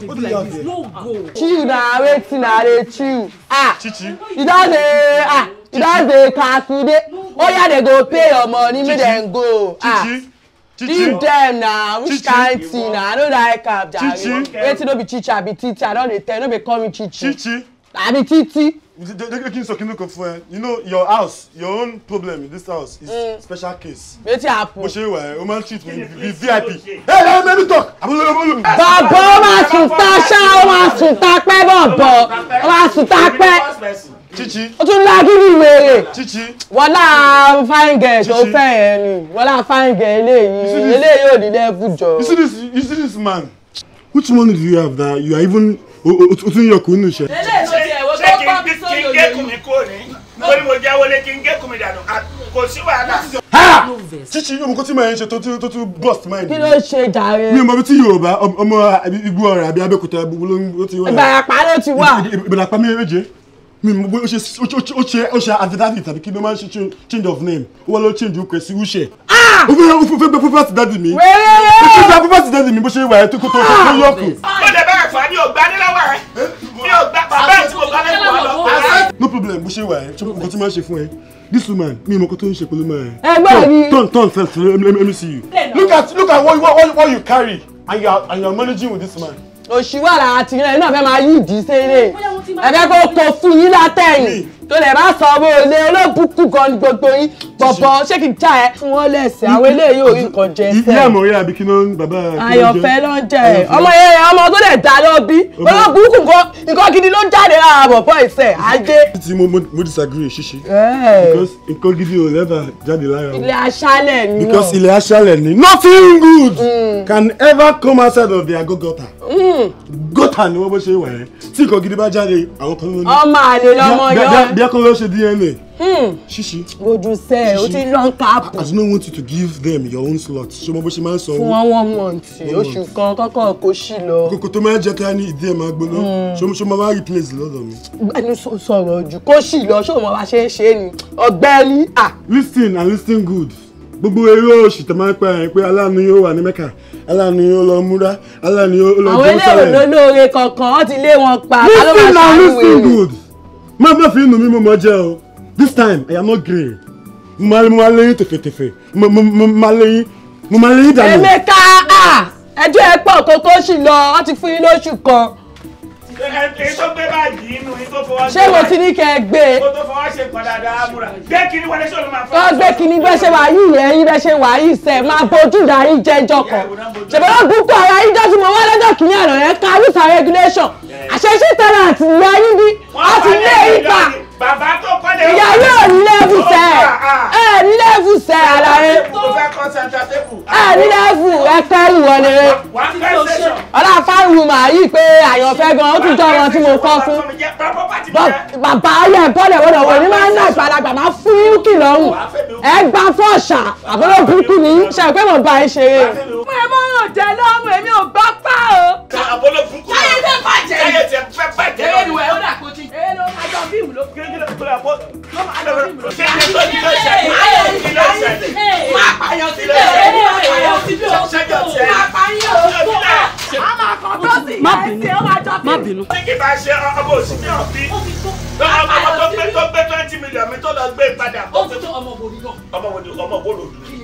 chichi na wetin na dey chew ah you don dey ah you don dey calculate oya dey go pay your money make dem go ah leave dem na which kind thing na i no like am jare wetin no be chichi abi titi i don dey tell no be call me chichi chichi abi titi. make you sọkin lóko fún ẹ you know your house your own problem in this house is mm. special case. wetin happen. mo ṣe wà ẹ o ma treat me be vip. Hey, ẹ make me talk. abúlé olú. bàbá ó máa sùn tá ṣá ó máa sùn tá pẹ́ bọ̀bọ̀ ó máa sùn tá pẹ́ o tún lá kí ni Chichi, wọ́n lá fine girl tó fẹ́ yẹn ni wọ́n fine girl eléyìí eléyìí ò ní lẹ́ẹ̀bù jọ. you see this you see this man which one do you have that you are even o tún yọ kùnú ṣe. eléyìí ló ti ẹ̀wọ́ tó kọ́ mi sórí òye mi. kí n gẹ́kùn mi kúrò ní lórí mo jáwọ́lé kí n gẹ́kùn mi dànù kò sí wàhálà chichi ọmọ kan tí màá ń ṣe tó tún burst mind. kí ló ṣe jàre. mi ò mọ bí tí yorùbá ọmọ igbó ọ̀rẹ́ àbí abẹ́òkúta gbogbo ló ti wà. ìbàràpá ló ti wà. ìbàràpá mi méje mi mọ̀ bóyá ó ṣe ó ṣe ó ṣe àtẹ̀dáàdì tàbí kí ló máa ń ṣe change of name ó wá ló change orúkọ ẹ̀ sí wúṣẹ̀. Ah! ó fẹ́ ó fẹ́ gbé púpọ̀sì dáàdì mi. ó fẹ́ gbé púpọ̀sì dáàdì mi bó ṣe wà ẹ́ tó kó tó tó ah! yọ̀kù. ó lè bẹ̀rẹ̀ fà ní ògbà nílọ́wọ́ rẹ̀ ní eh? ògbà bàbá ẹ̀ tí mo bá lẹ́ no problem bó ṣe wà ẹ ṣe nǹkan tí máa ṣe fún ẹ this woman mi mọ̀ kó tó ń ṣe pẹ̀lú máa ẹ. ẹgbẹ́ mi turn turn self let me see you. look at look at what, what, what you carry and you are and you are managing with this man òṣìwàrà àti rẹ̀ náà fẹ́ máa yí ìdí sẹ́lẹ̀ ẹ̀fẹ́ kó kó fún yín látẹ̀yìn tó lè má sọ ọmọ òlé olóbùkù gan gbogbo yín bọ̀bọ̀ ṣé kì í já ẹ fún wọn lẹ́sẹ̀ àwọn eléyìí ò rí nǹkan jẹ sẹ́ẹ̀. ilé àmọ̀ yẹn àbí kí ló ń bàbá kí ló jẹ. àyànfẹ́ ló ń jẹ ẹ ọmọ yẹn ọmọ tó lè dá lọ bí olóbùkù nǹkan nǹkan gidi ló ń jáde lára bọ̀bọ̀ ìṣẹ̀ ajé. tí mo mo disagree ṣíṣe. because nǹkan gidi ò lẹ́bà jáde lára wọn. ilé aṣálẹ̀ ni. because ilé aṣálẹ̀ ni nothing good mm. can ever come outside of their gogota. Hmm. gọ́tà ni wọ́n bó ṣe wà yẹn tí nǹkan gidi bá jáde àwọn kan ló ní. ọmọ àlè lọmọ yọ. bí ẹkọ ló ṣe dna. Hmm. ṣíṣí. ojú sẹ o ti lọ káàpù. as no want you to give them your own slot ṣé mo bó ṣe máa ń sanwó. fún wọn one month oṣù kan kọ́kọ́ kó ṣì lọ. kòkò tó máa ń jẹ ká ní ìdí ẹ̀ máa gbóná hmm. ṣé mo ṣe máa replace lọ́dọ̀ mi. ẹnu sọ̀rọ̀ jù kó ṣì lọ ṣé mo máa ṣe é ṣe ni ọ̀gbẹ́ni. listen and listen good gbogbo eré òṣì tó máa ń pẹ́ àyìn pé aláàánú yóò wà ní mẹ́kà Allah ni ó lọ múra Allah ni ó lọ jọ́sẹ̀. àwọn eléwòn lólóore kankan wọ́n ti lé wọn pa. listen na listen good má má fi inú mi mo mọ jẹ o this time I am not grey mo máa léyìn tèfètèfè mo máa léyìn mo máa léyìn dànù. Emeka ẹjọ́ ẹ pọ̀ kókó sì lọ wọ́n ti fún yín lóṣù kan ṣé mo ti ní kẹ ẹ gbé e. kó tó fọwọ́ ṣe pọ̀ dáadáa múra. gbé kínní wọlé ṣé o ló máa fọ́. wọ́n gbé kínní bẹ́ẹ̀ ṣe wàá yìí yẹn yín bẹ́ẹ̀ ṣe wàá yìí sẹ́ máa bójú dà yín jẹjọ kan. ṣèbí wọ́n gún kó ara yín dọ́tí mo wá lọ́jọ́ kìíní àná yẹn ká rules and regulation. àṣẹ ṣé tẹ́lẹ̀ àtìlẹ́yìn bí àtìlẹ́yìn pa bàbá tó kọ́lé. ìyàwó ò lẹ́fù sẹ́ ẹ lẹ́fù sẹ́ aláre. ẹ ah, lẹ́fù ẹ kẹ́rù wọlé. ọlá fáwọn màá yí pé àyànfẹ́ gan ó tún jọ wọn tí mo kọ́ fún. bàbá ayé ẹ̀kọ́ lẹ̀ wọ́n wọ̀ ní máa ń ná ìpalagbà máa fún yín kì lọ́rùn. ẹ gba fọ́ọ̀ṣà àbúrò burúkú ni ṣe pé mo bá ẹ ṣeré. mo ẹ mọ òun jẹ lọ́rùn èmi ò gbọ́ pa o. àbúrò burúkú ni ṣe yẹ ti fẹ́ bàjẹ́. ṣe yẹ ti fẹ́ bàjẹ́ kílẹ̀ kílẹ̀ kílẹ̀ kó ló máa lọ ṣe ṣe tó ti lọ ṣe máa yọ sí lọ ṣe máa pààyàn sí lọ ṣe máa pààyàn sí lọ ṣe jọ ṣe máa pààyàn sí lọ ṣe a máa kàn tó sì yẹn ṣe ó máa jọ bí. má bínú. ṣé kí n bá ṣe ọmọ òsì ní ọ̀bí ọmọ tó gbé twenty million mi tó lọ gbé padà. ó ti tó ọmọ bòlù náà. ọmọ bòlù ọmọ bòlù dùn.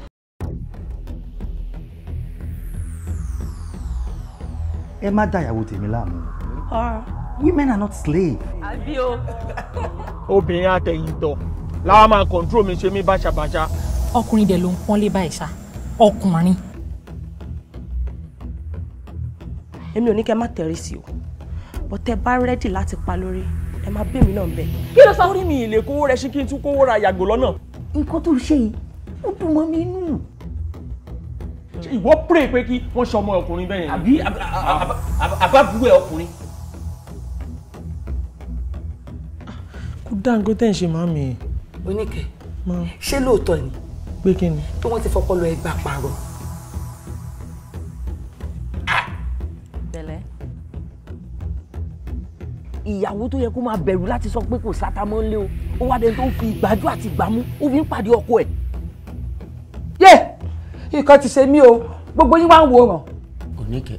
ẹ má dá ìyàwó tèmi láàmú. women are not slaves. àbí o. obìnrin àtẹ̀yìntọ̀ làwọn máa kọ̀ǹtúrò mi ṣe mí báṣabàṣa. ọkùnrin dẹ̀ ló ń pọ́nlé báyìí ṣá ọkùnrin. èmi ò ní kẹ́ má tẹ̀rí sí o bọ́tẹ́ bá rẹ́dì láti pa lórí ẹ máa bí èmi náà ń kí ló sáré mi ìlè kówó rẹ ṣí kí n tún kówó ra yàgò lọ́nà. nǹkan tó ṣe yìí ó dùn mọ́ mi nù ìwọ pray pé kí wọ́n ṣe ọmọ ọkùnrin bẹ́ẹ̀ yẹn. àbí àbábúwé ọkùnrin. kò dá nǹkan ń ṣe máa mi. oníkẹ́ ṣé lóòótọ́ ni. pé kí ni. tó wọ́n ti fọpọlọ ẹgbàá pààrọ̀. ìyàwó tó yẹ kó máa bẹ̀rù láti sọ pé kò sátamọ́ ńlé o ó wá dẹni tó ń fi ìgbájú àti ìgbámú ó fi ń pàdé ọkọ ẹ̀ nǹkan ti ṣe mí o gbogbo yín wá ń wòran. oníkẹ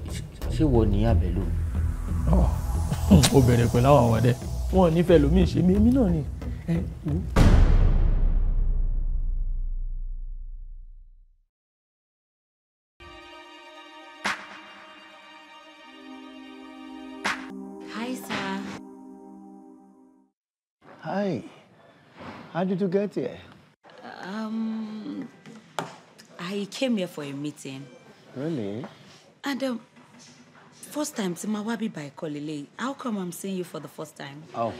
ṣé wọ ní abẹ́lò. ó bẹ̀rẹ̀ pẹ̀lú àwọn ọmọdé wọn nífẹ̀ẹ́ lómi ìṣe mi èmi náà ni. Hi, how did you get here? He came here for a meeting. Really? And um, first time, wabi by Kolile. How come I'm seeing you for the first time? Oh,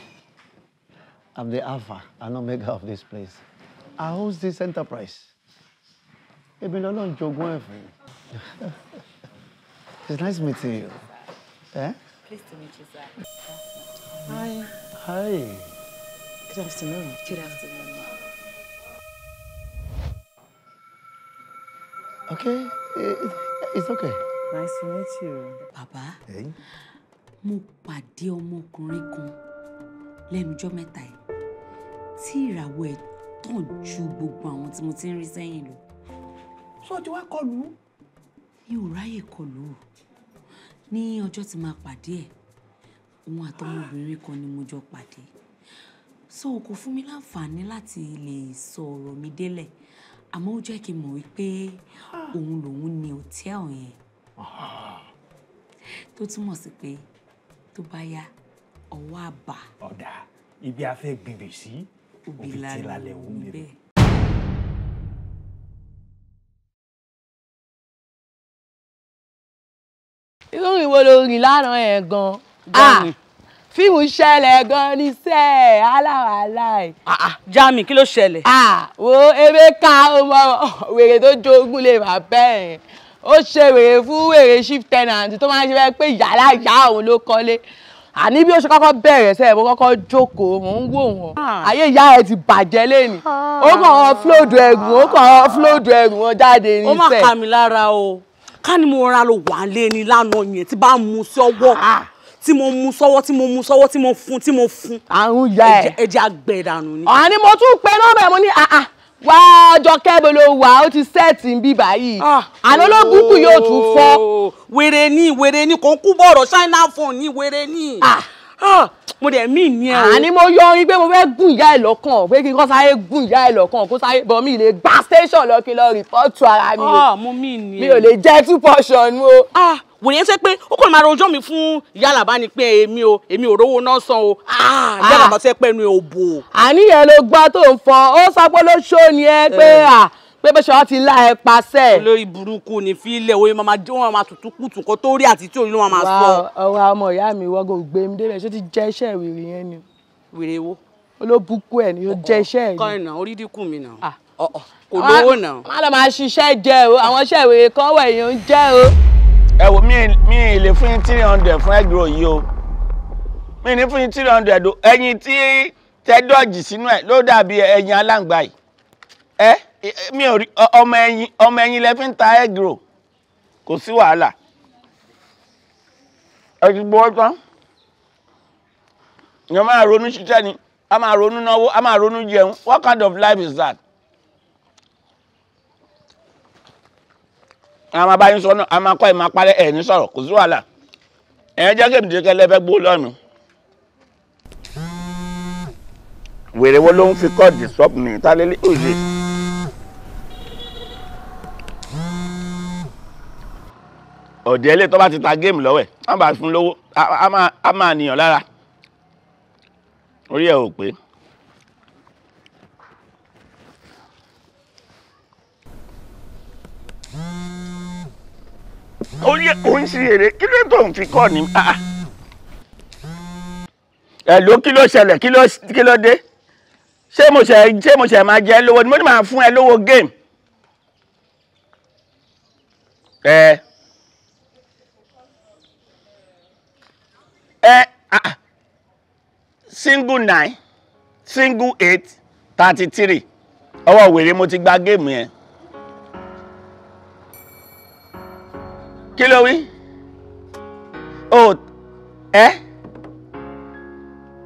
I'm the alpha and omega of this place. I host this enterprise. It's nice meeting you. Eh? Pleased to meet you, sir. Hi. Hi. Good afternoon. Good afternoon. Okay, eh, it's okay. Nice to meet you. Bàbá, mo pàdé ọmọkùnrin kan lẹ́nujọ́ mẹ́ta yìí tí ìràwọ̀ ẹ̀ tàn ju gbogbo àwọn tí mo ti ń rí sẹ́yìn lọ. Sọ ti wá kọlù ú? Mi ò ráyè kọlù ú. Ní ọjọ́ tí máa pàdé ẹ̀, òun àtọmọbìnrin kan ni mo jọ pàdé. So kò fún mi láǹfààní láti lè sọ ọ̀rọ̀ mi délẹ̀ àmọ́ ó jẹ́ kí n mọ̀ wípé òun lòun ni hòtẹ́ẹ̀lì yẹn tó túmọ̀ sí pé tó bá yá ọwọ́ àbá. ọ̀dà ibi a fẹ́ gbèbè sí òbí tí lálẹ́ òun bẹ̀rẹ̀. irú ìwo ló rìn lánàá ẹ̀ gan-an. Ah! fíìmù ṣẹlẹ̀ gan ni sẹ́ aláwàláì. Ah, ah, Jami kí ló ṣẹlẹ̀. wo Emeka ọmọ wèrè tó jogún lè má bẹ́ẹ̀ ó ṣe wèrè fún wèrè shift tenant tó máa ń ṣe fẹ́ pé yàrá ìyá òun ló kọ́lé àní bí ó ṣe kọ́kọ́ bẹ̀rẹ̀ sẹ́yìn mo kọ́kọ́ jókòó mò ń wò wọ́n ah. ayé ìyá ẹ̀ ti bàjẹ́ lẹ́nu ó kàn án flóòdù ẹ̀gùn ó kàn án flóòdù ẹ̀gùn wọn jáde ní sẹ́ẹ̀. ó mà kà mí lára o ká ní mo rọra lo wà lé ní lánàá yẹn tí bá mú sí ọwọ́ tí mo mú sọ́wọ́ tí mo mú sọ́wọ́ tí mo fún tí mo fún. àrùn ya ẹ ẹ̀jẹ̀ àgbẹ̀ dànù ni. àní mo tún pe nọ́ọ̀bẹ̀ mo ní àà ah, ah, wá ọjọ́ kẹ́bẹ̀ ló wà ó ti sẹ́ẹ̀tì ń bí báyìí ah, àná ló gúnkù yóò tún fọ́. wèrè ni wèrè ni kò ń kú bọ̀rọ̀ china phone ni wèrè ni. mo dẹ̀ mí ni ẹ o. àní mo yọ orin pé mo fẹ́ gùn ìyá ẹ̀ lọ́kàn pé kí n kọ́ sáré gùn ìyá ẹ̀ lọ́kàn kó sáré bọ̀ mi lè gba station lọ kí n lọ rìpọ́ọ̀tù ara mi o mi ò lè jẹ́ two portion o wòye ń sẹ́ pé ó kàn máa rojọ́ mi fún yálà bá ní pé èmi o èmi ò rówó náà san o ah, yálà ah. bá sẹ́ pẹ́nu òbò. àníyàn ló gbọ́ tó ń fọ ó sọ pé lóṣó ni ẹ pé à eh. ah, pé bó ṣe wá ti la ẹ pàṣẹ. olórí burúkú ni fílẹ̀ òye máa jẹ́ wọn máa tutù kùtù kó tó rí àti tí òye ló máa sọ. ọwọ́ ọmọ ìyá mi wọ́gọ̀ gbé mi débẹ̀ ṣé ti jẹ́ iṣẹ́ wèrè yẹn ni. wèrè wo. olóbùkú ẹ̀ ni ó jẹ́ iṣẹ́ ẹ̀ ni. kọ́rin orí dínkù mi náà kò lówó náà. má lọ máa ṣiṣẹ́ jẹ́ o àwọn iṣẹ́ ìwé kan wẹ̀ yẹn ń jẹ́ o. ẹ wò ì lè fún yín three hundred fún ẹgbẹ̀rún yìí o mí ní fún yín three hundred ẹyin tí tẹ́dọ̀jì sínú ẹ ló dàbí ẹyin aláǹgbá yìí ẹ mi ò rí ọmọ ẹyin ọmọ ẹyin lẹ fi ń ta ẹgbẹ̀rún kò sí wàhálà ẹ ti gbọ́ tán máa ronú ṣiṣẹ́ ni a máa ronú náwó a máa ronú jẹun what kind of life is that? àwọn abáyé sọ náà a máa kọ́ ìmọ̀ apálẹ̀ ẹ̀ ní sọ̀rọ̀ kò sí wàhálà ẹ̀ jẹ́ kí èmi dìde kẹ́lẹ́ fẹ́ gbó lọ́nu. wèrè wo ló ń fi kọ́ọ̀dì sọ́ọ̀bù mi ìtàlélẹ́ òye. ọ̀dẹ̀ ilé tó bá ti ta géèmù lọ́wẹ̀ á bá fún lówó á máa nìyàn lára orí ẹ̀ ò pé. ó ń ṣe eré kí ló tó ń fi kọ́ ni. ẹ ah, ah. ló kí ló ṣẹlẹ̀ kí ló dé ṣé mo ṣe ṣé mo ṣe máa jẹ lówó ni mo ní máa fún ẹ lówó game. ẹ ẹ ah, single nine single eight thirty three ọwọ́ wèrè mo ti gba géèmù yẹn. kí ló wí o ẹ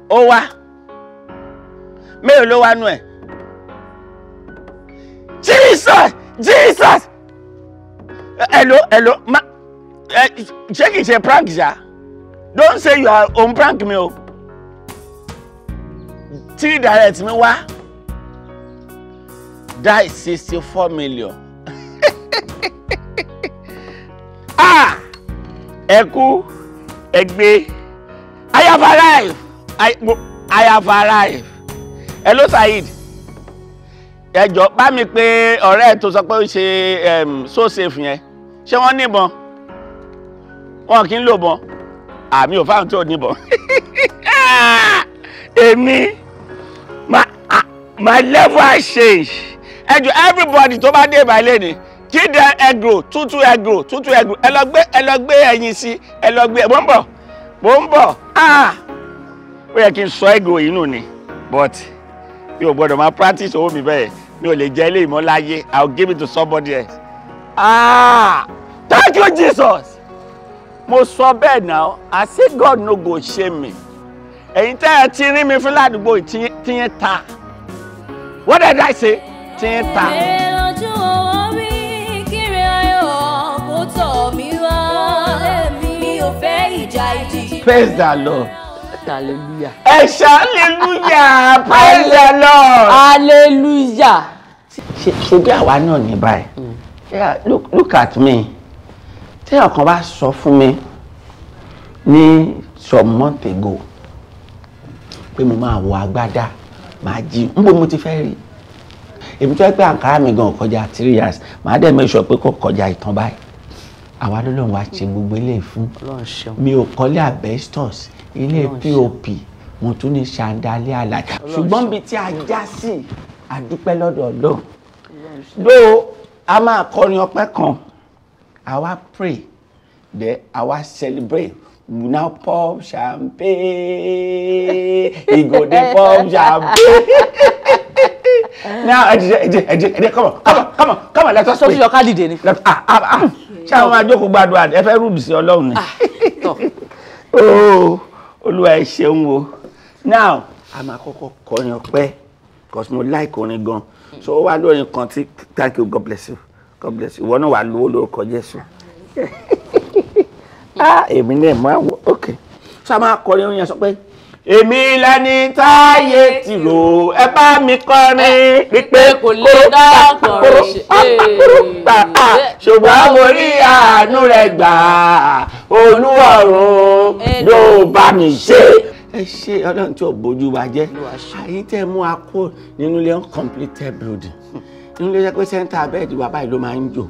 ó wá mélòó ló wá nù ẹ Jesus Jesus hello hello ma ẹ ṣé kìí ṣe prank ṣá don't say you are on prank mi o three direct mi wá die sixty four million. Ah! ẹkú ẹgbẹ I have arrived I, I have arrived hello Saheed ẹjọ bá mi pé ọ̀rẹ́ tó sọ pé ó ṣe so safe yẹn ṣé wọ́n níbọn wọn kì í lò bọn àmì ò fáwọn tó níbọn èmi my level has changed ẹjọ everybody tó bá dé ìbàlẹ̀ ni dídá ẹgò tútù ẹgò tútù ẹgò ẹ lọ ẹyin sí ẹ mò ń bọ̀ mò ń bọ̀ ah! ó yẹ kí n sọ ẹgò yìí nù ni but mi ò gbọdọ̀ máa practice owó mi bẹ́ẹ̀ mi ò lè jẹ ilé ìmọ̀ láyé i will give it to somebody else ah thank you jesus mo sọ bẹ́ẹ̀ náà i say god no go shame me ẹ̀yin tẹ́ ẹ ti rí mi fún ládùúgbò tí yẹn ta what did i say tí yẹn ta. Yeah. Praise the Lord. Hallelujah. Ẹ ṣe hallelujah. Praise the Lord. Hallelujah. Ṣé bí àwa náà ní báyìí? Mm. Look at me. Téèyàn kan bá sọ fún mi ní some month ago pé mo máa wọ agbádá màá jí ń bò mo ti fẹ́ rí èmi tó yẹ pé àǹkárá mi gan kọjá three years màá dẹ̀ mẹ́sọ̀ pé kò kọjá ìtàn báyìí àwa lọ́lọ́run wa ṣe gbogbo eléyìí fún mi ò kọ́lé asbestos ilé pop mo tún ní ṣàǹdálẹ́ àlàyé ṣùgbọ́n bíi tí a já sí àdúpẹ́ lọ́dọ̀ ọlọ́run ló a máa kọrin ọpẹ́ kan àwa pray then àwa celebrate we now pop champagne e go dey pop champagne now ẹ jẹ ẹ jẹ ẹ jẹ come on come on come on come on let us pray. sọ́sọ́ yọ ká dìde ni. ah ah ah ṣé àwọn máa jókòó gbàdúrà ẹ fẹ́ rúdù sí ọlọ́run ni ah, oh, olúwa ẹ ṣeun o now a máa kọ́kọ́ kọrin ọpẹ́ because mo like orin gan so ó wá lórin kan tí thank you god bless you god bless you ìwọ náà wà lówó lórúkọ jésù ah èmi náà máa wọ ok so a máa kọrin orin yẹn sọ pé èmi lẹni táyé ti rò ẹ bá mi kọrin pípé eh, eh, kò lè dákọ̀rọ̀ ṣe eh, ṣùgbọ́n mo rí àánú rẹ gbà olúwọ̀run ló bá mi ṣe. ẹ ṣe ọlọ́run tí ò bójú wa jẹ́ àyíntẹ́ mú akó nínú ilé uncompleted building nílé jẹ́ pé sẹ́ńtà bẹ́ẹ̀dì wa báyìí ló máa ń jò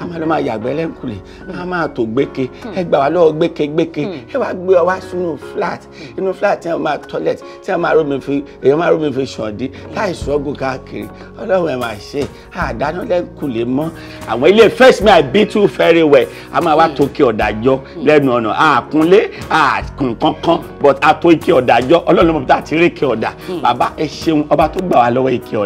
a máa lọ máa yàgbẹ́ lẹ́kùnlé a máa tó gbéke ẹ gbà wá lọ́wọ́ gbéke gbéke hmm. ẹ wá gbé ọ wá sínú flat hmm. inú flat tí wọ́n máa toilet tí wọ́n máa rómi fi èèyàn máa rómi fi ṣọ̀dí láì sọ́gùn káàkiri ọlọ́run ẹ̀ máa ṣe àdáná lẹ́kùnlé mọ́ àwọn ilé first me i beat you very well a máa wá hmm. tókè ọ̀dàjọ́ lẹ́nu ọ̀nà àkúnlé àkùn kankan but a tó ike ọ̀dàjọ́ ọlọ́run mọ̀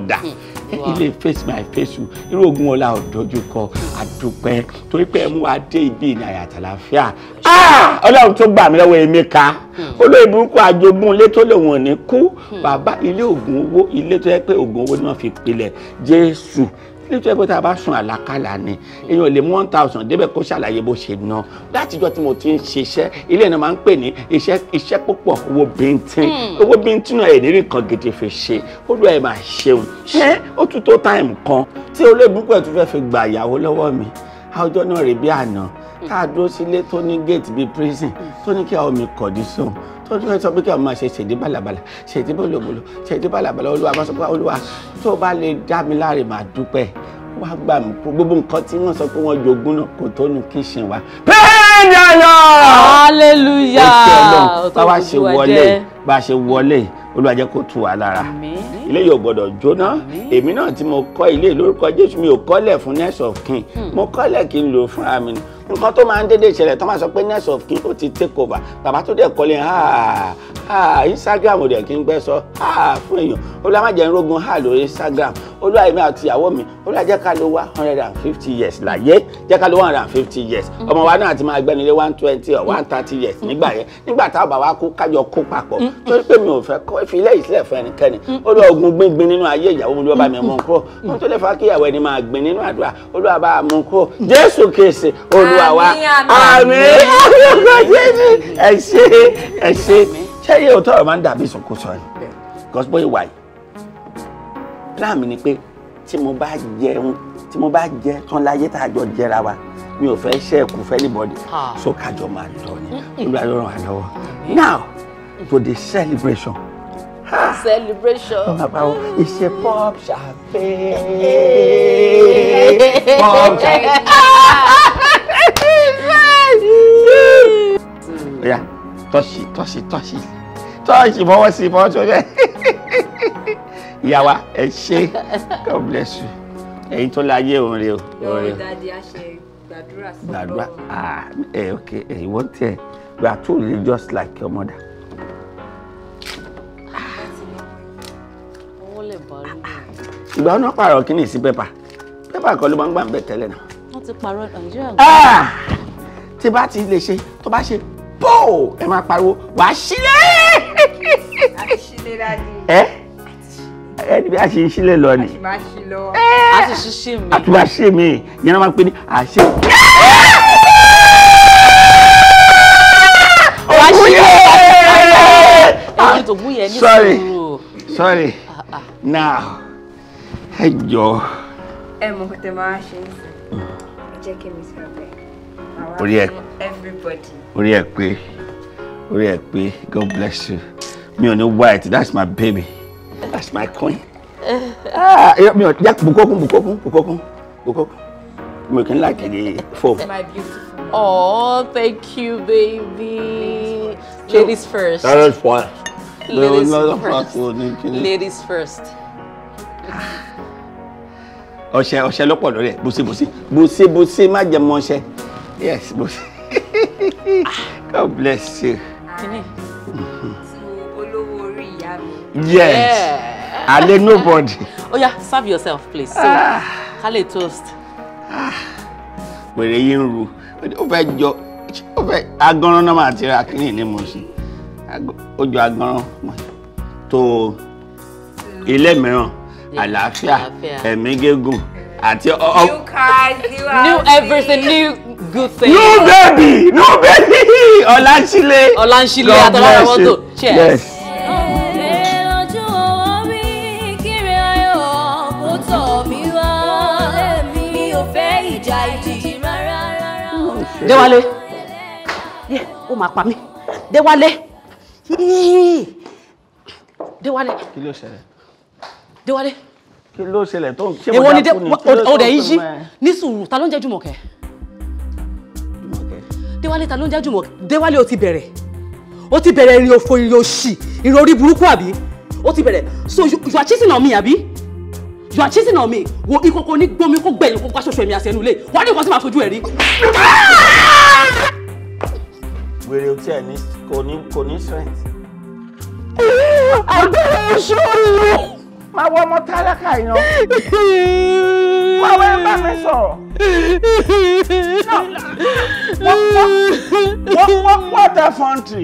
a ti ilé face my face irú ogun ọlá ọ̀dọ́jú kọ àdúpẹ́ torí pé ẹ mú wa dé ibi ìnáyà àtàlàfíà ah! ọlọ́run tó gbà mí lọ́wọ́ Emeka hmm. olóyè burúkú àjogún ilé tó lòun ò ní kú hmm. bàbá ilé ògùn owó ilé tó yẹ pé ògùn owó ni wọ́n fi pilẹ̀ Jésù nítorí pé tá a bá sun àlàkalà ni èèyàn lè mú one thousand débẹ̀ kó ṣàlàyé bó ṣe ná látijọ́ tí mo ti ń ṣiṣẹ́ ilé náà máa ń pè ní iṣẹ́ iṣẹ́ púpọ̀ owó bíntín hmm. owó bíntín náà ẹ̀ nírí kan gidi fi ṣe olúwa ẹ̀ máa ṣeun ṣé ó tún tó táìmù kan tí olóògbé ẹ̀ tún fẹ́ fi gbà ìyàwó lọ́wọ́ mi àwùjọ náà rè bí àná tá a dúró sílé tó ní gate bíi prison tó ní kí àwọn mi kọ̀ dí tó tó sọ pé kí ọmọ máa ṣe ṣèdí bàlàbàlà ṣèdí bòlòbòlò ṣèdí bàlàbàlà olúwa bá sọ pé olúwa tó bá lè dá mi láre màá dúpẹ́ wá gbà mí gbogbo nǹkan tí wọ́n sọ pé wọ́n jogún náà kò tónu kí ṣe wá. hallelujah ó ṣe ọlọ́run bá wá ṣe wọlé bá ṣe wọlé olúwa jẹ́ kó tù wá lára ilé yóò gbọ́dọ̀ jóná èmi náà tí mo kọ́ ilé lórúkọ jésù mi ò kọ́lẹ̀ fún next of kin hmm. mo kọ́lẹ̀ kí n lò fún àmì nǹkan tó máa ń dédé ìṣẹ̀lẹ̀ tó máa sọ pé next of kin ó ti take over bàbá tó dẹ̀ kọ́lé ha ha instagram rẹ̀ kí n gbẹ́ sọ ha fún èèyàn olúwa má jẹ́ n rógun ha lórí instagram olúwa èmi àti ìyàwó mi olúwa jẹ́ ká ló wá hundred and fifty years láyé jẹ́ ká ló one hundred and fifty years ọmọ wa náà ti máa gbẹ́ni lé one twenty or one thirty years nígbà yẹn nígbà tá a bá wa kó kájọ kó papọ̀ mm. torí pé mi ò fẹ́ kọ́ fi ilé ìsílẹ̀ fún ẹnikẹ́ni mm. ó lọ ogun gbíngbín nínú ayé ìyàwó mi ló bá mi mm. mú un kúrò mo tó lè fa kí ìyàwó ẹni máa gbìn nínú àdúrà olúwa bá mú un kúrò jésù kèsì olúwa wa àmín olùkọ́ jésù ẹ ṣé ẹ ṣé ṣé iye tí mo bá jẹ tán láyé tá a jọ jẹra wa mi ò fẹ́ ṣe ẹ̀kú fẹ́ anybody so kájọ máa lọ ni olúwa yóò ràn wá lọ́wọ́ now to the celebration. celebration. ọmọ àgbà pop champagne pop champagne. oya tọ́sí tọ́sí tọ́sí tọ́sí fọwọ́ sí fọwọ́ tó bẹ́ẹ̀ ìyá wa ẹ ṣé God bless you èyí tó láyé òun rè o. lọ́wọ́ dáadé a ṣe gbàdúrà sọ́kọ́. gbàdúrà ah ẹ ok ìwọ tiẹ̀ you are too just like your mother. ọwọ́ lè bá rí mi. ìgbà wọn náà pààrọ̀ kí ni ìsín pépà pépà kan ló máa ń gbà ń bẹ̀ tẹ́lẹ̀ náà. wọ́n ti pààrọ̀ nàìjíríà. tí bá ti lè ṣe tó bá ṣe bóò ẹ máa pariwo wàá sílé. àti sílé dáadé ẹni bí a ṣe ń sílẹ̀ lọ ni. a ti ṣiṣẹ́ eh! mi. a ti máa ṣe mi yẹn náà máa pè ní àṣẹ. ògúnyẹ ní sùúrù. sorry ah, ah. now ẹ jọ. ẹ mọ tẹ máa ṣe ń sìn ẹ jẹ́ kí mi sọ bẹ́ẹ̀. orí ẹ everybody. orí ẹ pé orí ẹ pé God bless you mi ò ní wá ẹ tí that's my baby. That's my coin. ah, mi ò jẹ́ bùkọ́kún bùkọ́kún bùkọ́kún bùkọ́kún. Mi ò kí n láì kiri fóòmù. My beautiful. Oh, thank you, baby. Ladies first. Ladies first. Ladies ah. first. Ladies first. Ọṣẹ ọṣẹ lọ́pọ̀ lórí ẹ̀ bùsí Busi, busi, busi, má jẹ mọ́ ọṣẹ. Yes, busi. God bless you. Kini. Yes. Yeah. I let nobody. oh yeah, serve yourself, please. So, ah. kale toast. Ah. Wèrè yín ru. Ó fẹ́ jọ ó fẹ́ agánran náà máa ti ra kíní ní mo sí. Ó jọ agánran tó ilé mìíràn, àlàáfíà, ẹ̀mí gígùn àti ọ. new cars new houses. new everything new good things. new baby new baby ọ̀làǹṣílẹ̀. ọ̀làǹṣílẹ̀ àtọ̀lọ́rọ̀ mọ́tò cheers. Yes. déwálé yé ó máa pa mí déwálé déwálé. kí ló ṣẹlẹ̀. déwálé. kí ló ṣẹlẹ̀ tó ń ṣe mo dákú ni kí ló tó ń mọ ẹ. ní sùúrù ta ló ń jẹ́ Jùmọ̀kẹ́. déwálé ta ló ń jẹ́ Jùmọ̀kẹ́ déwálé o ti bẹ̀rẹ̀ o ti bẹ̀rẹ̀ ìrìn òfò ìrìn òṣì ìrìn orí burúkú àbí o ti bẹ̀rẹ̀ so you, you are cheating on me àbí you are chasing on me wo ìkòkò ní gbómi kó gbẹ̀yìn kó gbàṣọṣọ èmi àṣẹ nulẹ̀ wà á ní nǹkan tí màá fojú ẹ̀ rí. wèrè tí ẹ ní kò ní kò ní strength. àgbẹ̀rẹ̀ ìṣòro. máa wọ ọmọ tálákà yan. máa wọ ẹ bá mi sọ̀rọ̀. wọ́n wọ́n wọ́n wọ́n tẹ fọ́ńtì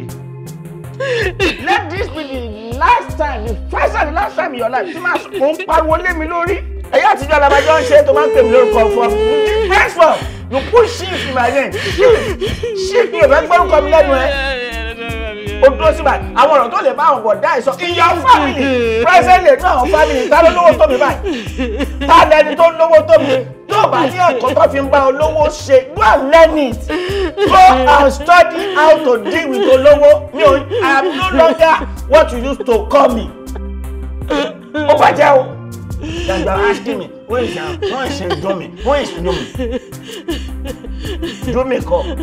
let this be the last time the first and the last time in your life tí màá kó ń pariwo lé mi lórí ẹ̀yà àtijọ́ làbájọ́ ń ṣe tó máa ń pè mí lórúkọ fún ọ henceforth you put shift in my name shift shift mi ò fẹ́ gbọ́rúkọ mi lẹ́nu ẹ o dúró sí báyìí àwọn ọ̀rọ̀ tó lè bá àwọn bọ̀dá ẹ̀ sọ ìyá fámìlì pẹ́sẹ́lì inú àwọn fámìlì ta ló lówó tó mi báyìí ta lẹni tó lówó tó mi tó bá ní ẹ̀kọ́ tó fi ń bá olówó ṣe go and learn it go and study how to deal with olówó mi ò I am no longer what you used to call me ó bàjẹ́ o. That's why asking me, where is her? Where is her Domi? Where is Domi? Domi come.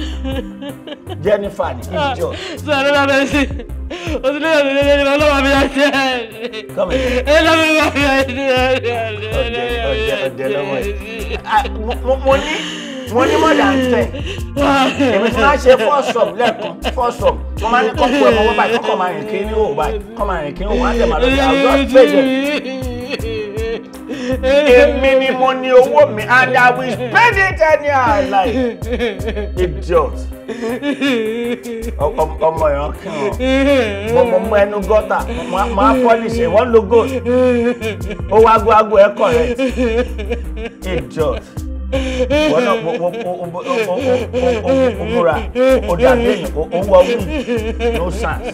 Jennifer is John. Sorry, I'm busy. Come here. Money, ah, money more than ten. Èmi ti máa ṣe fọ́sọ̀m lẹ́ẹ̀kan fọ́sọ̀m. Mo máa ní kọ́kọ́ ẹ̀mọ́ wọ́n báyìí kọ́kọ́ máa rìn kiri ní òwò báyìí. Kọ́ máa rìn kiri ní òwò á dẹ̀ máa lọ sí àwùjọ àti bẹ́ẹ̀ èmi ni mo ní owó mi and I will spend it anyhow I like idiot ọmọ ìran kírun mo mú ẹnu gọ́tà mo á pọ́líṣì wọ́n lo gold ó wá gbogbo ẹ̀ correct idiot wọnà òmùra ọ̀dà lẹ́yìn òwò wí no sense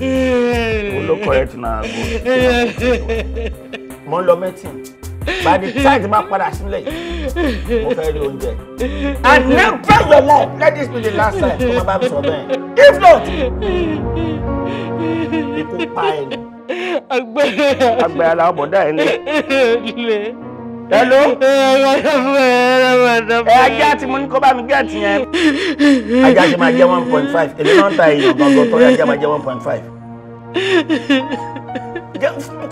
o ló correct na go mo ń meeting by the time ti máa padà sílẹ̀ mo fẹ́ rí oúnjẹ and never your mom let this be the last time tó máa bá mi sọ bẹ́ẹ̀ if not ikú pa ẹni. agbára agbára làwọn bọ̀dá ẹ̀ ń hello. ẹ ajá tí mo ní kó bá mi gẹ̀ẹ́tì yẹn. ajá ti máa jẹ́ one point five èmi náà ń ta èèyàn gangan torí ajá máa jẹ́ one point five.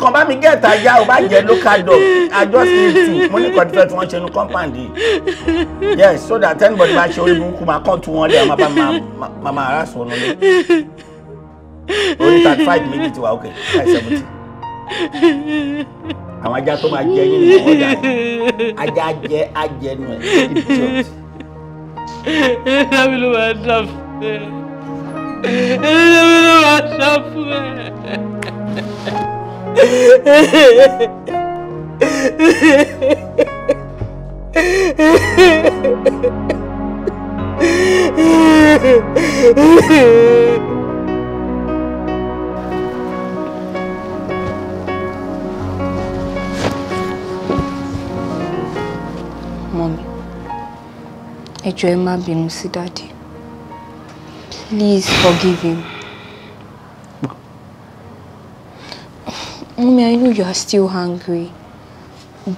kàn bá mi gẹ̀ẹ́tì ajá ò bá jẹ́ local dog àjọ sí two mo ní kọ́ńtẹ́fẹ́ tí wọ́n ṣe ní compound yìí yes so that anybody bá ṣe orí burúkú máa kàn tún wọn lé àwọn máa máa rà sọ̀rọ̀ lé orí thirty five méjì ti wà ok five seventy àwọn ajá tó máa jẹ yín nìkan ọjà ajá jẹ ajẹnu ẹ idiot. ẹnìyàwó ló máa dà fún ẹ ẹnìyàwó ló máa dà fún ẹ. Hehehehe ẹ jọ̀ọ́ ẹ má Daddy. please forgive him. Mummy, I know you are still hungry.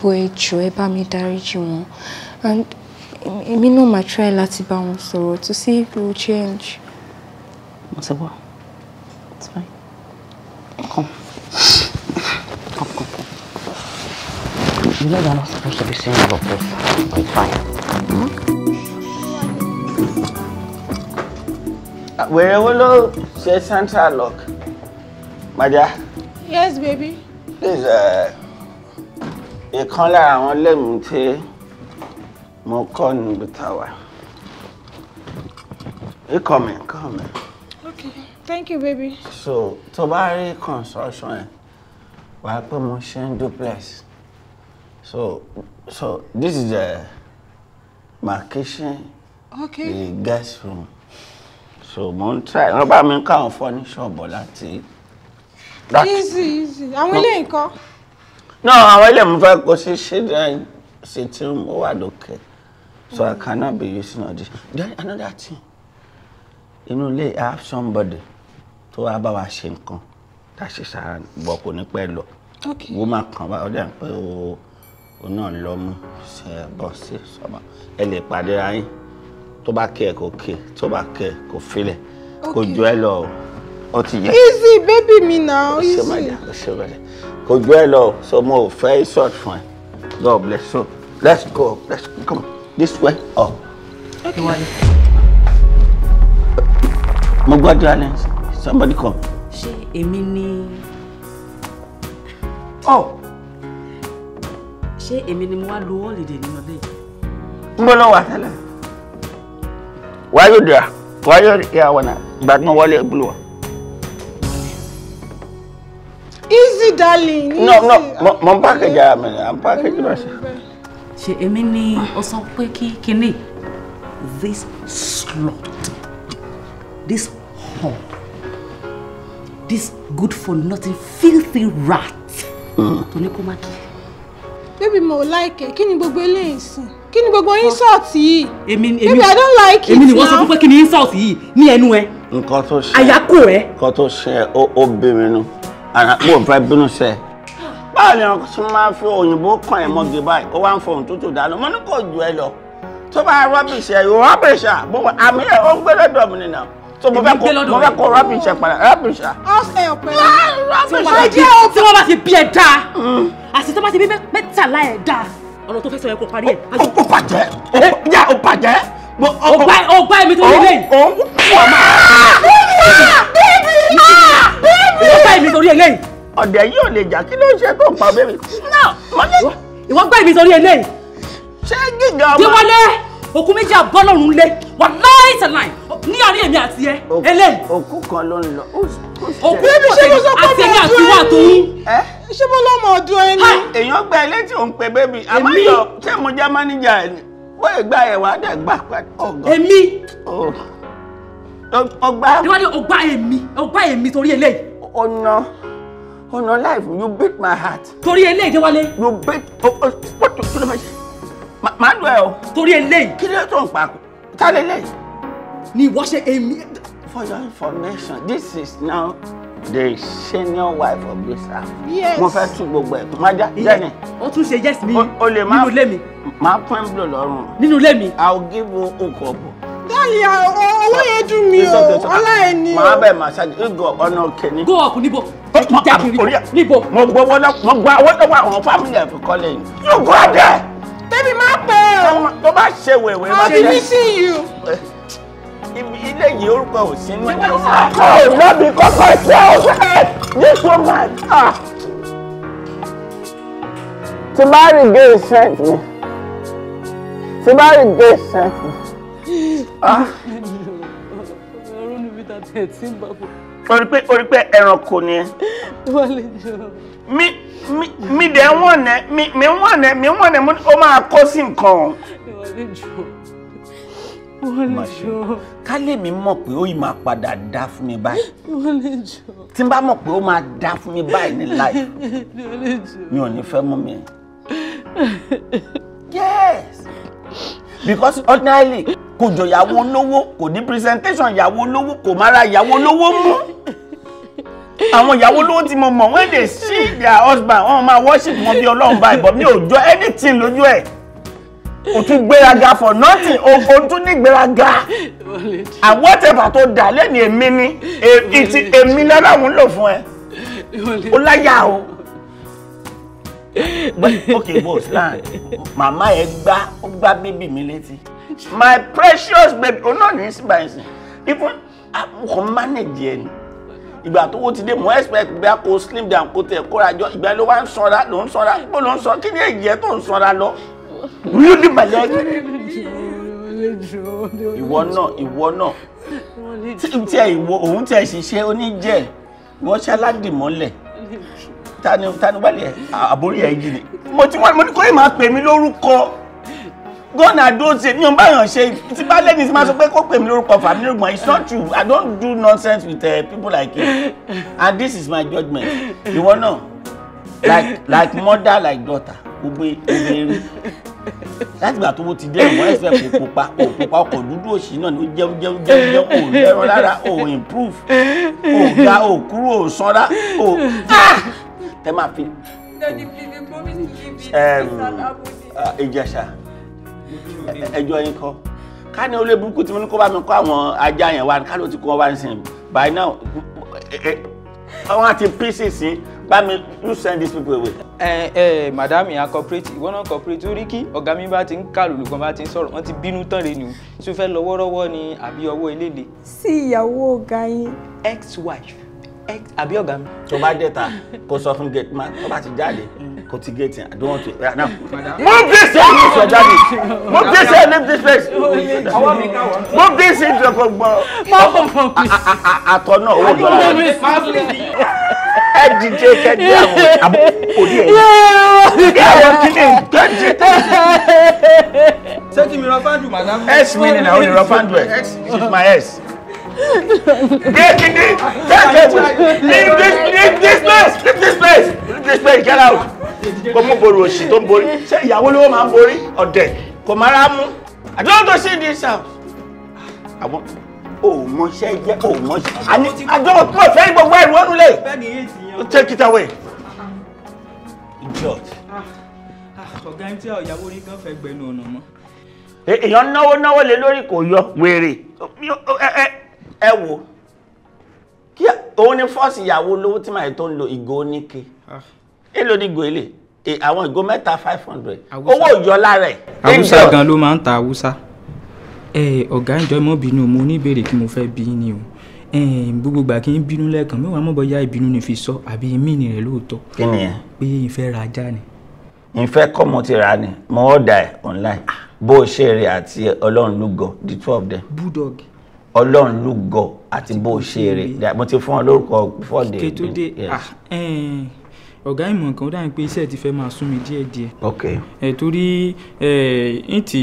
Boy, ẹ jọ̀ọ́ ẹ bá mi dáríjì wọn. And èmi náà máa try láti bá wọn sọ̀rọ̀ to see if they will change. Mo sọ wá. It's fine. Come. Come, come, come. You know you're not supposed to be saying about this. It's fine. Mm -hmm. wèrè wo ló say Santa look, maja. yes baby. please uh, ìkan lára àwọn lẹ́mìí tí mo kọ́ níbi táwa. Come in, come in. Okay, thank you, baby. So, tó construction yẹn, wàá pé duplex. So, so this is the, uh, my kitchen, okay. the guest room so mo ń try wọ́n bá mi ń káwọn fọ́ ní ṣọ́ọ̀bù láti. easy easy àwọn ilé nǹkan. No, àwọn ilé mi fẹ́ kó sí ṣẹ́dá sitting room ó wà lókè so I cannot be using all this then another thing inú ilé I have somebody tó wá bá wa ṣe nǹkan tá a ṣe sára bọ̀ kò ní pẹ́ lọ wọ́n máa kàn wá ọjà pé o náà lọ́mú ṣe bọ́ sí sọ́mọ ẹ lè pàdé ara tó bá kẹ kò kẹ tó bá kẹ kò filẹ̀ kò jọ ẹ lọ ó ti yẹ. easy baby mi na easy. o ṣe kò jọ ẹ lọ so mo ò fẹ́ insult ẹ God bless so let's go let's come on this way up. mo gbọ́ dúró lẹ́yìn somebody come. ṣe èmi ni. ọ. Oh. ṣé èmi ni mo wá lo holiday nínú ọdẹ yìí. n bọ́ lọ́wọ́ àtàlà. Why you wayo da wayo ya wana Back no wallet wa. easy darling easy. no no mo n package ara mi i'm package myself. ṣe èmi ni o sọ pé this slot this whore this good for nothing filthy rat. Mm. tó ní kó má kí. like it. kí ni gbogbo eléyìí kí ni gbogbo insult yìí. èmi èmi èmi i don't like it now. èmi ni wọ́n sọ fún pé kí ni insult yìí ní ẹnu ẹ. nǹkan tó ṣe àyákò ẹ. nǹkan tó ṣe ó bí mi nù ara mo fẹ́ bínú sẹ́ ẹ báwo ni ọkọ tó máa fi òyìnbó kan ẹ̀ mọ́gi báyìí ó wá ń fọhùn tútù dáná mo ní kò ju ẹ lọ tó bá rọ́bìṣì ẹ̀ yóò rọ́bìṣì à bó àmì ẹ̀ ó ń gbé lọ́dọ̀ nìyà tó mo fẹ́ kó mo fẹ́ kó rọ́bìṣì ẹ̀ padà rọ́bìṣì à. ọ̀sẹ̀ ọ̀pẹ̀ tí wọ́n bá ti bí ẹ̀ dáa mm. àti tó bá ti bí mẹ́tàlá ẹ̀ dáa ọ̀rọ̀ tó fẹ́ sọ yẹ kó parí ẹ̀. ó bàjẹ́ ó bàjẹ́. ọgbà ọgbà èmi tó nílé yìí. ọgbà èmi torí ẹ lẹ́yìn. ọ̀dẹ̀ yìí ò lè jà kí ló ń ṣe tó pa bẹ́ẹ̀ mi. ìwọ gbà èmi torí ẹ lẹ́yìn. ṣé gíga ọmọ. díwọlé òkú méjì àbọ́lọ́run lé wà láìsàn láì ní àárín èmi àti ẹ eléyìí. òkú kan ló ń lọ òkú ẹbí ṣé mo sọ pé mo ọdún ẹni ṣé mo lọ́mọ ọdún ẹni. èèyàn gba ilé tí ò ń pe bébì àmọ́jọ ṣé mo jẹ́ máníjà ẹ̀ ni bó ìgbà ẹ̀wà dẹ̀ gbà ọgọ́. èmi. ọgbà. ìwádìí ọgbà èmi ọgbà èmi torí eléyìí. ọ̀nà ọ̀nà life you beat my heart. torí eléyìí déwálé. you beat oh, oh, what you do máa lọ ẹ o. torí eléyìí. kí ló tó ń pa kálẹ̀ eléyìí. ni ìwọ ṣe èmi for your information this is now the senior wife of this house. yes mo fẹ́ tún gbogbo ẹ̀ tó má já o tún ṣe yes mi O ilé mi. máa pín blow lọ́rùn. nínú ilé mi. i will give you hook up. dáàlì owó yẹn dùn mí o ọlá ẹ ní o. màá bẹ̀ màá ṣáájú ìgò ọ̀nà kìíní. go up níbo. níbo. mo gbowó lọ mo gba owó lọ́wọ́ àwọn fámìlì ẹ̀ fi kọ́lé yìí. you go there. tẹ́bi máa pẹ́ o. tó bá ṣe wèwè máa ṣe. i be missing you. Eh ilé yìí orúkọ ò sí ní. ọ̀ lọ́bì kọ́kọ́ ṣe ọ̀ this woman. tí bá rí gay sent me tí bá rí gay sent me. ọ̀rọ̀ orí pé orí pé ẹranko ni ẹ. mi mi mi dẹ̀ ń wọ̀nẹ́ mi mi ń wọ̀nẹ́ mi ń wọ̀nẹ́ o máa kó sí nǹkan wọ́n jọ ká lè mi mọ̀ pé ó yìí máa padà dá fún mi báyìí wọ́n jọ tí n bá mọ̀ pé ó máa dá fún mi báyìí ní life mi ò ní fẹ́ mú mi yes because ordinarily kò jọ ìyàwó olówó kò ní presentation ìyàwó olówó kò má ra ìyàwó olówó mú àwọn ìyàwó olówó tí mo mọ̀ wọ́n dey see their husband wọ́n máa worship wọn bí ọlọ́run báyìí but mi ò jọ anything lójú ẹ̀ o tún gbéraga for nothing o o tún ní gbéraga and whatever tó dà lẹ́nu èmi ni e, ìtì èmi náírà ń lò fún ẹ o láyà o ok boss náà mama, ẹ gbá ó gbá bébì mi létí my precious baby òun náà ní síbà ẹsìn even àkókò manage ẹ ni ìgbà tó wó ti dé mo expect bí a kò slim down kó tẹ kóra jọ ìgbà ló wá ń sanra ló ń sanra ibo ló ń sanra kí ni èyí ẹ tó ń sanra lọ really my leg. ìwọ náà ìwọ náà tí ẹ ìwọ òun tí ẹ ṣiṣẹ́ oníjẹ ìwọ ṣáláàdì mọ́lẹ̀ tani tani wálé àbórí ẹ yìí ni mo ti wọ́n mo ní kó lè máa pè mí lórúkọ gọ́nà àdóòtì mi ò bá yàn ṣe tí bá lẹ́ni tí máa sọ pé kó pè mí lórúkọ fàmí lórúkọ it's not true i don't do nonsense with uh, people like you and this is my judgement ìwọ náà like like mother like daughter gbogbo ìgbéri láti gbà tó ti dé ẹ̀wọ̀n ẹ̀sẹ̀ kò pupa kò pupa ọkọ̀ dúdú òsì náà ni ó jẹun jẹun jẹun jẹun ò lẹ́rọ lára ò improve ò ga ò kúrò ò sanra ò ah! Ah! tẹ máa fi. Daddy, please, you promise to give me this Ìjẹ̀ṣà ah, ẹjọ́ yín kọ́ ká ní olè burúkú tí mo ní kó bá mi kó àwọn ajá yẹn wá ká ló ti kó wọn wá ń sìn by now àwọn àti pieces yìí bá you send these people away. ẹ ẹ madam yẹn corporate ìwọ náà corporate ó rí kí ọ̀gá mi bá ti ń kà lòlùkọ́ bá ti ń sọ̀rọ̀ wọ́n ti bínú tán rẹ̀ nù tí o fẹ́ lọ wọ́rọ́wọ́ ni àbí ọwọ́ eléle. sí ìyàwó ọ̀gá yín. ex wife ex àbí ọ̀gá mi. tó bá dé ta kó sọ fún gate man tó bá ti jáde cultivating. I don't want to. Right eh, now. Move this here, leave your daddy. Move this here, leave this place. Move this into your gbogbo. Move this. owó dọ́là. Ẹ dìde kẹ́dí àwọn òbí ẹ̀. Kí àwọn kílè kẹ́dí. Ṣé kí mi rọ fáńdù màdá? X mi ni na o ni rọ fáńdù ẹ̀. She's my ex. Get in this! Get Leave this! Leave this place! Leave this place! Leave this place! Get out! Come on, borí òsì tó ń borí. Ṣé ìyàwó lówó máa ń borí? Ọ̀dẹ̀ kò máa I don't want to see this house. I Àwọn òmọṣẹ́ jẹ́ òmọṣẹ́. Àní àjọ òpó ìfẹ́ gbogbo ẹ̀rù ọ̀nù lè. Take it away. Idiot. Ọ̀gá ń tí ìyàwó orí kan fẹ́ gbẹnu ọ̀nà mọ́. Èèyàn náwó náwó lé lórí kò yọ wèrè ẹ wo kí òun ni fọ́ọ̀sì ìyàwó olówó tí màá tó ń lo ìgò oníke ah. èlò ní ìgò ilé àwọn ìgò mẹ́ta five hundred owó òjò lára ẹ̀. awúsá gan ló máa ń ta awúsá ọ̀gá ìjọ mọ́ bínú mo ní ìbéèrè kí mo fẹ́ bí ni o gbogbo gbà kí n bínú lẹ́ẹ̀kan mẹ́wàá mọ́ bọ́yá ìbínú ni fi sọ àbí mí ni rẹ̀ lóòótọ́ kí ni ẹ pé ìfẹ́ ra ajá ni. ìfẹ́ kọ́ mo ti rà ni mo order ẹ̀ online ah. bó ṣe rè àti ọlọ́run ló the two of bulldog ọlọ́run lúgọ àti bó ṣe rè mo ti fún ọ lórúkọ fọ́ọ̀dẹ̀. kétúndé ọ̀gá ìmọ̀ kan ó dà ní pé iṣẹ́ ti fẹ́ máa sún mi díẹ̀ díẹ̀. ok. ẹ torí ẹ ń tì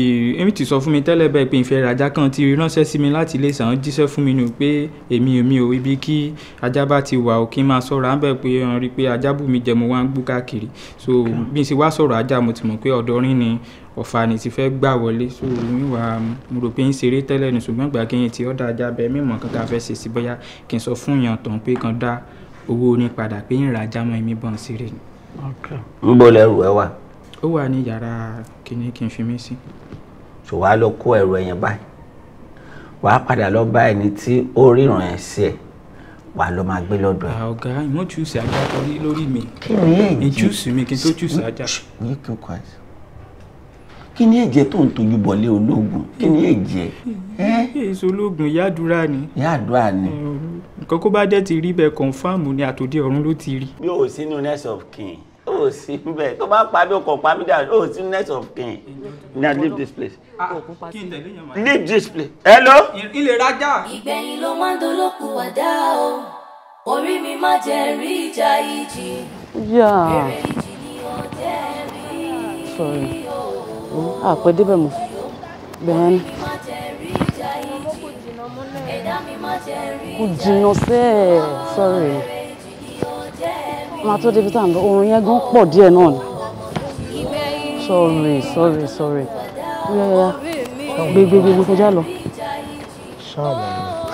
ń tì sọ fún mi tẹ́lẹ̀ bẹ́ẹ̀ pé ìfẹ́ ràjá kan ti ránṣẹ́ sí mi láti ilé ìsàn jíṣẹ́ fún mi nù pé èmi ò mi ò ibi kí ajá bá ti wà ó kí n máa sọ̀rọ̀ à ń bẹ̀ pé ọ̀n rí pé ajá bù mí jẹ mo wá ń gbú káàkiri so bí n ṣe wá sọ̀rọ̀ ajá mo ti mọ̀ pé ọ̀dọ́ rin ni ọ̀fà ni ti fẹ́ gbà wọlé so mi wà mo rò pé ń ṣeré tẹ́lẹ̀ nù ṣùgbọ́n ìgbà kí n ti ọ̀dà ajá bẹ́ẹ̀ mímọ̀ kankan fẹ́ ṣe sí bóyá kí n sọ fún yàn tán pé kan dá owó ní padà pé ń ra jámọ́ ẹ̀mí bọ́n sí rè. ń bọ̀ lẹ́rù ẹ wà. ó wà ní yàrá kìíní kí n fi mí sí. ṣò wá lọ kó ẹrù ẹ̀yẹn báyìí wàá padà lọ bá ẹni tí ó ríran ẹ̀ sí ẹ̀ wà ló máa gbé lọ́dọ̀ ẹ̀. ọ̀gá ìmọ̀ jùùsì ajá torí lórí mi. kí ni èyí? ìjùùsì mi kí n tó jùùsì ajá kí ni èjẹ tó ń tojú bọ̀lé ológun kí ni èjẹ. èso ológun yàdúrà ni. yàdúrà ni. nǹkan kó bá dé ti rí bẹ́ẹ̀ kọ̀ǹfàmù ni àtòdì ọ̀run ló ti rí. mi ò sínú next of kin ò sí bẹ́ẹ̀ tó bá pa mí o kò pa mí dànù ò sínú next of kin na leave this place. Ah, leave this place. hello. ilé rajà. ìgbẹ̀yìn ló máa ń dolóko wàdà o orí mi má jẹ́ rí ìjà ìjì. yà. èrè ìjì ni àpẹ ah, débẹ̀ mọ́ bẹ́ẹ̀ ni. kò jìnnà sẹ́ẹ̀ sọ́rí máa tó débi tá à ń lọ oorun yẹn gan pọ̀ díẹ̀ náà ni sọ́rí sọ́rí sọ́rí yẹ́yẹ́ gbégbégbé kọjá lọ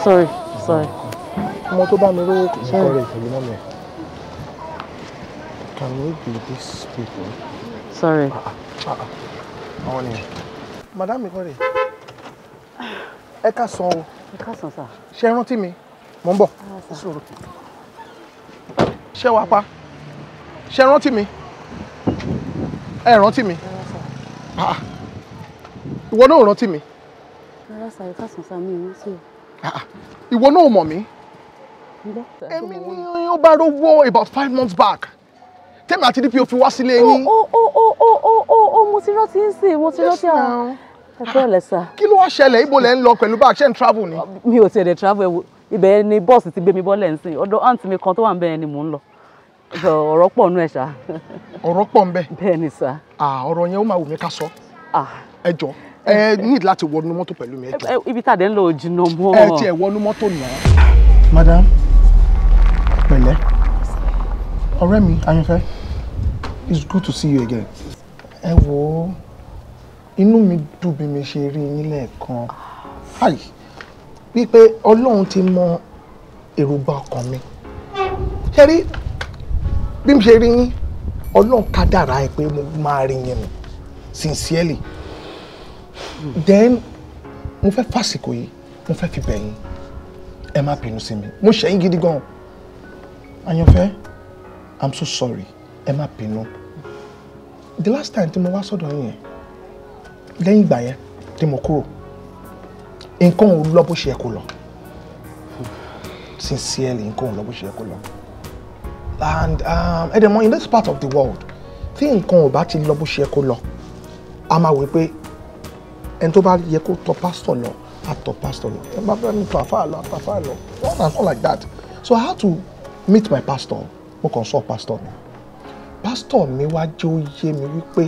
sọ́rí sọ́rí. ọmọ tó bá mi rówó kò sí kọ́rẹ́ ìtẹ̀lé mọ́mi ẹ̀ can we be these people. sorry. Uh, uh, uh àwọn nìyẹn madam mi kọ́ rè ẹ ká san o ẹ ká san sà ṣe rántí mi mò ń bọ̀ sòrò ṣe wàá pa ṣe rántí mi ẹ rántí mi ah, ah. ìwọ náà rántí mi. rárá sà ẹ ká san sà mi ìwọ sí o. Ah, ìwọ náà mọ̀ mí èmi ni ó bá rówó about five months back tèmi àti DPO fi wá sílé yín. ó ó ó ó ó ó ó mo ti rántí ń sìn mo ti rántí àwọn. ẹ fẹ́ ọ̀lẹ́ sá. kí ló wá ṣẹlẹ̀ ibo lẹ ń lọ pẹ̀lú bá ṣe ń travel ni. mi ò tiẹ̀ dẹ̀ travel ẹ̀ wò ibẹ̀ ni bọ́ọ̀sì ti gbé mi bọ́ọ̀lẹ̀ ń sìn ọ̀dọ̀ àǹtí mi kan tó wà ń bẹ́ẹ̀ ni mò ń lọ ọ̀rọ̀ pọ̀ nú ẹ̀ ṣá. ọ̀rọ̀ pọ̀ ń bẹ. bẹ́ẹ̀ ni sá. ọ̀rọ̀ yẹn ó máa wù mí ká sọ. ẹ jọ ẹ need láti wọnú mọ́tò pẹ̀lú mi ẹ jọ. ibi tàdé ń lọ òjìnà mọ́. ẹ tiẹ̀ wọnú mọ́tò nà. madam pẹ̀lẹ́ ọ̀rẹ́ mi ayọ̀fẹ́ it's good to see you again. Ewo, wo inú mi dùn bí mi ṣe rí yín lẹ́ẹ̀kan wípé ọlọ́run ti mọ èròǹgbà ọkàn mi ṣe rí bí mo ṣe rí yín ọlọ́run ká dára ẹ mo máa rí yín nù sincerely then mo fe fàsìkò yìí mo fe fi bẹ̀ yín ẹ má bínú sí mi mo ṣẹ̀yìn gidi gan-an àyànfẹ́ i'm so sorry ẹ má bínú the last time tí mo wá sọ́dọ̀ yín yẹn lẹ́yìn ìgbà yẹn tí mo kúrò nǹkan ò lọ bó ṣe kó lọ sincerely nǹkan ò lọ bó ṣe yẹ kó lọ and um, ẹ dẹ̀ in this part of the world tí nǹkan ò bá ti lọ bó ṣe yẹ kó lọ a máa wí pé ẹni tó bá yẹ kó tọ pásítọ̀ lọ á tọ lọ ẹ bá fẹ́ mi tọ àfáà lọ àtàfáà lọ one and all like that so I had to meet my pastor mo consult pastor mi pásítọ̀ mi wá jẹ́ ó yé mi wípé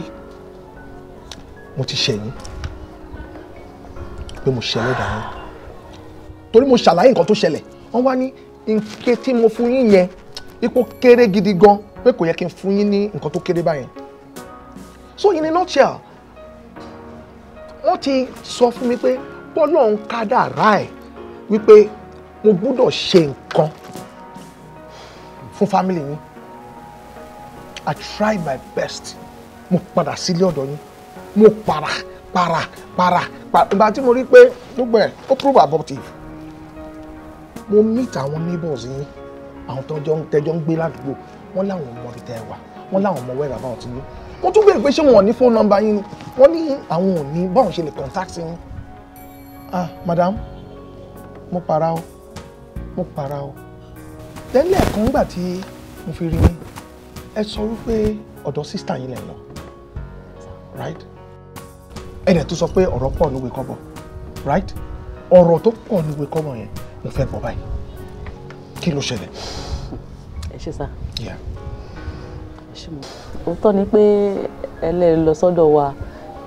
mo ti ṣẹ̀yìn pé mo ṣẹlẹ̀ dàrú torí mo ṣàlàyé nǹkan tó ṣẹlẹ̀ wọ́n wá ní nǹkan tí mo fún yín yẹn ipò kéré gidi gan pé kò yẹ kí n fún yín ní nǹkan tó kéré báyẹn so in a nutshell wọ́n ti sọ fún mi pé bọ́lọ̀ ń kádàrá ẹ̀ wípé mo gbọ́dọ̀ ṣe nǹkan fún fámìlì yín I tried my best mo padà sílé ọ̀dọ̀ yín mo para para para para ìgbà tí mo rí pé gbogbo ẹ̀ ó prove abortive mo meet àwọn neighbors yín àwọn tẹjọ ń gbé ládùúgbò wọn láwọn ọmọ ibi tẹ ẹ wà wọn láwọn ọmọ wẹ́rẹ́ àbáwọn ti ní wọ́n tún béèrè pé ṣé wọn ò ní fóònù nọ́mbà yín ni wọ́n ní àwọn ò ní báwọn ṣe lè contact yín ah madam mo para o mo para o tẹ́lẹ̀ kan nígbà tí mo fi rí yín ẹ sọ wípé ọ̀dọ̀ sísítà yín lẹ̀ lọ right ẹnì tó sọ pé ọ̀rọ̀ pọ̀ níwèé kọ́bọ̀ right ọ̀rọ̀ tó pọ̀ níwèé kọ́bọ̀ yẹn mo fẹ́ bọ̀ báyìí kí ló ṣẹlẹ̀. ẹ ṣe sá. ẹ ṣe mọ òótọ́ ni pé ẹlẹ́rìí lọ sọ́dọ̀ wa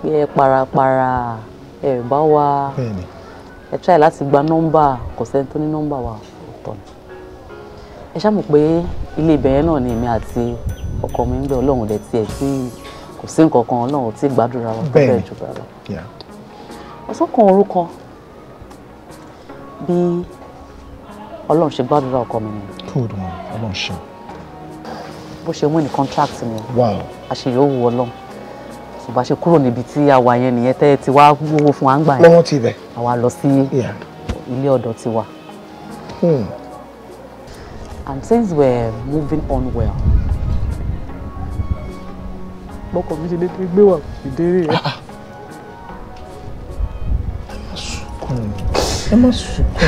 pé ẹ parapara ẹ bá wa ẹ tíráì láti gba nọ́mbà kò sẹ́ni tó ní nọ́mbà wa òótọ́ ni ẹ ṣàmù pé ilé ibẹ̀ yẹn náà ni èmi àti ọkọ mi ń gbé ọlọ́run dẹ̀ tiẹ̀ tí kò sí nǹkan kan ọlọ́run tí gbàdúrà wa tó bẹ̀rẹ̀ jù bẹ̀rẹ̀ lọ. ọ̀sán kan orúkọ bí ọlọ́run ṣe gbàdúrà ọkọ mi nìyẹn. good one ọlọ́run ṣe. bó ṣe win contract mi àṣeyọ òwú ọlọ́run tó bá ṣe kúrò níbi tí a wà yẹn nìyẹn tẹ́ ti wá wúwo fún wa yẹn lọ́wọ́ ti bẹ̀ àwa lọ sí ilé ọ̀dọ̀ tiwa. Hmm. And since we're moving on well. Bọ́kọ̀ mi ṣe dé gbé wà ìdérè rẹ̀. Ẹ má sunkún.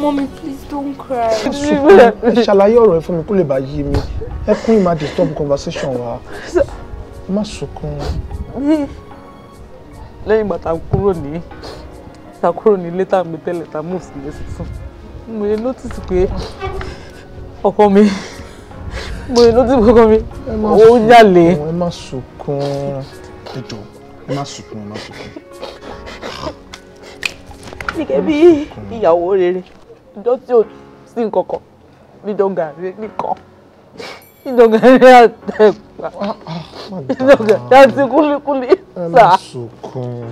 Mommy, please don't cry. Ẹ sunkún. Ẹ ṣàlàyé ọ̀rọ̀ ẹ fún mi kó lè bá yé mi. Ẹkún yìí máa disturb conversation wa. Ẹ má sunkún. Lẹ́yìn ìgbà tá a kúrò ní tá a kúrò ní ilé tá tẹ́lẹ̀ tá a move sílé tuntun mo lè notice pé ọkọ mi mo lè notice pé ọkọ mi ó yàlẹ. ẹ má sunkún ẹ jọ ẹ má sunkún ẹ má sunkún. gẹ́gẹ́ bí ìyàwó rere ìjọ tí o sí nǹkan kan nídọ̀gà rẹ nìkan nídọ̀gà rẹ àtẹ̀gbà ah, ah, ah, nídọ̀gà rẹ àti kúlíkúlí sá. ẹ má sunkún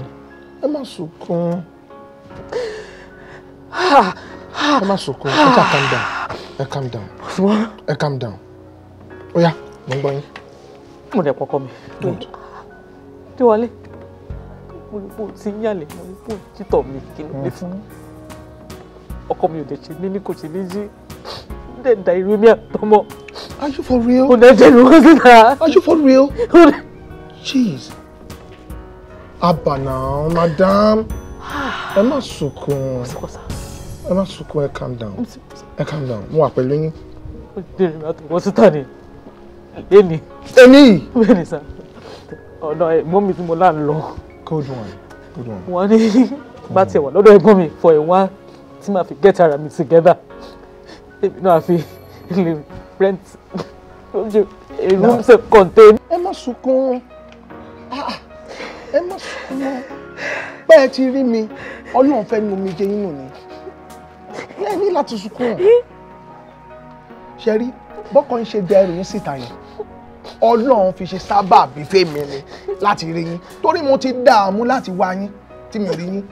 ẹ má sunkún ẹ má sunkún ẹ ká calm down ẹ calm down ẹ calm down Oh yeah, don't worry. I'm yín. mo dẹ̀ kọ́kọ́ mi tí wọlé mo ní kó ti yàlẹ̀ mo ní kó jítọ̀ mi kí ló dé fún ọkọ mi ò dẹ̀ ṣe mí ní kò ṣe mí jí dẹ̀ da irú mi àtọmọ. are you for real? kò dẹ̀ jẹ́ irú kan sí ta. are you for real? jeez abànà madam ẹ má sunkún. mo sọ kọ́ ẹ má sunkún ẹ calm down I calm down mo wà pẹ̀lú yín. ó ti dèrè mi àtọwọ́ síta ni èmi. Oh no, ni sá ọ̀dọ̀ ẹ̀gbọ́n mi tí mo là ń lọ. cold one cold one. wọ́n ní bá tiẹ̀ wà lọ́dọ̀ mi for a while tí màá fi get and me together èmi náà fi lè rent a room to contain. ẹ má sunkún ah, ẹ má sunkún mọ́ pé ẹ ti rí mi ọlọ́run fẹ́ nu mi jẹ yín ẹ ní láti sunkún ẹ̀ ṣe rí bọ́kọ̀ ń ṣe dẹrù yín síta yẹn ọlọ́run fi ṣe sábàbí fèmí ni láti rí yín torí mo ti dààmú láti wá yín tí mi rí yín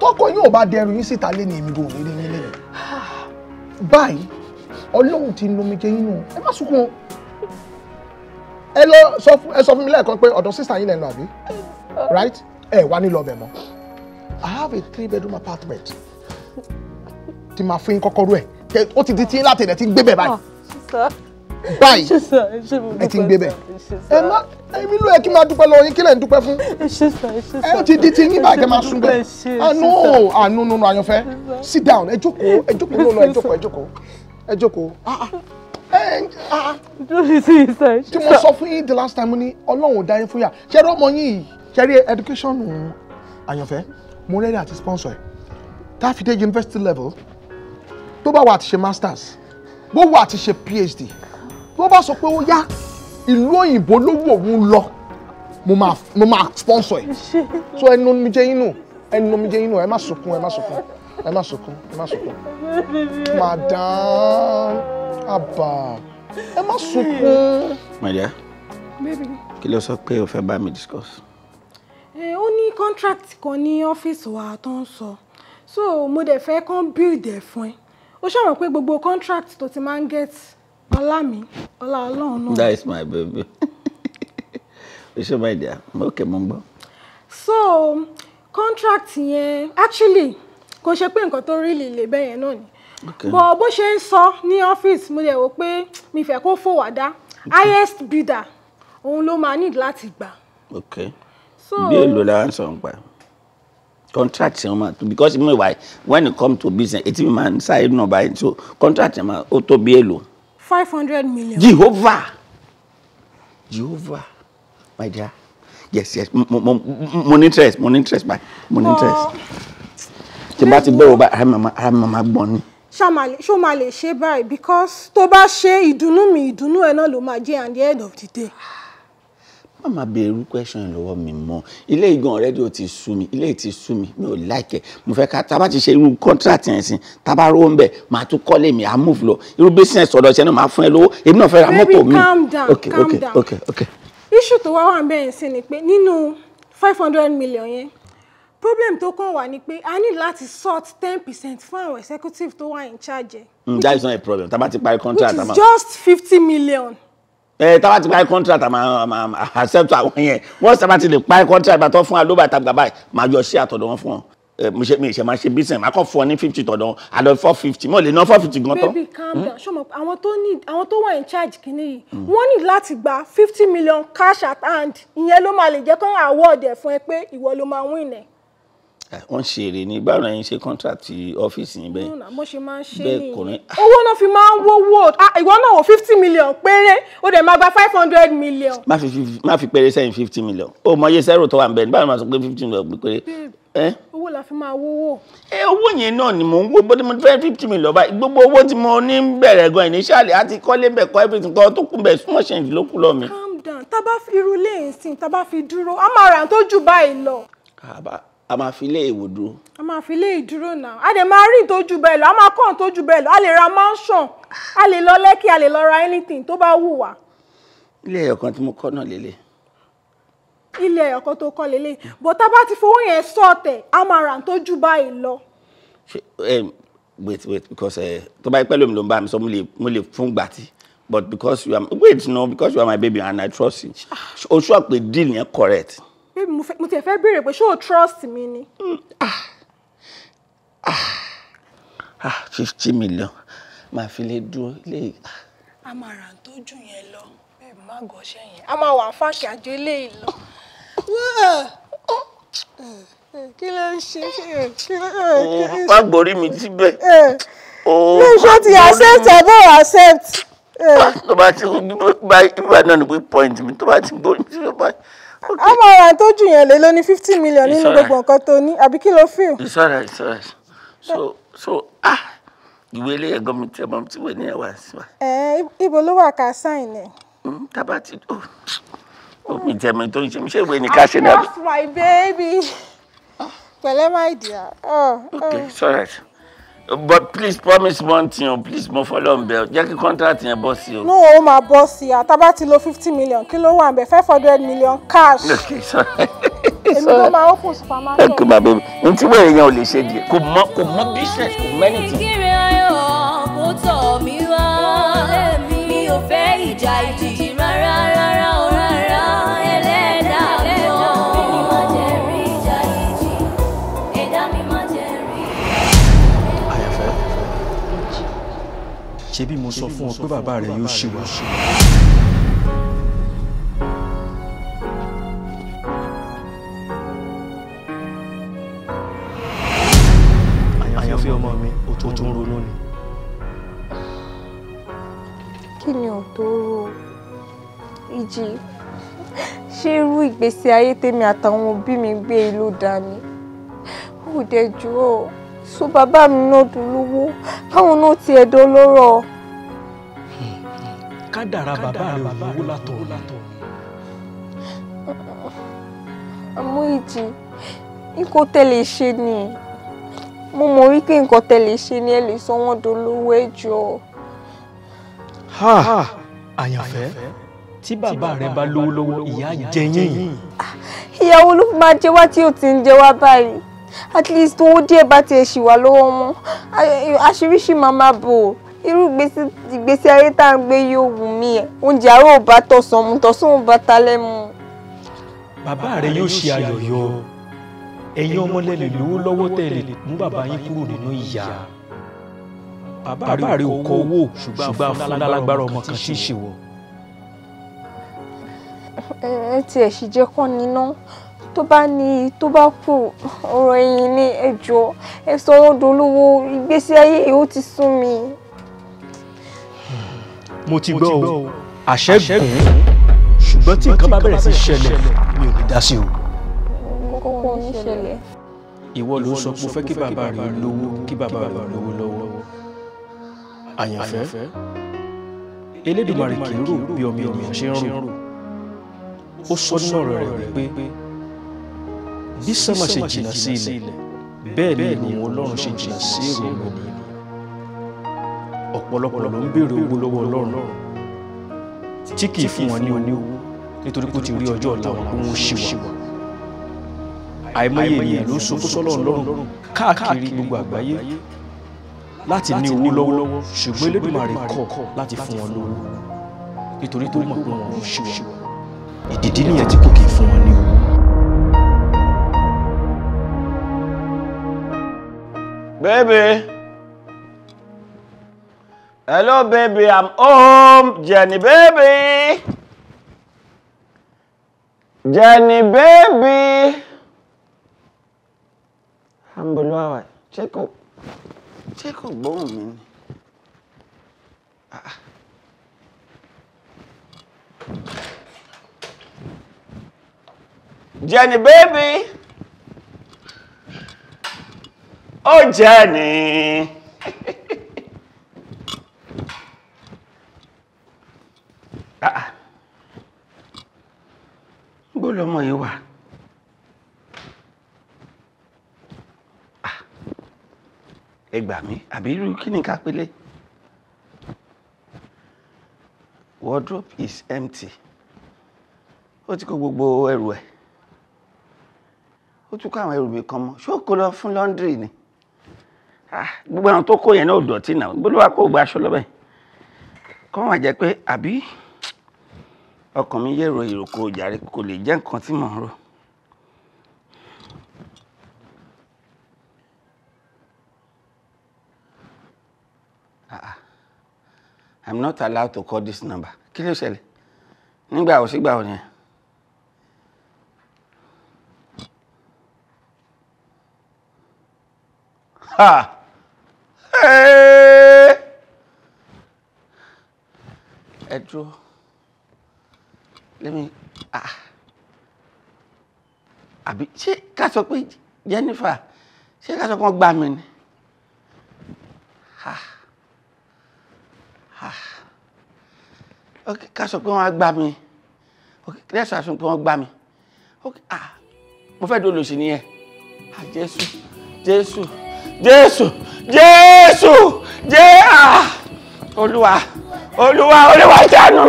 tọkọ yín bá dẹrù yín síta lé ní èmi kò rí yín lẹ́yìn báyìí ọlọ́run ti nu omijé yín nù ẹ má sunkún ẹ lọ sọ fún ẹ sọ fún mi lẹ́ẹ̀kan pé ọ̀dọ̀ sísà yín lẹ́nu àbí right ẹ wá nílò ọbẹ̀ mọ́ I have a three bedroom apartment kí n máa fún yín kọ́kọ́rọ́ ẹ̀ ó ti di tí láti ẹ̀ ti ń gbé bẹ̀ báyìí báyìí ẹ ti ń gbé bẹ̀ ẹ má èmi ló yẹ kí n máa dúpẹ́ lọ́wọ́ yín kí lẹ̀ ń dúpẹ́ fún ẹ ti di tí yín báyìí kẹ́ máa sún bẹ́ẹ̀ àánú àánú nínú àyànfẹ́ sit down ẹ jókòó ẹ Ah ah! ẹ ah, do you see? jókòó tí mo sọ fún yín the last time ni ọlọ́run dá yín fún yà ṣẹ́rí ọmọ yín yìí ṣẹ́rí education àyànfẹ́ mo rẹ́rì àti sponsor ẹ̀ tá a fi dé university level tó bá wà àti ṣe masters bó wà àti ṣe phd tó bá sọ pé ó yá ìlú òyìnbó ló wò ó lọ mo máa sponsor ẹ so ẹnu mi jẹ inú ẹnu mi jẹ inú ẹ má sunkún ẹ má sunkún ẹ má sunkún ẹ má sunkún madam abba ẹ má sunkún. my dear kí ló sọ pé o fẹ́ bá mi discuss. ó ní contract kan ní ọ́fíìsì wa tó ń sọ so mo dẹ̀ fẹ́ kàn build ẹ̀ fún ẹ ó ṣàmọ̀ pé gbogbo contract tó ti máa ń get ọlá mi ọlá ọlọ́run náà. that is my baby o ṣe my dear ok mo ń gbọ́. so contract yẹn actually kò ṣe pé nǹkan tó rí lè bẹ́ẹ̀ yẹn náà ni bọ̀ bó ṣe ń sọ ní ọ́fíìsì mo lè rò pé mi fẹ́ kó fò wá dá highest bidder òun ló máa need láti gbà. ok bí èlò la ń sọ ń pa contract yẹn ma because mi wa when it come to business etí mi máa ń sáré nù so contract yẹn ma ó tó bí èlò. five hundred million. jehovah jehovah my dear yes yes mo mo mo interest mo ní interest báyìí mo ní interest tí bá ti gbọ́rọ̀ báyìí ara mi máa gbọ́n ni. ṣó máa lè ṣe báyìí because tó bá ṣe ìdùnnú mi ìdùnnú ẹ náà ló máa jẹ́ at the end of the day má má bẹ̀rù question lọ́wọ́ mi mọ́ ilé ìgàn already ti sú mi ilé ti sú mi mi ò like mo fẹ́ ká tá ti ṣe irú contract yẹn sí tá a ń bẹ̀ máa tún kọ́lé mi à lọ irú business ọ̀dọ̀ ṣẹ́ máa fún ẹ lówó èmi náà fẹ́ ra mọ́tò mi. baby calm down okay, okay, okay, okay. issue tó wá wà ń bẹ̀rẹ̀ sí ni pé nínú five hundred million yẹn problem tó kàn wá ni pé a ní láti sort ten percent fún àwọn executive tó wà in charge. Hmm, that is not a problem tá a bá ti just fifty million ẹ táwa ti parí contract àmà accept àwọn yẹn wọ́n sábà ti lè parí contract àbàtọ́ fún alóba tàgbà báyìí màá yọ sí àtọ̀dọ̀ wọn fún ọ mo ṣe mi ṣe máa ṣe business máa kọ́ fún ọ ní fifty tọ̀dọ̀ àlọ́ four fifty mo lè ná four fifty gan tán. baby calm hmm? down ṣọmọ àwọn tó ní àwọn tó wà in charge kìíní yìí wọ́n ní láti gba fifty million cash at hand ìyẹn ló máa lè jẹ́ kán award ẹ̀ fún ẹ pé ìwọ ló máa win ẹ̀ wọ́n ṣe èrè ní báwo ẹ̀yin ṣe contract ọ́fíìsì yín bẹ́ẹ̀. mo ṣe máa ń ṣe nìyí owó náà fi máa ń wówó ah, ìwọ náà wò fifty million péré ó dẹ̀ máa gba five hundred million. má fi má fi péré sẹ́yìn fifty million ó mọ iye zero tó wà ń bẹ̀ ní báwo máa sọ pé fifty million péré. owó la fi máa wówó. ẹ owó yẹn náà ni mò ń wó bọ́dé mo fẹ́ fifty million báyìí gbogbo owó tí mo ní bẹ̀rẹ̀ gan initially àti kọ́lé bẹ̀ kọ́ everything kan tó kún bẹ̀ small change calm down tá fi irú lẹ́yìn sìn tá fi dúró á máa rà tó jù báyìí a máa fi ilé ìwò dúró. a máa fi ilé ìdúró náà a lè máa rí ìtọ́jú bẹ́ẹ̀ lọ a máa kọ́ ìtọ́jú bẹ́ẹ̀ lọ a lè ra mansion a lè lọ lẹ́kì a lè lọ ra anything tó bá wù wá. ilé ẹyọ kan tí mo kọ́ náà lélẹ̀. ilé ẹyọ kan tó kọ́ lélẹ̀ bó tá a bá ti fowó yẹn sọ̀tẹ̀ a máa ra ìtọ́jú báyìí lọ. ṣe wait wait because ẹ eh, tó bá yẹ pẹ́ lómi ló ń bá mi sọ mo lè fún gbàtí but because you are wait no because you are my baby and I trust you. Ah. o ṣọ́ pé deal yẹn correct bébí mo tiẹ̀ fẹ́ béèrè pé ṣé o trust mi ni. Hmm. Ah. Ah. Ah, fifty million màá fi lè dúró lè. a máa rà tó jù yẹn lọ bẹ́ẹ̀ má gọṣẹ yẹn a máa wà fáṣẹ àjọ eléyìí lọ. kí ló ń ṣe kí ló ń ṣe. Oh, má gbórí mi síbẹ̀. ní eh. oh, iṣẹ́ ti accept ẹ̀ bẹ́ẹ̀ accept. tó bá ti gbà náà ní pé point mi tó bá ti gbórí mi síbẹ̀ báyìí àmọ́ ara tó jù yẹn lé ló ní fifty million nínú gbogbo nǹkan tó ní àbí kí ló feel. it's alright it's alright so so ah ìwé ilé ẹ̀gọ́ mi tẹ́ ọmọ mi tí wọ́n ní ẹ̀wà sí wa. ẹ ibo ló wà ká sáìn ẹ. Hmm, tábà ti dò oh, ó oh, mi tó ń ṣe mi ìwé ni ká ṣe náà. i love my baby ah. pẹ̀lẹ́ my dear. Oh, okay oh. it's alright but please promise one thing o please mo follow n bẹ o contract yẹn bọ́ sí o. no o máa bọ́ sí i àtàbá ti lo fifty million kilo ló wà five hundred million cash. okay sorry èmi ló máa open supermarket. ẹ kò máa bẹ mi n tí wọ́n èèyàn ò lè ṣe díẹ̀ kò mọ kò mọ business kò mọ anything. kíkiri ayọ̀ kò tọ̀ mí wá mi ò fẹ́ ìjà ìjì. ṣé bí mo sọ fún ọ pé bàbá rẹ yóò ṣì wà. àyànfẹ́ ọmọ mi ò tó tó ń ronú ni. kí ni ọ̀tọ̀ rò ìjì ṣé irú ìgbésí ayé tèmi àtàwọn òbí mi gbé e ló dá ó dẹ̀ jù ọ́ so bàbá mi náà dolówó káwọn náà ti ẹ̀dọ́ lọ́rọ̀. kádàrà bàbá rẹ ò lówó látọ̀ látọ̀. àmọ́ ìjì nǹkan tẹ́ lè ṣe ni mo mọ̀ wípé nǹkan tẹ́ lè ṣe ni ẹ lè sọ wọ́n dolówó ẹ jọ. ha àyànfẹ́ tí bàbá rẹ bá lówó lọ́wọ́ ìyá jẹ yín. Ah, ìyàwó ló máa jẹ wá tí ó ti ń jẹ wá báyìí at least owó díẹ̀ bá tiẹ̀ ṣì wà lọ́wọ́ wọn àṣírí ṣì máa máa bò ó irú ìgbésí ayé tá à ń gbé yóò wù mí ẹ̀ oúnjẹ àárọ̀ ò bá tọ̀sán mu tọ̀sán ò bá ta lẹ́mu. bàbá rẹ yóò ṣe ayọ̀ yọ ẹ̀yin ọmọlẹ lè lówó lọ́wọ́ tẹ̀lé mú bàbá yín kúrò nínú ìyà bàbá rẹ ò kọ owó ṣùgbọ́n afúnlálágbára ọmọ kan ṣì ṣèwọ. ẹ tiẹ̀ ṣì jẹ́ kán níná tó bá ní tó bá kù ọ̀rọ̀ ẹ̀yìn ní ẹ̀jọ́ ẹ sọ wọ́n dolówó ìgbésí ayé ìhó ti sún mi. mo ti gbọ́ o àṣẹ gùn ṣùgbọ́n tí nǹkan bá bẹ̀rẹ̀ sí ṣẹlẹ̀ mi ò lè dá sí o. kókó ní ṣẹlẹ̀. ìwọ ló sọ pé o fẹ́ kí bàbá rẹ lówó kí bàbá rẹ lówó lọ́wọ́ àyànfẹ́ Elédùmarè kì í rò bí ọmọ ènìyàn ṣe ń rò ó sọ nínú ọ̀rọ̀ rẹ̀ wípé bí sánmà ṣe jìnnà sí ilẹ̀ bẹ́ẹ̀ ni ìròyìn ọlọ́run ṣe jìnnà sí ìròyìn ènìyàn ọ̀pọ̀lọpọ̀ ló ń béèrè owó lọ́wọ́ ọlọ́run tí kì í fún wọn ní oníwó nítorí kó ti rí ọjọ́ ọ̀la wọn kó wọ́n ṣì wà àìmọye ènìyàn ló so sọ́lọ́ ọlọ́run káàkiri gbogbo àgbáyé láti ní owó lọ́wọ́ ṣùgbọ́n Elédùmarè kọ̀ láti fún wọn lówó nítorí tó mọ̀ pé wọn ò ṣì wà ìdìdí Baby. Hello, baby. I'm home. Jenny, baby. Jenny, baby. Ambulwawa. Check up. Check up, boom. Ah, ah. Jenny, baby ó jẹ́ ah, ah. ní gbọ́lọ́mọ yìí wà ah. ẹgbà mi àbí irú kí ní ká pélé wardrobe is empty ó ti kó gbogbo ẹrù ẹ̀ ó tún kó àwọn ẹrù mi kan mọ́ ṣó lọ fún laundry ni Ah, gbogbo àwọn tó kó yẹn náà dọ̀tí náà gbọ́dọ̀ wá kó gba aṣọ lọ́bẹ̀ kọ́ wọn jẹ́ pé àbí ọkàn mi yẹ̀rọ ìròkò ìjàre kò lè jẹ́ nǹkan tí mò ń rò. Ah, ah. I'm not allowed to call this number. Kí ló ṣẹlẹ̀? Nígbà ò sígbà ò yẹn. Ha! ẹ dúró lẹ́mi ah. àbí ṣé ká sọ pé Jennifer ṣé ká sọ pé wọ́n gbà mí ni ká sọ pé wọ́n á gbà mí lẹ́sọ̀ àṣùn pé wọ́n gbà mí ah. mo fẹ́ dolo sí nìyẹn ah, Jésù Jésù Jésù jésù jẹ́ à ah, olúwa olúwa olúwa ṣàánú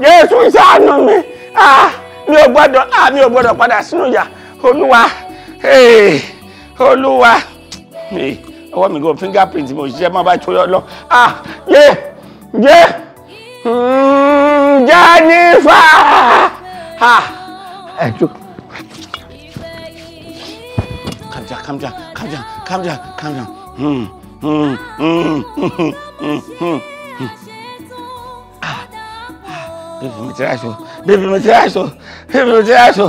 mi jésù ṣàánú mi à ah, mi ò gbọ́dọ̀ à ah, mi ò gbọ́dọ̀ padà sínú ìyà olúwa olúwa ọwọ́ mi go fingerprint mo ṣiṣẹ́ má bá torí ọlọ́ à jẹ́ jẹ́ jẹ́nífà ẹ̀ jókòó. Calm down, calm down, calm down, calm down, calm down. Hmm bébì mo ti ráṣọ bébì mo ti ráṣọ bébì mo ti ráṣọ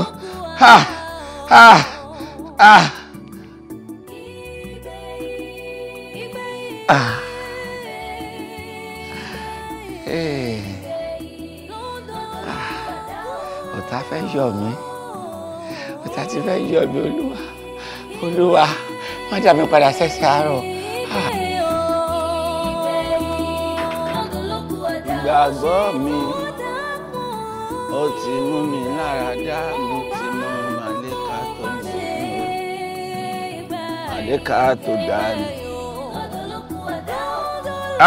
Ah. Hey. Ah. Ọ̀tá fẹ́ yọ mí. Ọ̀tá ti fẹ́ yọ mí Olúwa. Olúwa, má dà mí padà sẹ́sẹ̀ ìgbàgbọ́ mi ó ti mú mi lára dá mo ti mọ màlẹ́ka tó ń bọ̀ mí màlẹ́ka tó dá mi.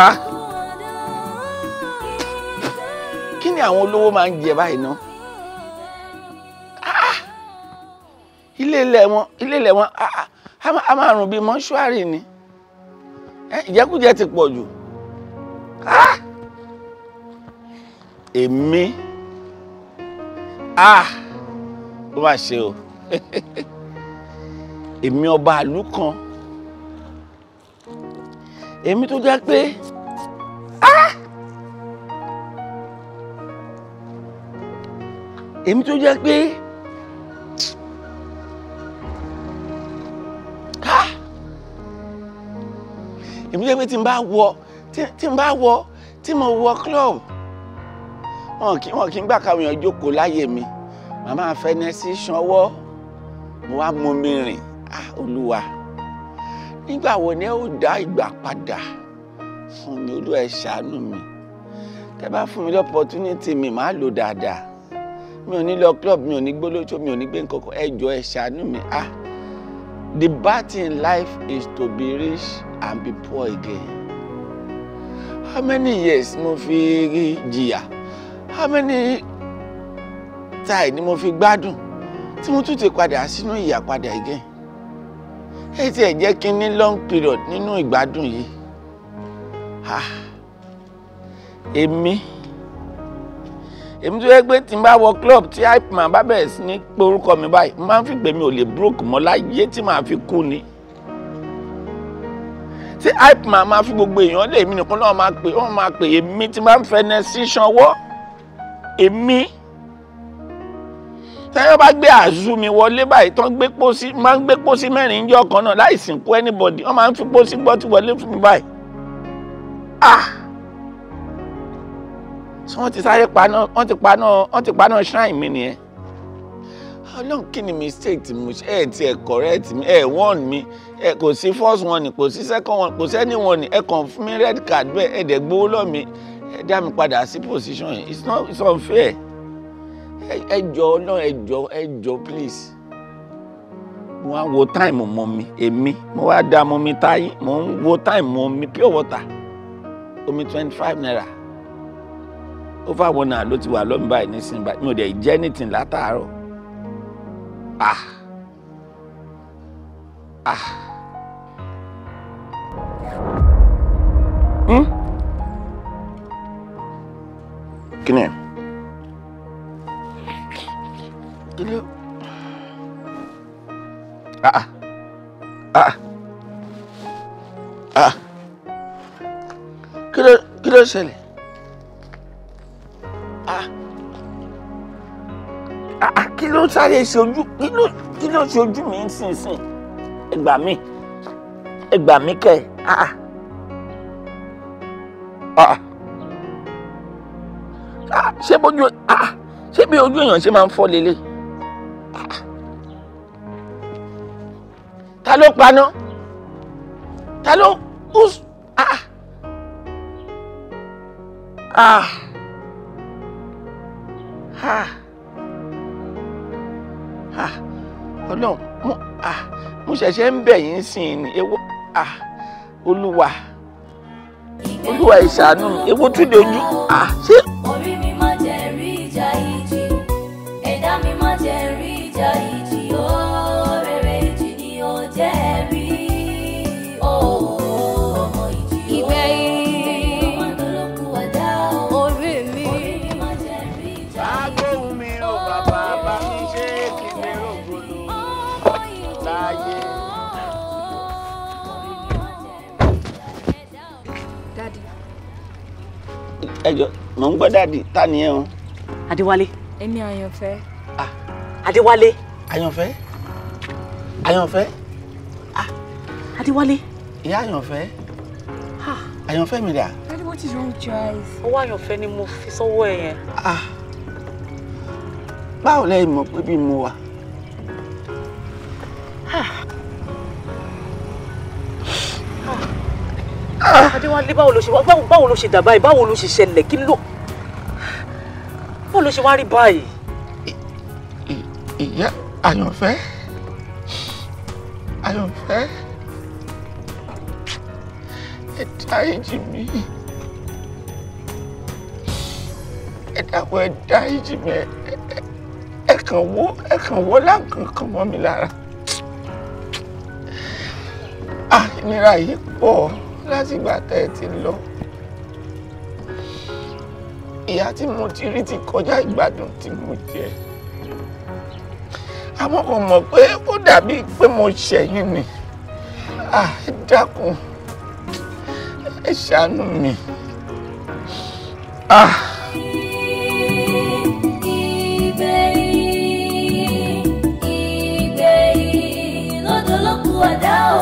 Ah! kí ni àwọn olówó máa ń jẹ báyìí ná ilé ilẹ̀ wọn ilé ilẹ̀ wọn a máa rùn bíi mọ́ṣúárì ni ìjẹkújẹ ti pọ̀ jù. Ah! èmi a ah, ló máa ṣe o èmi ọba àlú kan èmi tó jẹ́ pé ah! èmi tó jẹ́ pé ah! èmi tó jẹ́ pé tí n bá wọ tí n bá wọ tí mo wọ club wọn kì wọn kì í gbà káwọn èèyàn jókòó láyè mi màmá afẹnẹsí sanwó mo wá mú mi rìn á ah, olúwa nígbà wo ni ó dá ìgbà padà fún mi olúwa ẹ ṣàánú mi tẹ bá fún mi opportunity mi màá lò dáadáa mi ò ní lọ club mi ò ní gbólójó mi ò ní gbé nǹkan kan ẹ jọ̀ọ́ ẹ ṣàánú mi á ah, the bad thing in life is to be rich and be poor again how many years mo fi jìyà how many times ni mo fi gbádùn tí mo tún ti padà sínú ìyà padà again ẹ ti ẹ̀ jẹ́ kí n long period nínú ìgbádùn yìí Ha. Ah, Emi. Emi, tó yẹ pé tí n bá wọ club tí hype man bá bẹ̀rẹ̀ sí ní pé orúkọ mi báyìí mo máa ń fi gbèmí ò lè broke mọ́ láyé tí màá fi kú ni tí hype man máa fi gbogbo èèyàn lè mí nìkan náà máa pè wọ́n máa pè èmi tí máa ń fẹ́ nẹ́ sí sanwó èmi tẹ́yọ́ bá gbé àzú mi wọlé báyìí tán gbé pósí máa ń gbé pósí mẹ́rin jọ kan náà láì sìnkú anybody wọ́n máa ń fi pósí gbọ́tí wọlé fún mi báyìí ah so wọ́n ti sáré paná wọ́n ti paná wọ́n ti paná shrine mi nìyẹn ọlọ́run kí ni mistake ti mo ṣe ẹ̀ ti ẹ̀ correct mi ẹ̀ warn mi ẹ̀ kò sí first warning kò sí second warning kò sẹ́ni warning ẹ̀ kàn fún mi red card bẹ́ẹ̀ ẹ̀ dẹ̀ gbowó lọ́ mi ẹ dá mi padà sí position yìí it's not it's unfair ẹ jọ náà ẹ jọ ẹ jọ please mo wá wo time mọ mi èmi mo wá da mọ mi táyé mo ń wo time mọ mi pure water omi twenty five naira over one hour ló ti wà lọ́mí báyìí nísìnyí báyìí mi ò dẹ̀ jẹ́ anything látàárọ̀ ah ah. Hmm? kíni ẹ̀. ah ah ah kí ló kí ló ah ah kí ló sáré ṣojú kí ló kí ló ṣojú mi nísinsìnyí ẹ gbà mí ẹ gbà ah ah. Ah, ṣé bójú ah, ṣé bí ojú èèyàn ṣe máa ń fọ́ lélẹ̀ ta ló paná ta ló ah. ah ah ah ọlọ́run mo ah mo ṣẹ̀ṣẹ̀ ń bẹ̀ yín sìn ní ewo ah olúwa olúwa ìṣàánú ewo tún lè ojú ah ṣé. ẹ jọ mò ń gbọ́ dàdí ta ni ẹ o. adéwálé. èmi àyànfẹ́. ah adéwálé. àyànfẹ́ àyànfẹ́ ah adéwálé. ìyá àyànfẹ́ ah àyànfẹ́ mi dà. daddy what is wrong with your eyes. ọwọ́ àyànfẹ́ ni mo fi sọ́wọ́ ẹ yẹn. ah báwo lẹ́yìn mọ̀ pé bí mo wà. ah. Adéwálé báwo ló ṣe wá báwo ló ṣe dà báyìí báwo ló ṣe ṣẹlẹ̀ kí ló báwo ló ṣe wá rí báyìí. ìyá àyànfẹ́ àyànfẹ́ ẹ dáríjì mi ẹ dàpọ̀ ẹ dáríjì mi ẹ kàn wó ẹ kàn wó láǹkankan mọ́ mi lára. Ah, ìnira yìí pọ̀ látìgbà tẹ́ ẹ ti lọ ìyà tí mo ti rí ti kọjá ìgbádùn tí mo jẹ àmọ́ kò mọ̀ pé ó dàbí pé mo ṣẹ̀yìn ni ẹ ẹ ṣàánú mi. Ah. Ibei, Ibei, lọ́dọ̀lọ́kù àdá o.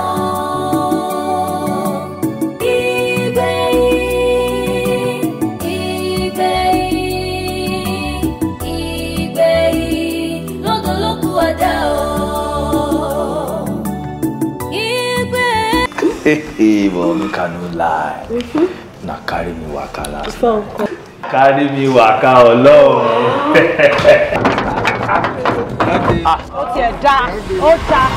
hey, mommy cannot lie. Mm-hmm. Now carry me waka last Carry me waka alone. Okay, tiẹ̀ dáa, ó dáa.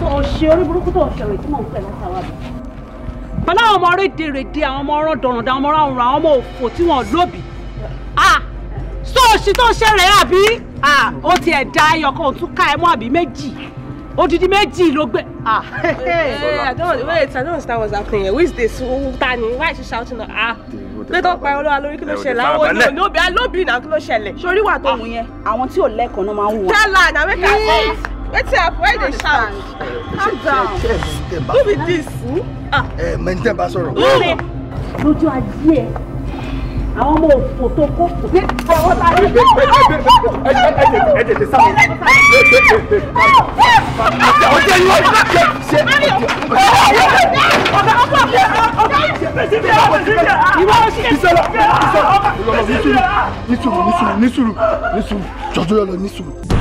Sọ òṣè orí burúkú tó ṣẹlẹ̀ tí mò ń pẹ̀ látàwà bẹ̀. Pẹ̀lú I'm already rédèrèdè, àwọn ọmọ ọ̀rọ̀ dọ̀rọ̀dà, àwọn ọmọ ọ̀rọ̀ àwọn ọmọ òfò tí wọ́n lóbi. Ah, Sọ òṣì tó ṣẹlẹ̀ àbí? Ah, ó tiẹ̀ dáa ẹyọ̀kan òtún ká ẹ mọ́ odidi méjì ló gbé. ah hey, hey, I don't wait I don't understand what's happening here who is this ta ni why is she shouting ah lẹ́tọ̀ pa ọlọ́wà lórí kí ló ṣẹlẹ̀ àwọn ọ̀nà ní obìnrin alóbìnrin náà kí ló ṣẹlẹ̀. sori wà tó ah. wù yẹn àwọn tí ò lẹ́kọ̀ọ́ náà máa ń wù wá. tell her na make her come wetin happen why dey shout calm down who be this. ẹ mẹ́ntẹ́ bá sọ̀rọ̀. lójú ajé ẹ̀ àwọn ọmọ òfò tó kó kù ní ọwọ́ ta ní. ẹ tètè sá mi. ọjọ́ yìí wọ́n ti ṣe. ọ̀gá ọkọ mi ọ̀gá ìwọ òṣìṣẹ́ ìṣẹ́lá ìṣẹ́lá ìṣẹ́lá nísùrù nísùrù nísùrù nísùrù jọjọ́ yọ lọ nísùrù.